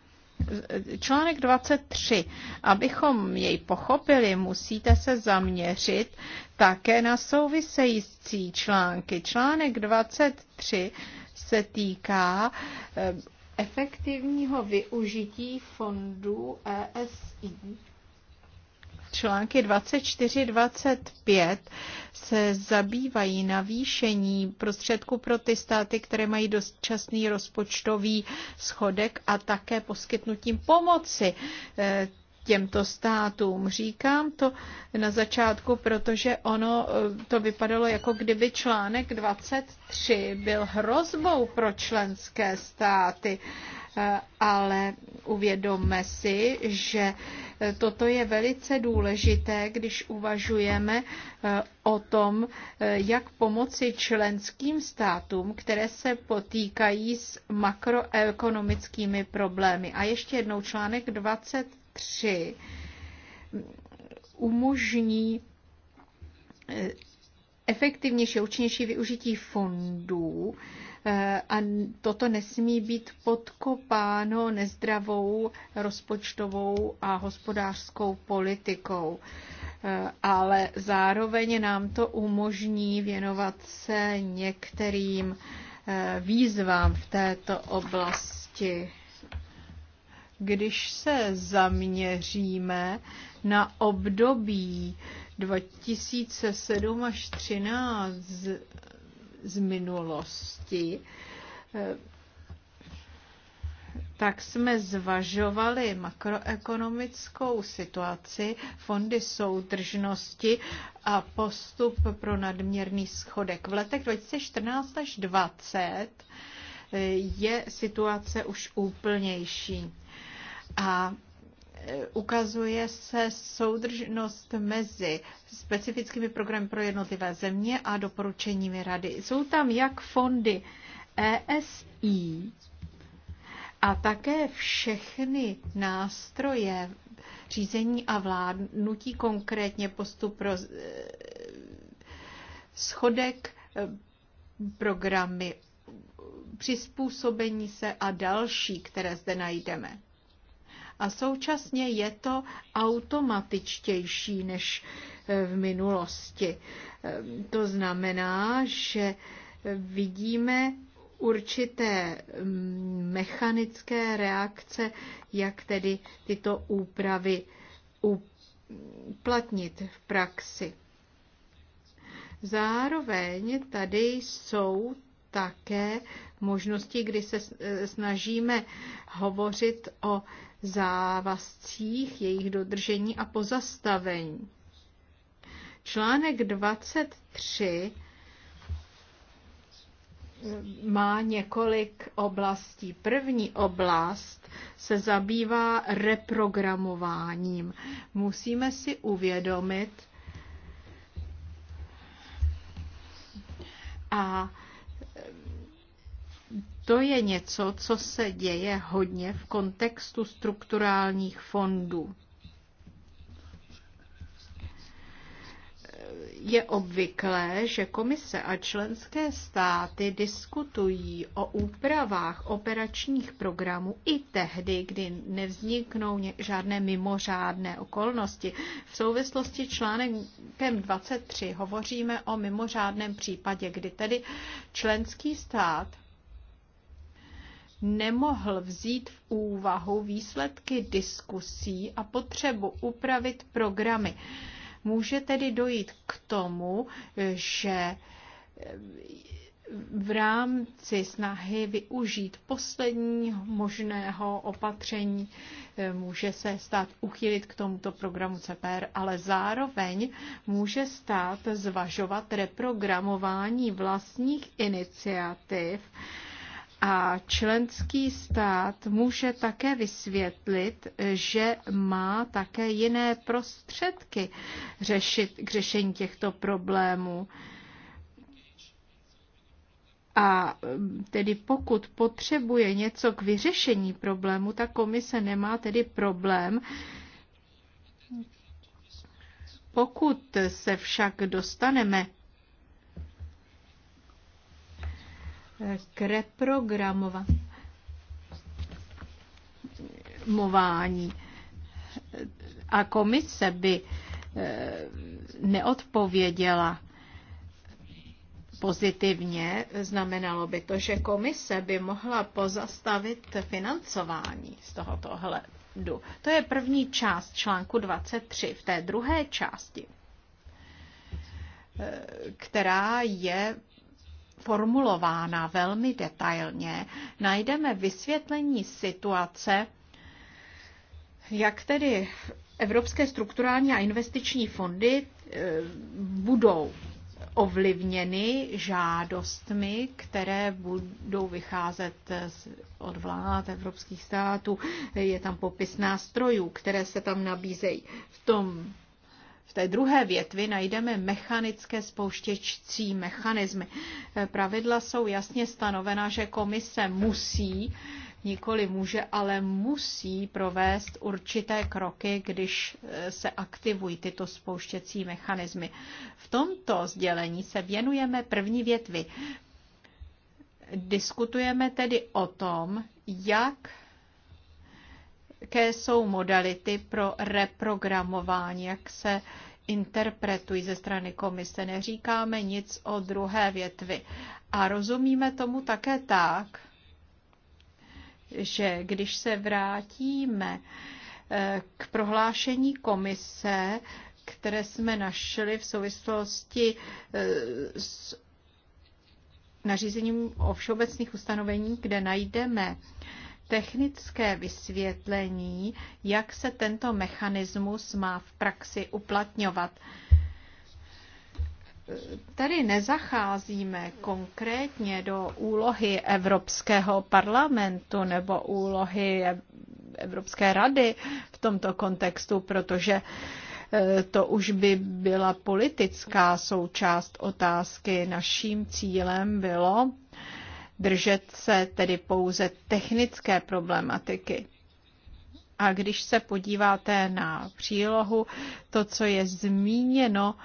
Článek 23. Abychom jej pochopili, musíte se zaměřit také na související články. Článek 23 se týká eh, efektivního využití fondů ESI Články 24-25 se zabývají navýšení prostředků pro ty státy, které mají dočasný rozpočtový schodek a také poskytnutím pomoci eh, těmto státům. Říkám to na začátku, protože ono eh, to vypadalo jako kdyby článek 23 byl hrozbou pro členské státy ale uvědomme si, že toto je velice důležité, když uvažujeme eh, o tom, eh, jak pomoci členským státům, které se potýkají s makroekonomickými problémy. A ještě jednou článek 23 umožní eh, efektivnější a účinnější využití fondů Eh, a toto nesmí být podkopáno nezdravou rozpočtovou a hospodářskou politikou. Eh, ale zároveň nám to umožní věnovat se některým eh, výzvám v této oblasti. Když se zaměříme na období 2007 až 2013 z minulosti, eh, tak jsme zvažovali makroekonomickou situaci, fondy soudržnosti a postup pro nadměrný schodek. V letech 2014 až 2020 je situace už úplnější. A ukazuje se soudržnost mezi specifickými programy pro jednotlivé země a doporučeními rady. Jsou tam jak fondy ESI a také všechny nástroje řízení a vládnutí, konkrétně postup pro eh, schodek, eh, programy přizpůsobení se a další, které zde najdeme a současně je to automatičtější než eh, v minulosti. Eh, to znamená, že eh, vidíme určité mm, mechanické reakce, jak tedy tyto úpravy uplatnit v praxi. Zároveň tady jsou také možnosti, kdy se snažíme hovořit o závazcích, jejich dodržení a pozastavení. Článek 23 eh, má několik oblastí. První oblast se zabývá reprogramováním. Musíme si uvědomit a to je něco, co se děje hodně v kontextu strukturálních fondů. je obvyklé, že komise a členské státy diskutují o úpravách operačních programů i tehdy, kdy nevzniknou žádné mimořádné okolnosti. V souvislosti článkem 23 hovoříme o mimořádném případě, kdy tedy členský stát nemohl vzít v úvahu výsledky diskusí a potřebu upravit programy. Může tedy dojít k tomu, že eh, v rámci snahy využít posledního možného opatření eh, může se stát uchylit k tomuto programu CPR, ale zároveň může stát zvažovat reprogramování vlastních iniciativ a členský stát může také vysvětlit, že má také jiné prostředky řešit, k řešení těchto problémů. A tedy pokud potřebuje něco k vyřešení problému, ta komise nemá tedy problém. Pokud se však dostaneme k reprogramování. A komise by eh, neodpověděla pozitivně, znamenalo by to, že komise by mohla pozastavit financování z tohoto hledu. To je první část článku 23. V té druhé části, eh, která je formulována velmi detailně, najdeme vysvětlení situace, jak tedy evropské strukturální a investiční fondy e, budou ovlivněny žádostmi, které budou vycházet od vlád evropských států. Je tam popis nástrojů, které se tam nabízejí. V tom v té druhé větvi najdeme mechanické spouštěčcí mechanizmy. Pravidla jsou jasně stanovena, že komise musí nikoli může, ale musí provést určité kroky, když eh, se aktivují tyto spouštěcí mechanismy. V tomto sdělení se věnujeme první větvi. Diskutujeme tedy o tom, jak jaké jsou modality pro reprogramování, jak se interpretují ze strany komise. Neříkáme nic o druhé větvi. A rozumíme tomu také tak, že když se vrátíme eh, k prohlášení komise, které jsme našli v souvislosti eh, s nařízením o všeobecných ustanovení, kde najdeme technické vysvětlení, jak se tento mechanismus má v praxi uplatňovat. Tady nezacházíme konkrétně do úlohy Evropského parlamentu nebo úlohy Evropské rady v tomto kontextu, protože e, to už by byla politická součást otázky. Naším cílem bylo držet se tedy pouze technické problematiky. A když se podíváte na přílohu, to, co je zmíněno,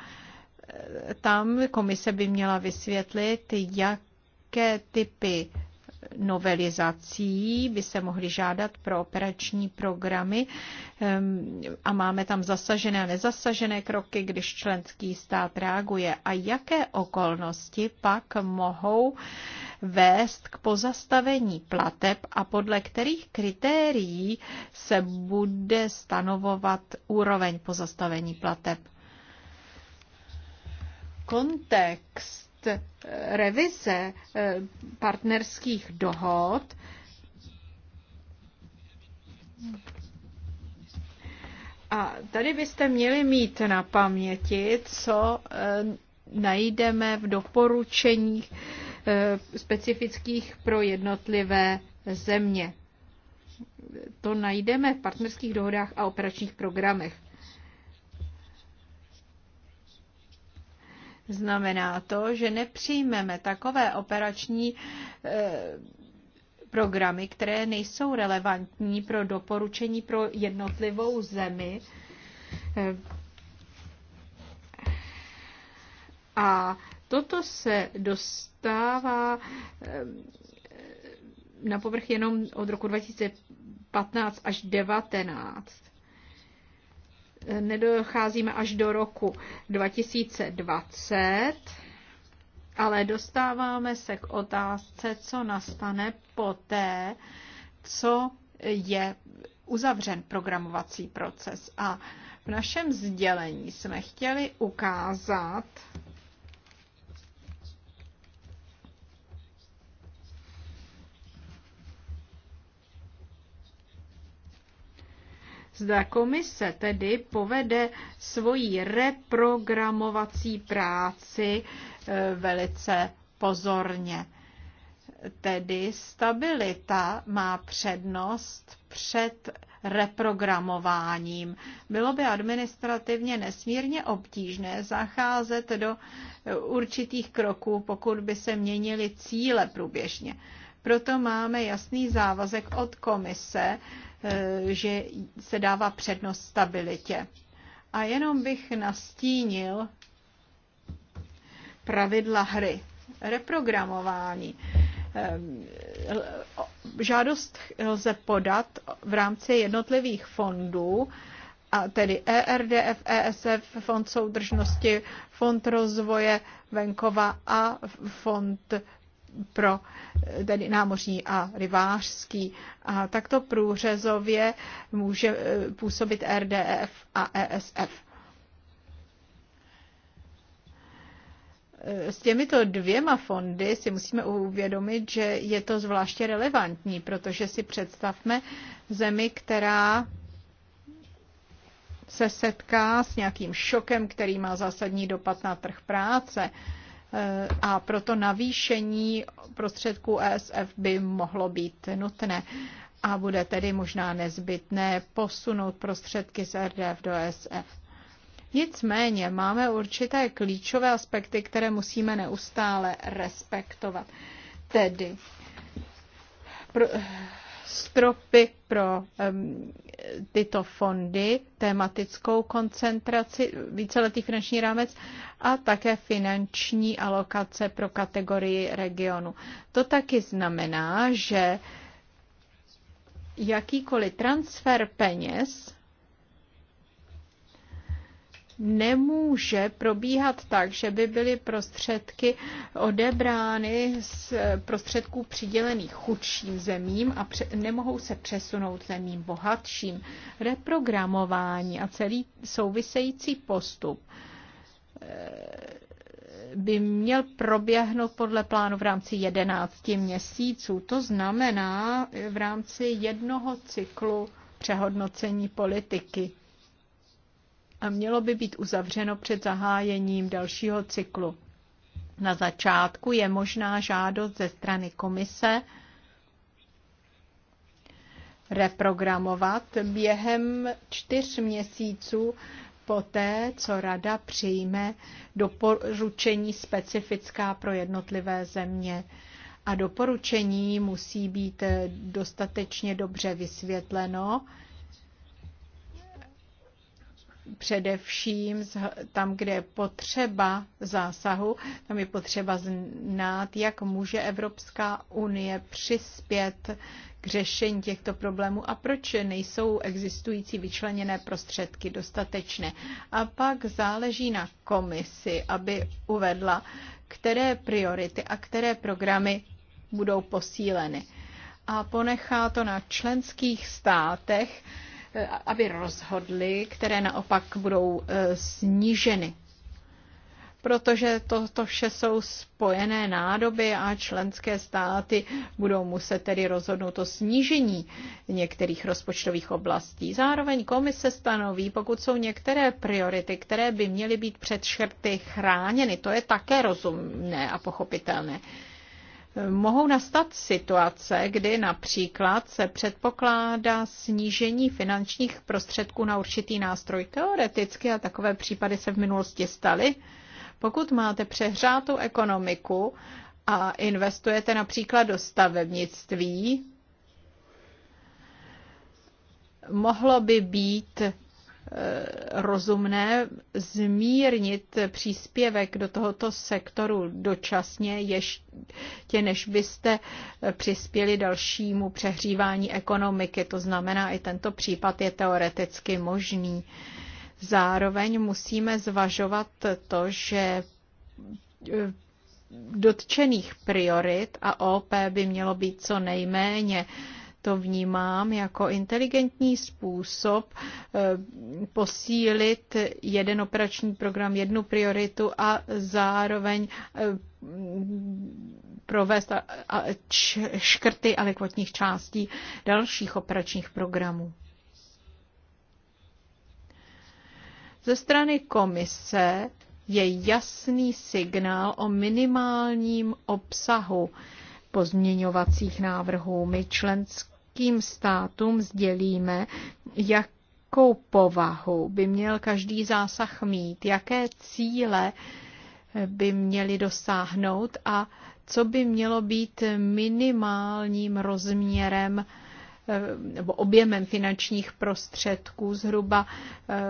tam komise by měla vysvětlit, jaké typy novelizací by se mohli žádat pro operační programy ehm, a máme tam zasažené a nezasažené kroky, když členský stát reaguje a jaké okolnosti pak mohou vést k pozastavení plateb a podle kterých kritérií se bude stanovovat úroveň pozastavení plateb. Kontext Eh, revize eh, partnerských dohod a tady byste měli mít na paměti, co eh, najdeme v doporučeních specifických pro jednotlivé země. To najdeme v partnerských dohodách a operačních programech. Znamená to, že nepřijmeme takové operační eh, programy, které nejsou relevantní pro doporučení pro jednotlivou zemi. Eh, a toto se dostává eh, na povrch jenom od roku 2015 až 2019 nedocházíme až do roku 2020, ale dostáváme se k otázce, co nastane poté, co je uzavřen programovací proces. A v našem sdělení jsme chtěli ukázat, Zda komise tedy povede svoji reprogramovací práci e, velice pozorně. Tedy stabilita má přednost před reprogramováním. Bylo by administrativně nesmírně obtížné zacházet do e, určitých kroků, pokud by se měnily cíle průběžně. Proto máme jasný závazek od komise Eh, že se dává přednost stabilitě. A jenom bych nastínil pravidla hry, reprogramování. Eh, žádost lze podat v rámci jednotlivých fondů, a tedy ERDF, ESF, Fond soudržnosti, Fond rozvoje venkova a Fond pro eh, tedy námořní a rybářský. A takto průřezově může eh, působit RDF e a ESF. Eh, s těmito dvěma fondy si musíme uvědomit, že je to zvláště relevantní, protože si představme zemi, která se setká s nějakým šokem, který má zásadní dopad na trh práce. Eh, a proto navýšení prostředků ESF by mohlo být nutné a bude tedy možná nezbytné posunout prostředky z RDF do ESF. Nicméně máme určité klíčové aspekty, které musíme neustále respektovat. Tedy pro, stropy pro um, tyto fondy, tematickou koncentraci, víceletý finanční rámec a také finanční alokace pro kategorii regionu. To taky znamená, že jakýkoliv transfer peněz nemůže probíhat tak, že by byly prostředky odebrány z prostředků přidělených chudším zemím a nemohou se přesunout zemím bohatším. Reprogramování a celý související postup eh, by měl proběhnout podle plánu v rámci 11 měsíců. To znamená eh, v rámci jednoho cyklu přehodnocení politiky a mělo by být uzavřeno před zahájením dalšího cyklu. Na začátku je možná žádost ze strany komise reprogramovat během čtyř měsíců poté, co Rada přijme doporučení specifická pro jednotlivé země. A doporučení musí být dostatečně dobře vysvětleno, především tam, kde je potřeba zásahu, tam je potřeba znát, jak může Evropská unie přispět k řešení těchto problémů a proč nejsou existující vyčleněné prostředky dostatečné. A pak záleží na komisi, aby uvedla, které priority a které programy budou posíleny. A ponechá to na členských státech, Eh, aby rozhodli, které naopak budou eh, sníženy. Protože toto vše jsou spojené nádoby a členské státy budou muset tedy rozhodnout o snížení některých rozpočtových oblastí. Zároveň komise stanoví, pokud jsou některé priority, které by měly být před škrty chráněny, to je také rozumné a pochopitelné mohou nastat situace, kdy například se předpokládá snížení finančních prostředků na určitý nástroj teoreticky a takové případy se v minulosti staly. Pokud máte přehrátou ekonomiku a investujete například do stavebnictví, mohlo by být Eh, rozumné zmírnit příspěvek do tohoto sektoru dočasně, ještě než byste přispěli dalšímu přehřívání ekonomiky. To znamená, i tento případ je teoreticky možný. Zároveň musíme zvažovat to, že eh, dotčených priorit a OP by mělo být co nejméně to vnímám jako inteligentní způsob eh, posílit jeden operační program, jednu prioritu a zároveň eh, provést škrty adekvatních částí dalších operačních programů. Ze strany komise je jasný signál o minimálním obsahu pozměňovacích návrhů. My členské členským státům sdělíme, jak jakou povahu by měl každý zásah mít, jaké cíle by měli dosáhnout a co by mělo být minimálním rozměrem eh, nebo objemem finančních prostředků zhruba eh,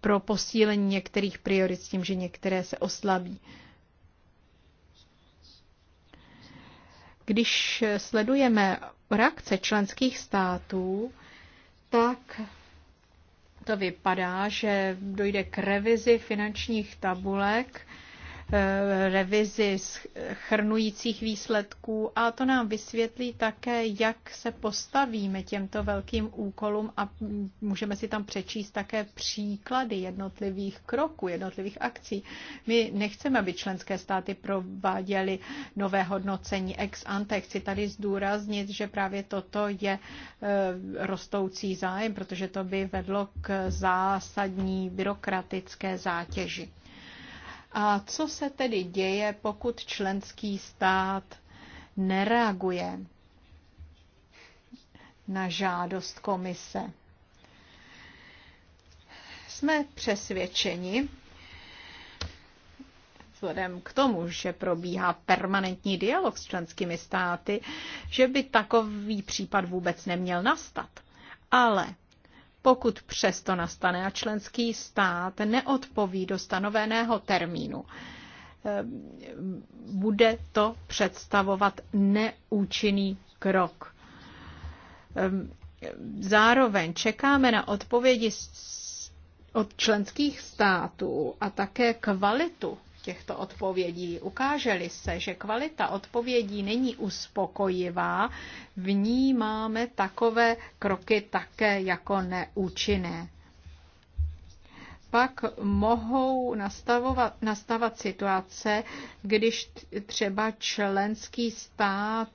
pro posílení některých priorit s tím, že některé se oslabí. Když sledujeme reakce členských států, tak to vypadá, že dojde k revizi finančních tabulek Eh, revizi schrnujících výsledků a to nám vysvětlí také, jak se postavíme těmto velkým úkolům a můžeme si tam přečíst také příklady jednotlivých kroků, jednotlivých akcí. My nechceme, aby členské státy prováděly nové hodnocení ex ante. Chci tady zdůraznit, že právě toto je eh, rostoucí zájem, protože to by vedlo k zásadní byrokratické zátěži. A co se tedy děje, pokud členský stát nereaguje na žádost komise? Jsme přesvědčeni, vzhledem k tomu, že probíhá permanentní dialog s členskými státy, že by takový případ vůbec neměl nastat. Ale pokud přesto nastane a členský stát neodpoví do stanoveného termínu, eh, bude to představovat neúčinný krok. Eh, zároveň čekáme na odpovědi od členských států a také kvalitu těchto odpovědí. Ukáželi se, že kvalita odpovědí není uspokojivá, vnímáme takové kroky také jako neúčinné. Pak mohou nastavovat, nastavat situace, když třeba členský stát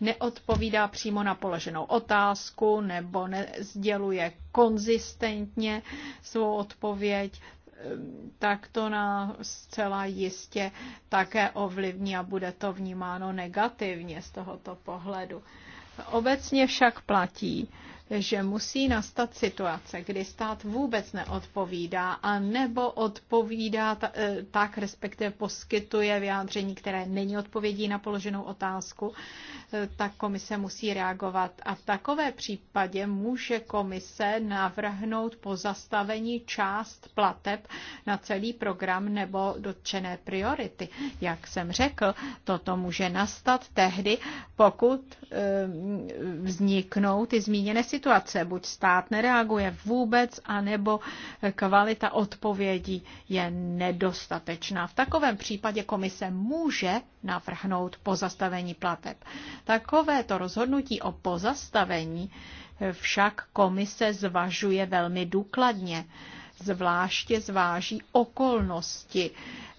neodpovídá přímo na položenou otázku nebo nezděluje konzistentně svou odpověď tak to nás zcela jistě také ovlivní a bude to vnímáno negativně z tohoto pohledu. Obecně však platí, že musí nastat situace, kdy stát vůbec neodpovídá a nebo odpovídá e, tak, respektive poskytuje vyjádření, které není odpovědí na položenou otázku, e, tak komise musí reagovat. A v takové případě může komise navrhnout pozastavení část plateb na celý program nebo dotčené priority. Jak jsem řekl, toto může nastat tehdy, pokud e, vzniknou ty zmíněné situace situace. Buď stát nereaguje vůbec, anebo kvalita odpovědí je nedostatečná. V takovém případě komise může navrhnout pozastavení plateb. Takovéto rozhodnutí o pozastavení však komise zvažuje velmi důkladně zvláště zváží okolnosti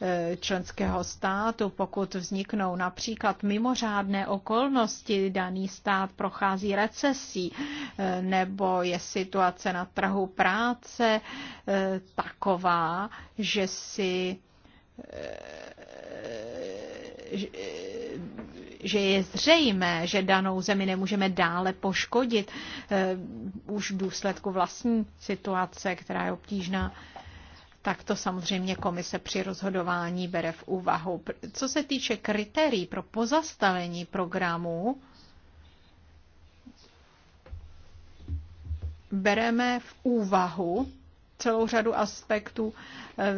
e, členského státu. Pokud vzniknou například mimořádné okolnosti, daný stát prochází recesí e, nebo je situace na trhu práce e, taková, že si že je zřejmé, že danou zemi nemůžeme dále poškodit eh, už v důsledku vlastní situace, která je obtížná, tak to samozřejmě komise při rozhodování bere v úvahu. Co se týče kritérií pro pozastavení programu, bereme v úvahu celou řadu aspektů. E,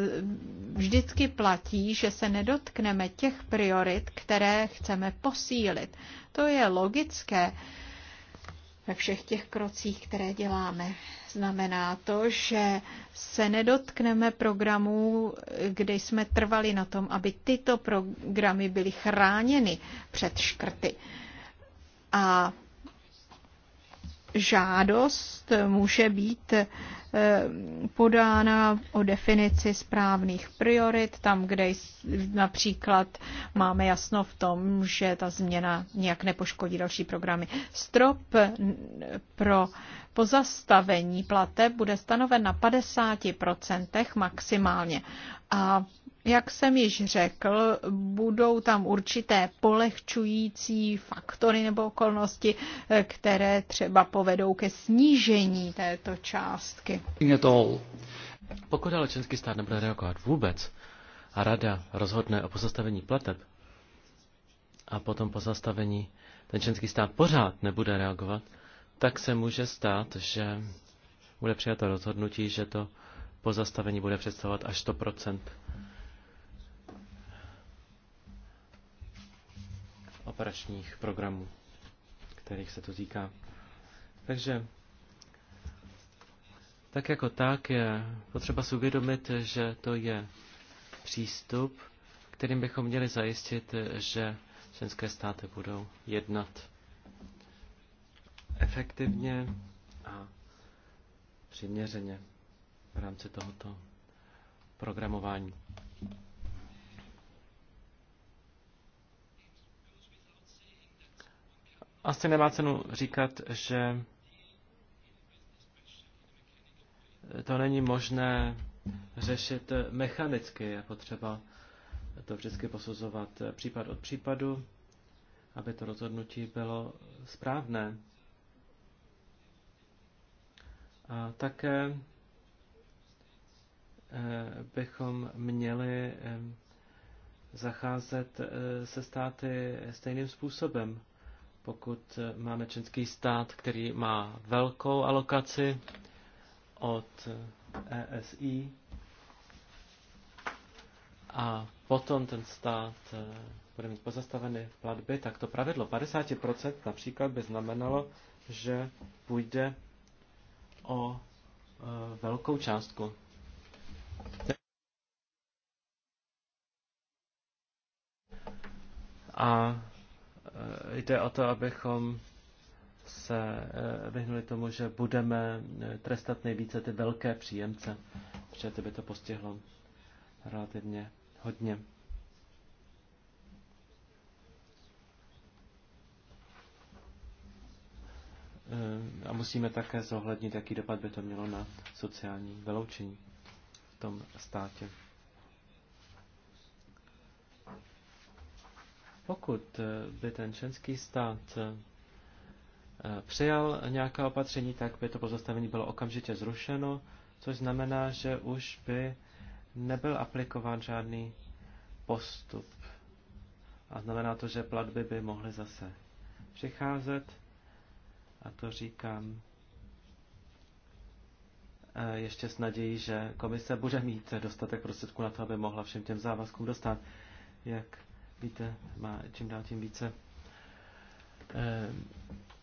vždycky platí, že se nedotkneme těch priorit, které chceme posílit. To je logické ve všech těch krocích, které děláme. Znamená to, že se nedotkneme programů, kde jsme trvali na tom, aby tyto programy byly chráněny před škrty. A žádost může být eh, podána o definici správných priorit, tam, kde například máme jasno v tom, že ta změna nějak nepoškodí další programy. Strop pro pozastavení plateb bude stanoven na 50% maximálně. A jak jsem již řekl, budou tam určité polehčující faktory nebo okolnosti, které třeba povedou ke snížení této částky. Pokud ale členský stát nebude reagovat vůbec a rada rozhodne o pozastavení plateb a potom pozastavení ten členský stát pořád nebude reagovat, tak se může stát, že bude přijato rozhodnutí, že to pozastavení bude představovat až 100 operačních programů, kterých se to týká. Takže tak jako tak je potřeba si uvědomit, že to je přístup, kterým bychom měli zajistit, že členské státy budou jednat efektivně a přiměřeně v rámci tohoto programování. asi nemá cenu říkat, že to není možné řešit mechanicky. Je potřeba to vždycky posuzovat případ od případu, aby to rozhodnutí bylo správné. A také eh, bychom měli eh, zacházet eh, se státy stejným způsobem. Pokud máme členský stát, který má velkou alokaci od ESI a potom ten stát eh, bude mít pozastaveny platby, tak to pravidlo 50% například by znamenalo, že půjde o eh, velkou částku. A jde o to, abychom se eh, vyhnuli tomu, že budeme eh, trestat nejvíce ty velké příjemce, protože ty by to postihlo relativně hodně. Eh, a musíme také zohlednit, jaký dopad by to mělo na sociální vyloučení v tom státě. Pokud eh, by ten členský stát eh, přijal nějaká opatření, tak by to pozastavení bylo okamžitě zrušeno, což znamená, že už by nebyl aplikován žádný postup. A znamená to, že platby by mohly zase přicházet. A to říkám eh, ještě s nadějí, že komise bude mít dostatek prostředků na to, aby mohla všem těm závazkům dostat. Jak víte, má čím dál tím více eh,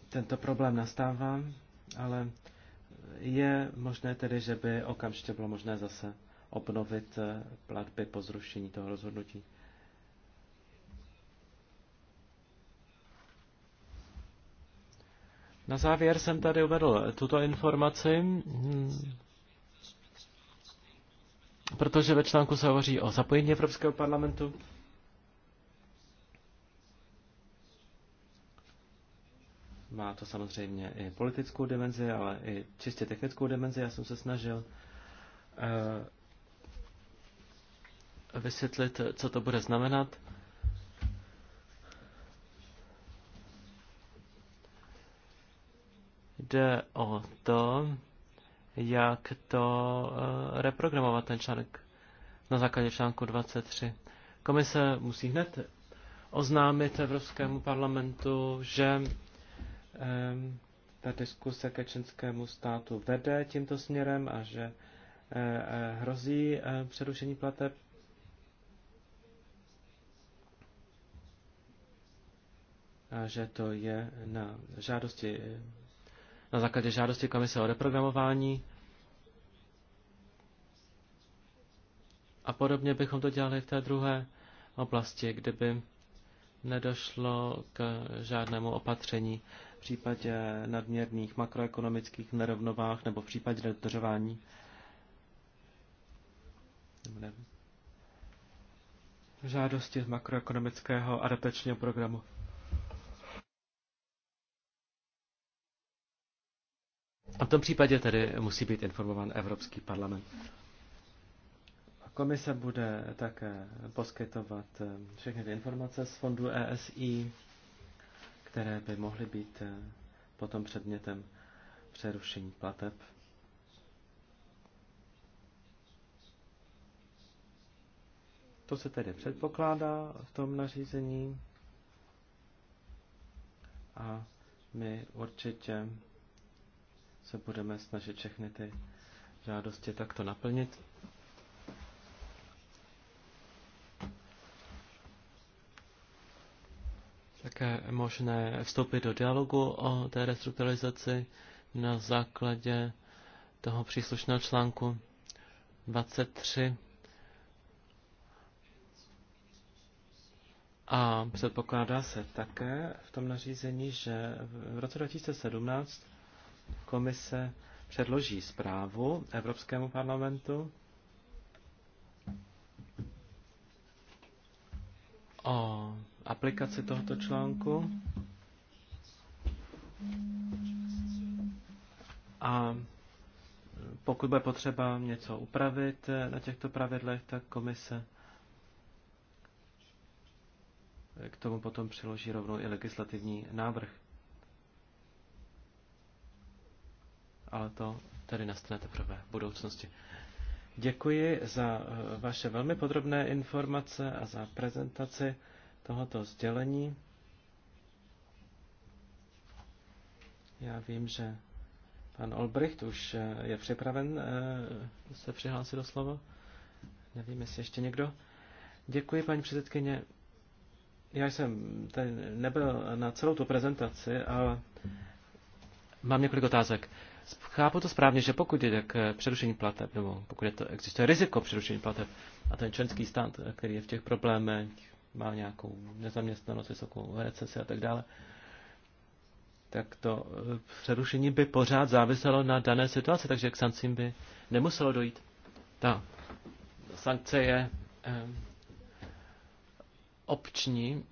tento problém nastává, ale je možné tedy, že by okamžitě bylo možné zase obnovit eh, platby po zrušení toho rozhodnutí. Na závěr jsem tady uvedl tuto informaci, hm, protože ve článku se hovoří o zapojení Evropského parlamentu. Má to samozřejmě i politickou dimenzi, ale i čistě technickou dimenzi. Já jsem se snažil eh, vysvětlit, co to bude znamenat. Jde o to, jak to eh, reprogramovat ten článek na základě článku 23. Komise musí hned oznámit Evropskému parlamentu, že ta diskuse ke členskému státu vede tímto směrem a že eh, eh, hrozí eh, přerušení plateb. A že to je na žádosti, na základě žádosti komise o reprogramování. A podobně bychom to dělali v té druhé oblasti, kdyby nedošlo k žádnému opatření v případě nadměrných makroekonomických nerovnovách nebo v případě dodržování žádosti z makroekonomického adaptačního programu. A v tom případě tedy musí být informován Evropský parlament. Komise bude také poskytovat eh, všechny ty informace z fondu ESI, které by mohly být eh, potom předmětem přerušení plateb. To se tedy předpokládá v tom nařízení a my určitě se budeme snažit všechny ty žádosti takto naplnit. také možné vstoupit do dialogu o té restrukturalizaci na základě toho příslušného článku 23. A předpokládá se také v tom nařízení, že v roce 2017 komise předloží zprávu Evropskému parlamentu o aplikaci tohoto článku. A pokud bude potřeba něco upravit na těchto pravidlech, tak komise k tomu potom přiloží rovnou i legislativní návrh. Ale to tedy nastane teprve v budoucnosti. Děkuji za eh, vaše velmi podrobné informace a za prezentaci tohoto sdělení. Já vím, že pan Olbricht už eh, je připraven eh, se přihlásit do slova. Nevím, jestli ještě někdo. Děkuji, paní předsedkyně. Já jsem tady nebyl na celou tu prezentaci, ale mám několik otázek. Chápu to správně, že pokud je k přerušení plateb, nebo pokud je to, existuje riziko přerušení plateb a ten členský stát, který je v těch problémech, má nějakou nezaměstnanost, vysokou recesi a tak dále, tak to eh, přerušení by pořád záviselo na dané situaci, takže k sankcím by nemuselo dojít. Ta sankce je eh, opční.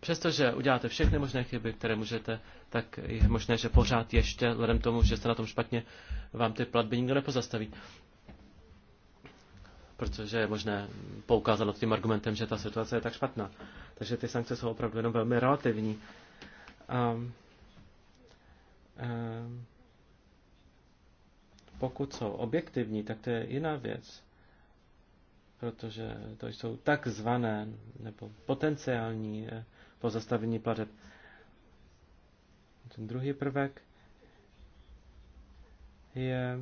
Přestože uděláte všechny možné chyby, které můžete, tak je možné, že pořád ještě, vzhledem tomu, že jste na tom špatně, vám ty platby nikdo nepozastaví protože je možné poukázat nad tím argumentem, že ta situace je tak špatná. Takže ty sankce jsou opravdu jenom velmi relativní. A, ehm, e, ehm, pokud jsou objektivní, tak to je jiná věc, protože to jsou takzvané nebo potenciální eh, pozastavení plateb. Ten druhý prvek je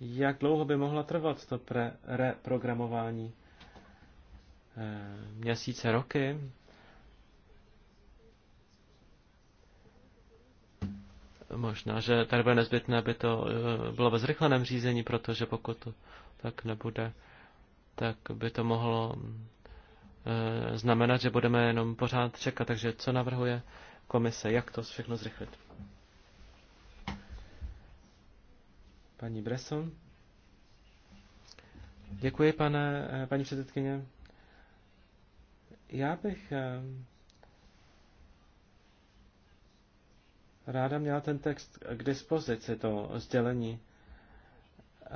jak dlouho by mohla trvat to pre, reprogramování? E, měsíce, roky? Možná, že tady bude nezbytné, aby to eh, bylo ve zrychleném řízení, protože pokud to tak nebude, tak by to mohlo eh, znamenat, že budeme jenom pořád čekat. Takže co navrhuje komise, jak to všechno zrychlit? Paní Bresson. Děkuji, pane, eh, paní předsedkyně. Já bych eh, ráda měla ten text k dispozici, to sdělení, eh,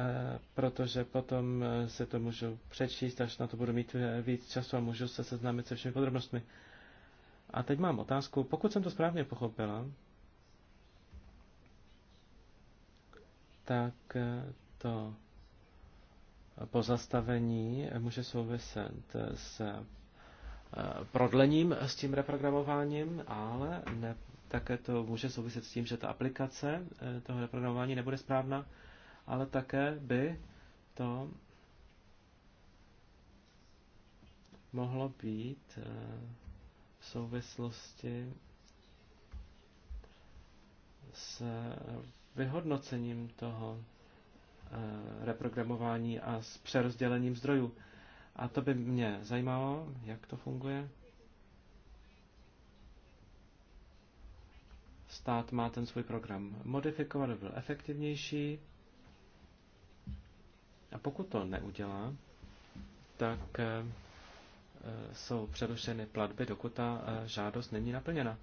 protože potom se to můžu přečíst, až na to budu mít víc času a můžu se seznámit se všemi podrobnostmi. A teď mám otázku. Pokud jsem to správně pochopila, tak to pozastavení může souviset s eh, prodlením s tím reprogramováním, ale ne, také to může souviset s tím, že ta aplikace eh, toho reprogramování nebude správná, ale také by to mohlo být eh, v souvislosti s vyhodnocením toho eh, reprogramování a s přerozdělením zdrojů. A to by mě zajímalo, jak to funguje. Stát má ten svůj program modifikovat, aby byl efektivnější. A pokud to neudělá, tak eh, jsou přerušeny platby, dokud ta eh, žádost není naplněna.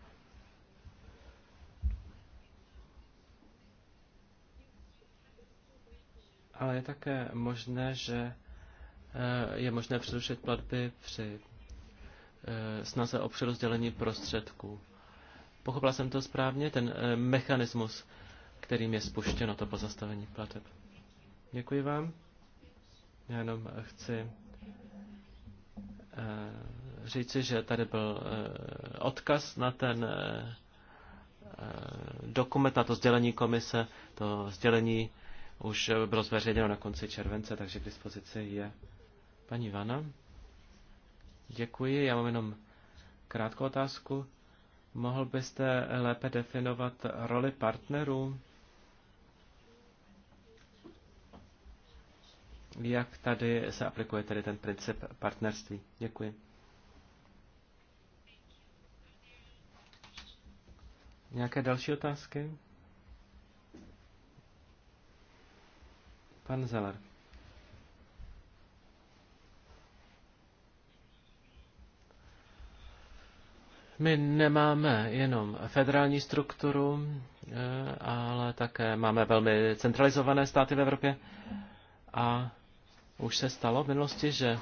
ale je také možné, že eh, je možné přerušit platby při eh, snaze o přerozdělení prostředků. Pochopila jsem to správně, ten eh, mechanismus, kterým je spuštěno to pozastavení plateb. Děkuji vám. Já jenom chci říci, že tady byl odkaz na ten dokument, na to sdělení komise. To sdělení už bylo zveřejněno na konci července, takže k dispozici je paní Vana. Děkuji, já mám jenom krátkou otázku. Mohl byste lépe definovat roli partnerů? Jak tady se aplikuje tedy ten princip partnerství? Děkuji. Nějaké další otázky? Pan Zeller. My nemáme jenom federální strukturu, eh, ale také máme velmi centralizované státy v Evropě. A už se stalo v minulosti, že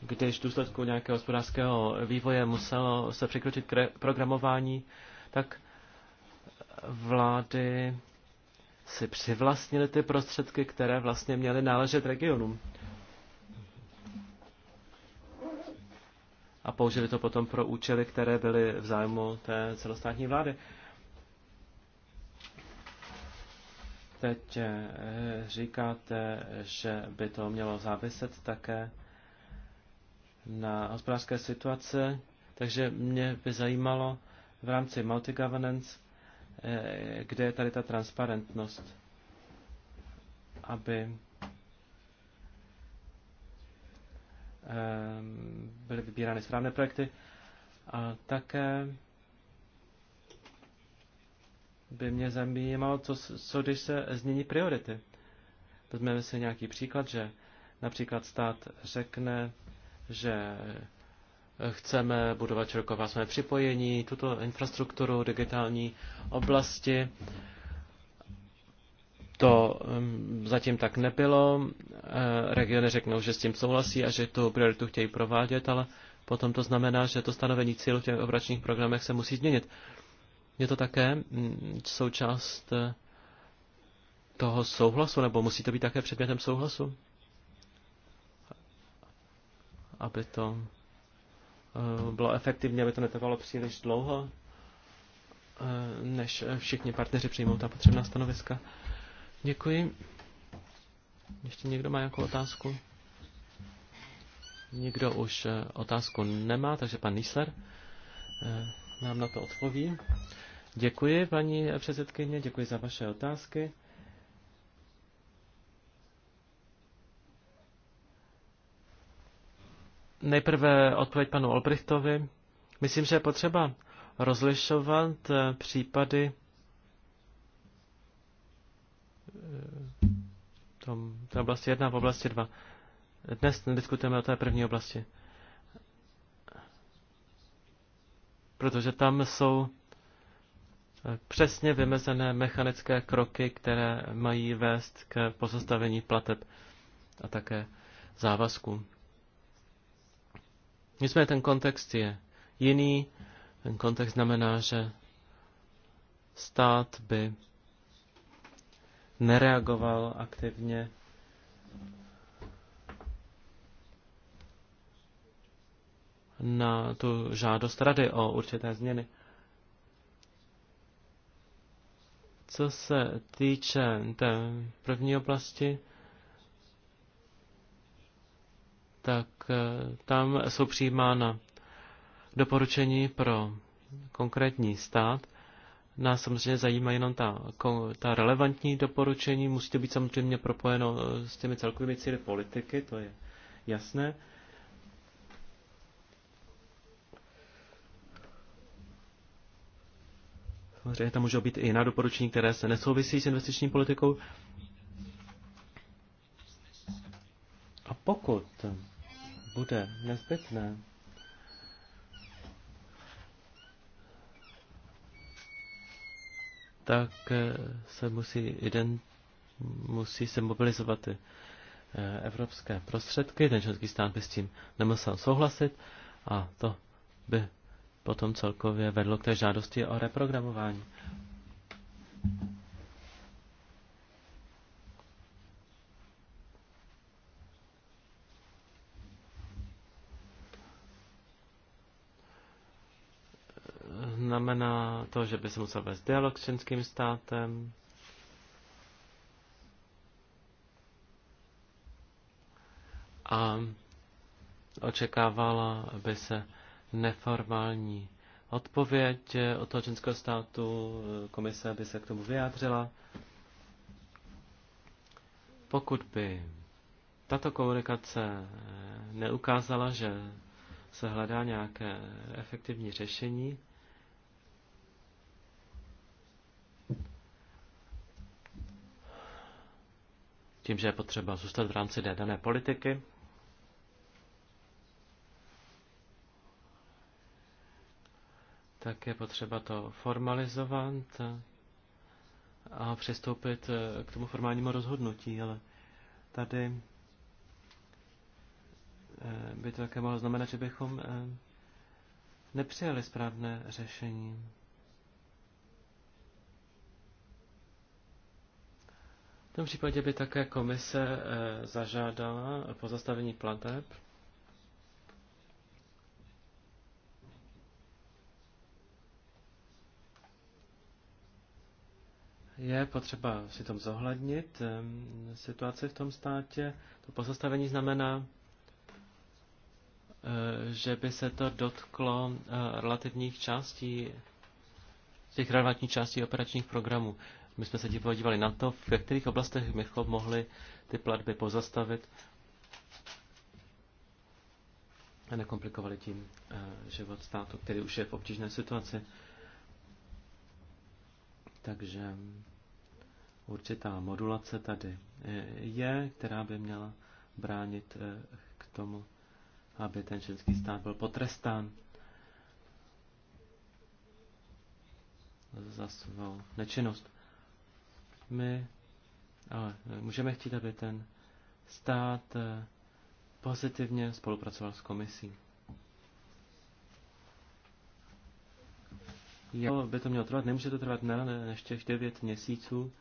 když v důsledku nějakého hospodářského vývoje muselo se překročit k programování, tak vlády si přivlastnili ty prostředky, které vlastně měly náležet regionům. A použili to potom pro účely, které byly v zájmu té celostátní vlády. Teď eh, říkáte, že by to mělo záviset také na hospodářské situaci, takže mě by zajímalo v rámci multi-governance, Eh, kde je tady ta transparentnost, aby eh, byly vybírány správné projekty a také by mě zajímalo, co, co když se změní priority. Vezmeme si nějaký příklad, že například stát řekne, že chceme budovat širokopásmé připojení, tuto infrastrukturu digitální oblasti. To zatím tak nebylo. Eh, regiony řeknou, že s tím souhlasí a že tu prioritu chtějí provádět, ale potom to znamená, že to stanovení cílů v těch obračních programech se musí změnit. Je to také mm, součást eh, toho souhlasu, nebo musí to být také předmětem souhlasu? Aby to Eh, bylo efektivní, aby to netrvalo příliš dlouho, eh, než všichni partneři přijmou ta potřebná stanoviska. Děkuji. Ještě někdo má nějakou otázku? Nikdo už eh, otázku nemá, takže pan Nýsler nám na to odpoví. Děkuji, paní předsedkyně, děkuji za vaše otázky. Nejprve odpověď panu Olbrichtovi. Myslím, že je potřeba rozlišovat eh, případy eh, v oblasti 1 a v oblasti 2. Dnes diskutujeme o té první oblasti. Protože tam jsou eh, přesně vymezené mechanické kroky, které mají vést k pozastavení plateb a také závazkům. Nicméně ten kontext je jiný. Ten kontext znamená, že stát by nereagoval aktivně na tu žádost rady o určité změny. Co se týče té první oblasti, tak eh, tam jsou přijímána doporučení pro konkrétní stát. Nás samozřejmě zajímá jenom ta, ta relevantní doporučení, musí to být samozřejmě propojeno eh, s těmi celkovými cíly politiky, to je jasné. Samozřejmě tam můžou být i jiná doporučení, které se nesouvisí s investiční politikou. A pokud bude nezbytné. tak eh, se musí, jeden, musí se mobilizovat i eh, evropské prostředky, ten členský stát by s tím nemusel souhlasit a to by potom celkově vedlo k té žádosti o reprogramování. znamená to, že by se musel vést dialog s členským státem. A očekávala by se neformální odpověď od toho členského státu, komise by se k tomu vyjádřila. Pokud by tato komunikace neukázala, že se hledá nějaké efektivní řešení, tím, že je potřeba zůstat v rámci dané politiky. Tak je potřeba to formalizovat a přistoupit k tomu formálnímu rozhodnutí, ale tady eh, by to také mohlo znamenat, že bychom eh, nepřijali správné řešení. V tom případě by také komise eh, zažádala pozastavení plateb. Je potřeba si tom zohlednit eh, situaci v tom státě. To pozastavení znamená, eh, že by se to dotklo relativních částí, těch relevantních částí operačních programů. My jsme se podívali na to, v kterých oblastech bychom mohli ty platby pozastavit a nekomplikovali tím eh, život státu, který už je v obtížné situaci. Takže určitá modulace tady eh, je, která by měla bránit eh, k tomu, aby ten členský stát byl potrestán za svou nečinnost. My ale můžeme chtít, aby ten stát eh, pozitivně spolupracoval s komisí. Jo, by to mělo trvat? Nemůže to trvat na než těch 9 měsíců.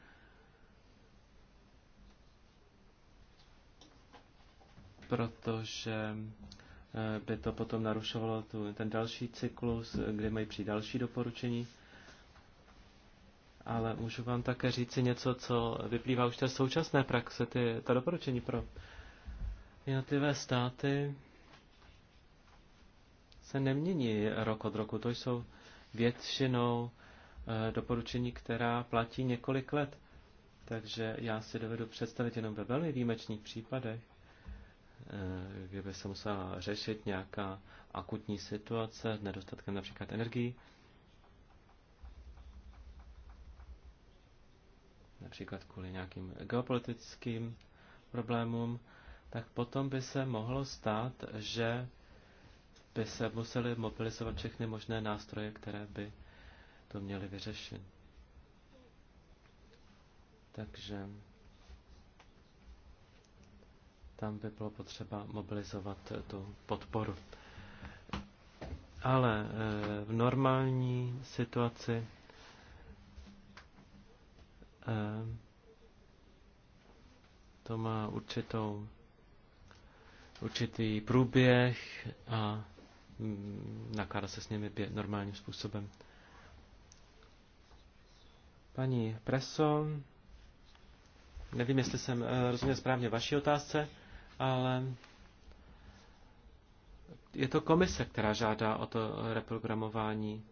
protože eh, by to potom narušovalo tu, ten další cyklus, eh, kde mají přijít další doporučení ale můžu vám také říct, si něco, co vyplývá už té současné praxe, ty, ta doporučení pro jednotlivé státy se nemění rok od roku. To jsou většinou eh, doporučení, která platí několik let. Takže já si dovedu představit jenom ve velmi výjimečných případech, eh, kdyby se musela řešit nějaká akutní situace s nedostatkem například energii, například kvůli nějakým geopolitickým problémům, tak potom by se mohlo stát, že by se museli mobilizovat všechny možné nástroje, které by to měly vyřešit. Takže tam by bylo potřeba mobilizovat tu podporu. Ale eh, v normální situaci Eh, to má určitou, určitý průběh a mm, nakládá se s nimi normálním způsobem. Paní Preso, nevím, jestli jsem eh, rozuměl správně vaší otázce, ale je to komise, která žádá o to reprogramování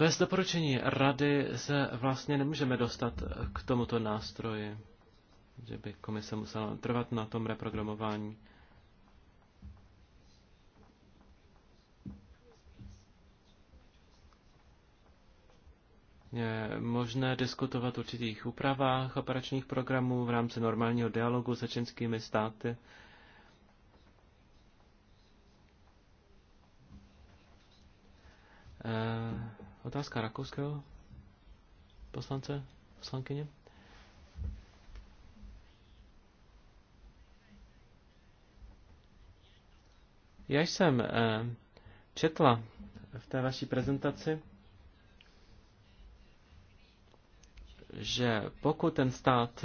Bez doporučení rady se vlastně nemůžeme dostat k tomuto nástroji, že by komise musela trvat na tom reprogramování. Je možné diskutovat o určitých úpravách operačních programů v rámci normálního dialogu se čínskými státy. Uh, Otázka rakouského poslance, poslankyně. Já jsem eh, četla v té vaší prezentaci, že pokud ten stát,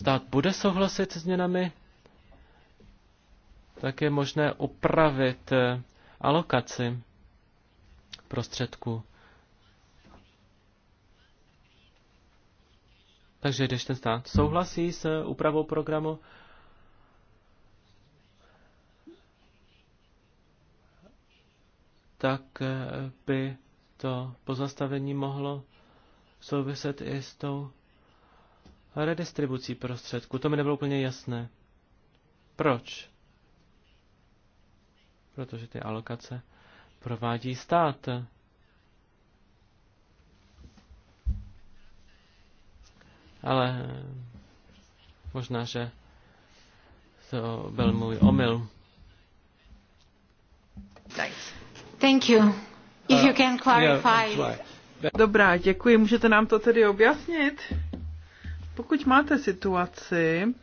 stát bude souhlasit s změnami, tak je možné upravit eh, alokaci prostředků. Takže když ten stát souhlasí s úpravou programu, tak eh, by to pozastavení mohlo souviset i s tou redistribucí prostředků. To mi nebylo úplně jasné. Proč? Protože ty alokace provádí stát. Ale možná, že to byl můj omyl. Thank you. If you uh, can clarify. Dobrá, děkuji. Můžete nám to tedy objasnit? Pokud máte situaci,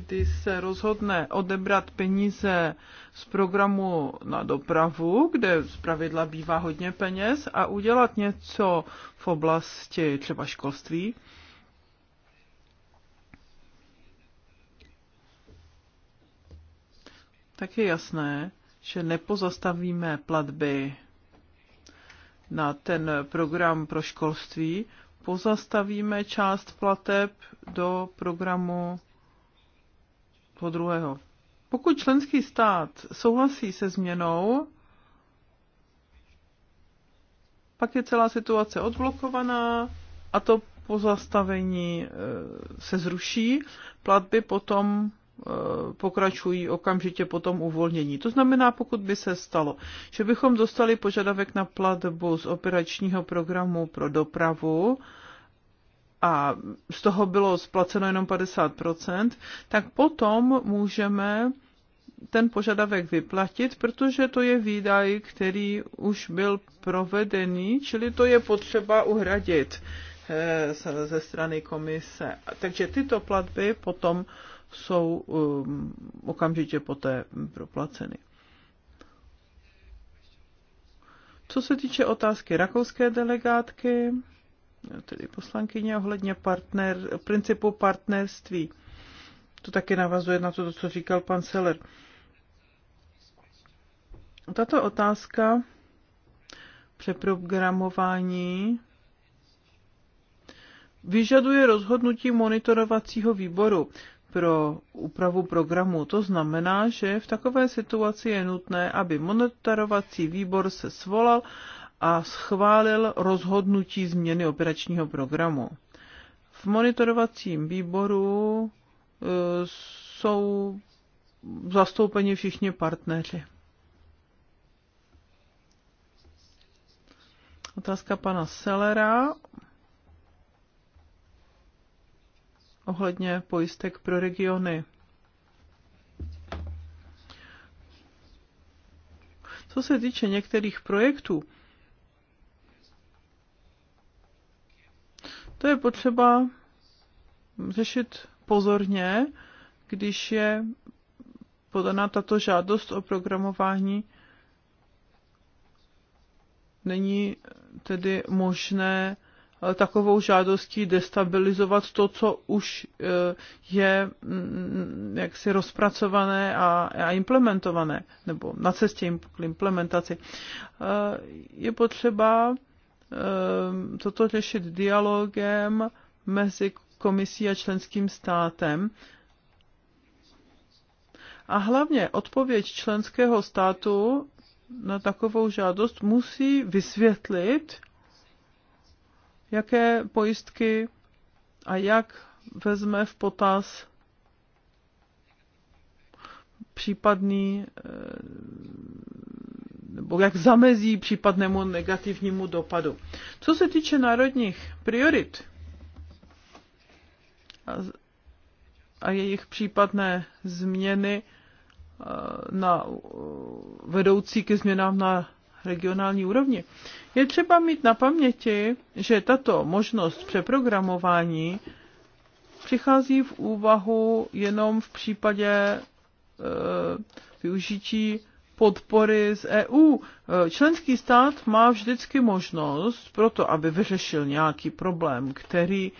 kdy se rozhodne odebrat peníze z programu na dopravu, kde zpravidla bývá hodně peněz, a udělat něco v oblasti třeba školství, tak je jasné, že nepozastavíme platby na ten program pro školství, pozastavíme část plateb do programu toho druhého. Pokud členský stát souhlasí se změnou, pak je celá situace odblokovaná a to pozastavení e, se zruší. Platby potom e, pokračují okamžitě po tom uvolnění. To znamená, pokud by se stalo, že bychom dostali požadavek na platbu z operačního programu pro dopravu, a z toho bylo splaceno jenom 50%, tak potom můžeme ten požadavek vyplatit, protože to je výdaj, který už byl provedený, čili to je potřeba uhradit eh, ze strany komise. Takže tyto platby potom jsou um, okamžitě poté proplaceny. Co se týče otázky rakouské delegátky, tedy poslankyně ohledně partner, principu partnerství. To taky navazuje na to, co říkal pan Seller. Tato otázka přeprogramování vyžaduje rozhodnutí monitorovacího výboru pro úpravu programu. To znamená, že v takové situaci je nutné, aby monitorovací výbor se svolal a schválil rozhodnutí změny operačního programu. V monitorovacím výboru e, jsou zastoupeni všichni partneři. Otázka pana Selera ohledně pojistek pro regiony. Co se týče některých projektů, To je potřeba řešit pozorně, když je podaná tato žádost o programování. Není tedy možné eh, takovou žádostí destabilizovat to, co už eh, je mm, mm, jaksi rozpracované a implementované, nebo na cestě k implementaci. Eh, je potřeba Ehm, toto řešit dialogem mezi komisí a členským státem. A hlavně odpověď členského státu na takovou žádost musí vysvětlit, jaké pojistky a jak vezme v potaz případný eh, nebo jak zamezí případnému negativnímu dopadu. Co se týče národních priorit a, a jejich případné změny eh, na, vedoucí ke změnám na regionální úrovni, je třeba mít na paměti, že tato možnost přeprogramování přichází v úvahu jenom v případě e, využití podpory z EU. E, členský stát má vždycky možnost pro to, aby vyřešil nějaký problém, který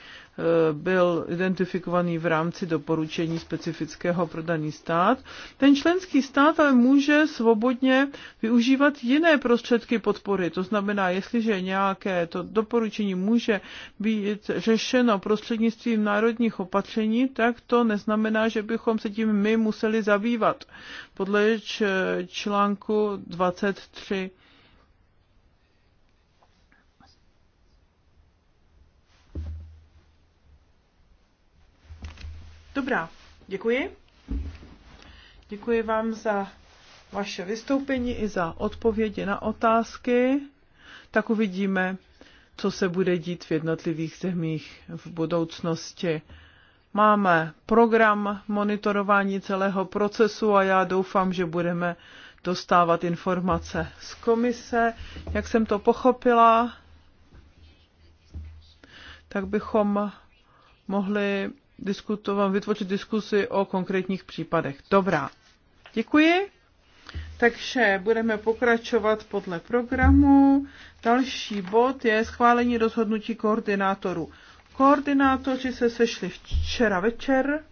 byl identifikovaný v rámci doporučení specifického pro daný stát. Ten členský stát ale může svobodně využívat jiné prostředky podpory. To znamená, jestliže nějaké to doporučení může být řešeno prostřednictvím národních opatření, tak to neznamená, že bychom se tím my museli zabývat. Podle článku 23 Dobrá, děkuji. Děkuji vám za vaše vystoupení i za odpovědi na otázky. Tak uvidíme, co se bude dít v jednotlivých zemích v budoucnosti. Máme program monitorování celého procesu a já doufám, že budeme dostávat informace z komise. Jak jsem to pochopila, tak bychom mohli diskutovat, vytvořit diskusy o konkrétních případech. Dobrá, děkuji. Takže budeme pokračovat podle programu. Další bod je schválení rozhodnutí koordinátorů. Koordinátoři se sešli včera večer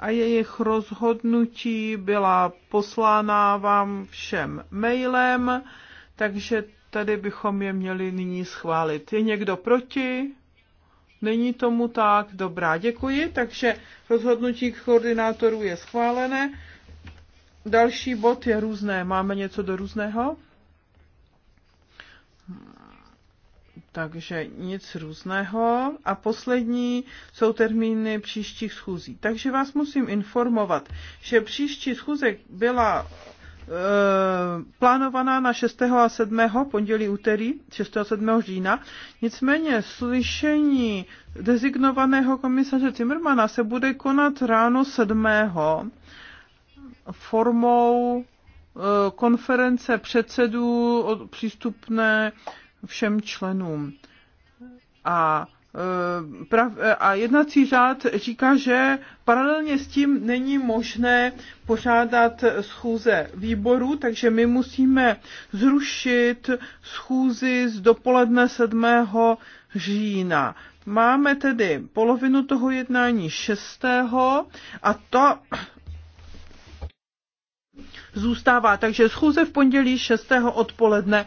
a jejich rozhodnutí byla poslána vám všem mailem, takže tady bychom je měli nyní schválit. Je někdo proti? Není tomu tak, dobrá, děkuji. Takže rozhodnutí koordinátorů je schválené. Další bod je různé. Máme něco do různého? Takže nic různého. A poslední jsou termíny příštích schůzí. Takže vás musím informovat, že příští schůzek byla Eh, plánovaná na 6. a 7. pondělí, úterý, 6. a 7. října. Nicméně slyšení dezignovaného komisaře Timmermana se bude konat ráno 7. formou eh, konference předsedů přístupné všem členům. A Eh, prav, eh, a jednací řád říká, že paralelně s tím není možné pořádat schůze výboru, takže my musíme zrušit schůzi z dopoledne 7. října. Máme tedy polovinu toho jednání 6. a to zůstává. Takže schůze v pondělí 6. odpoledne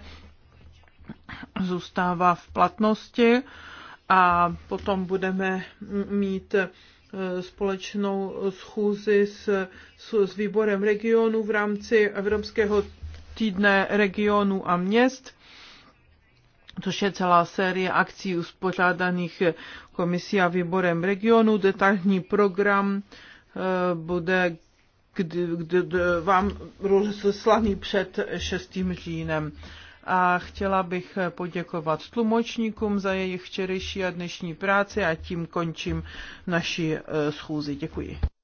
zůstává v platnosti a potom budeme mít e, společnou schůzi s, s, s výborem regionu v rámci Evropského týdne regionu a měst, což je celá série akcí uspořádaných komisí a výborem regionu. Detailní program e, bude kdy, kdy, vám rozeslaný před 6. říjnem a chtěla bych poděkovat tlumočníkům za jejich včerejší a dnešní práci a tím končím naši eh, schůzi. Děkuji.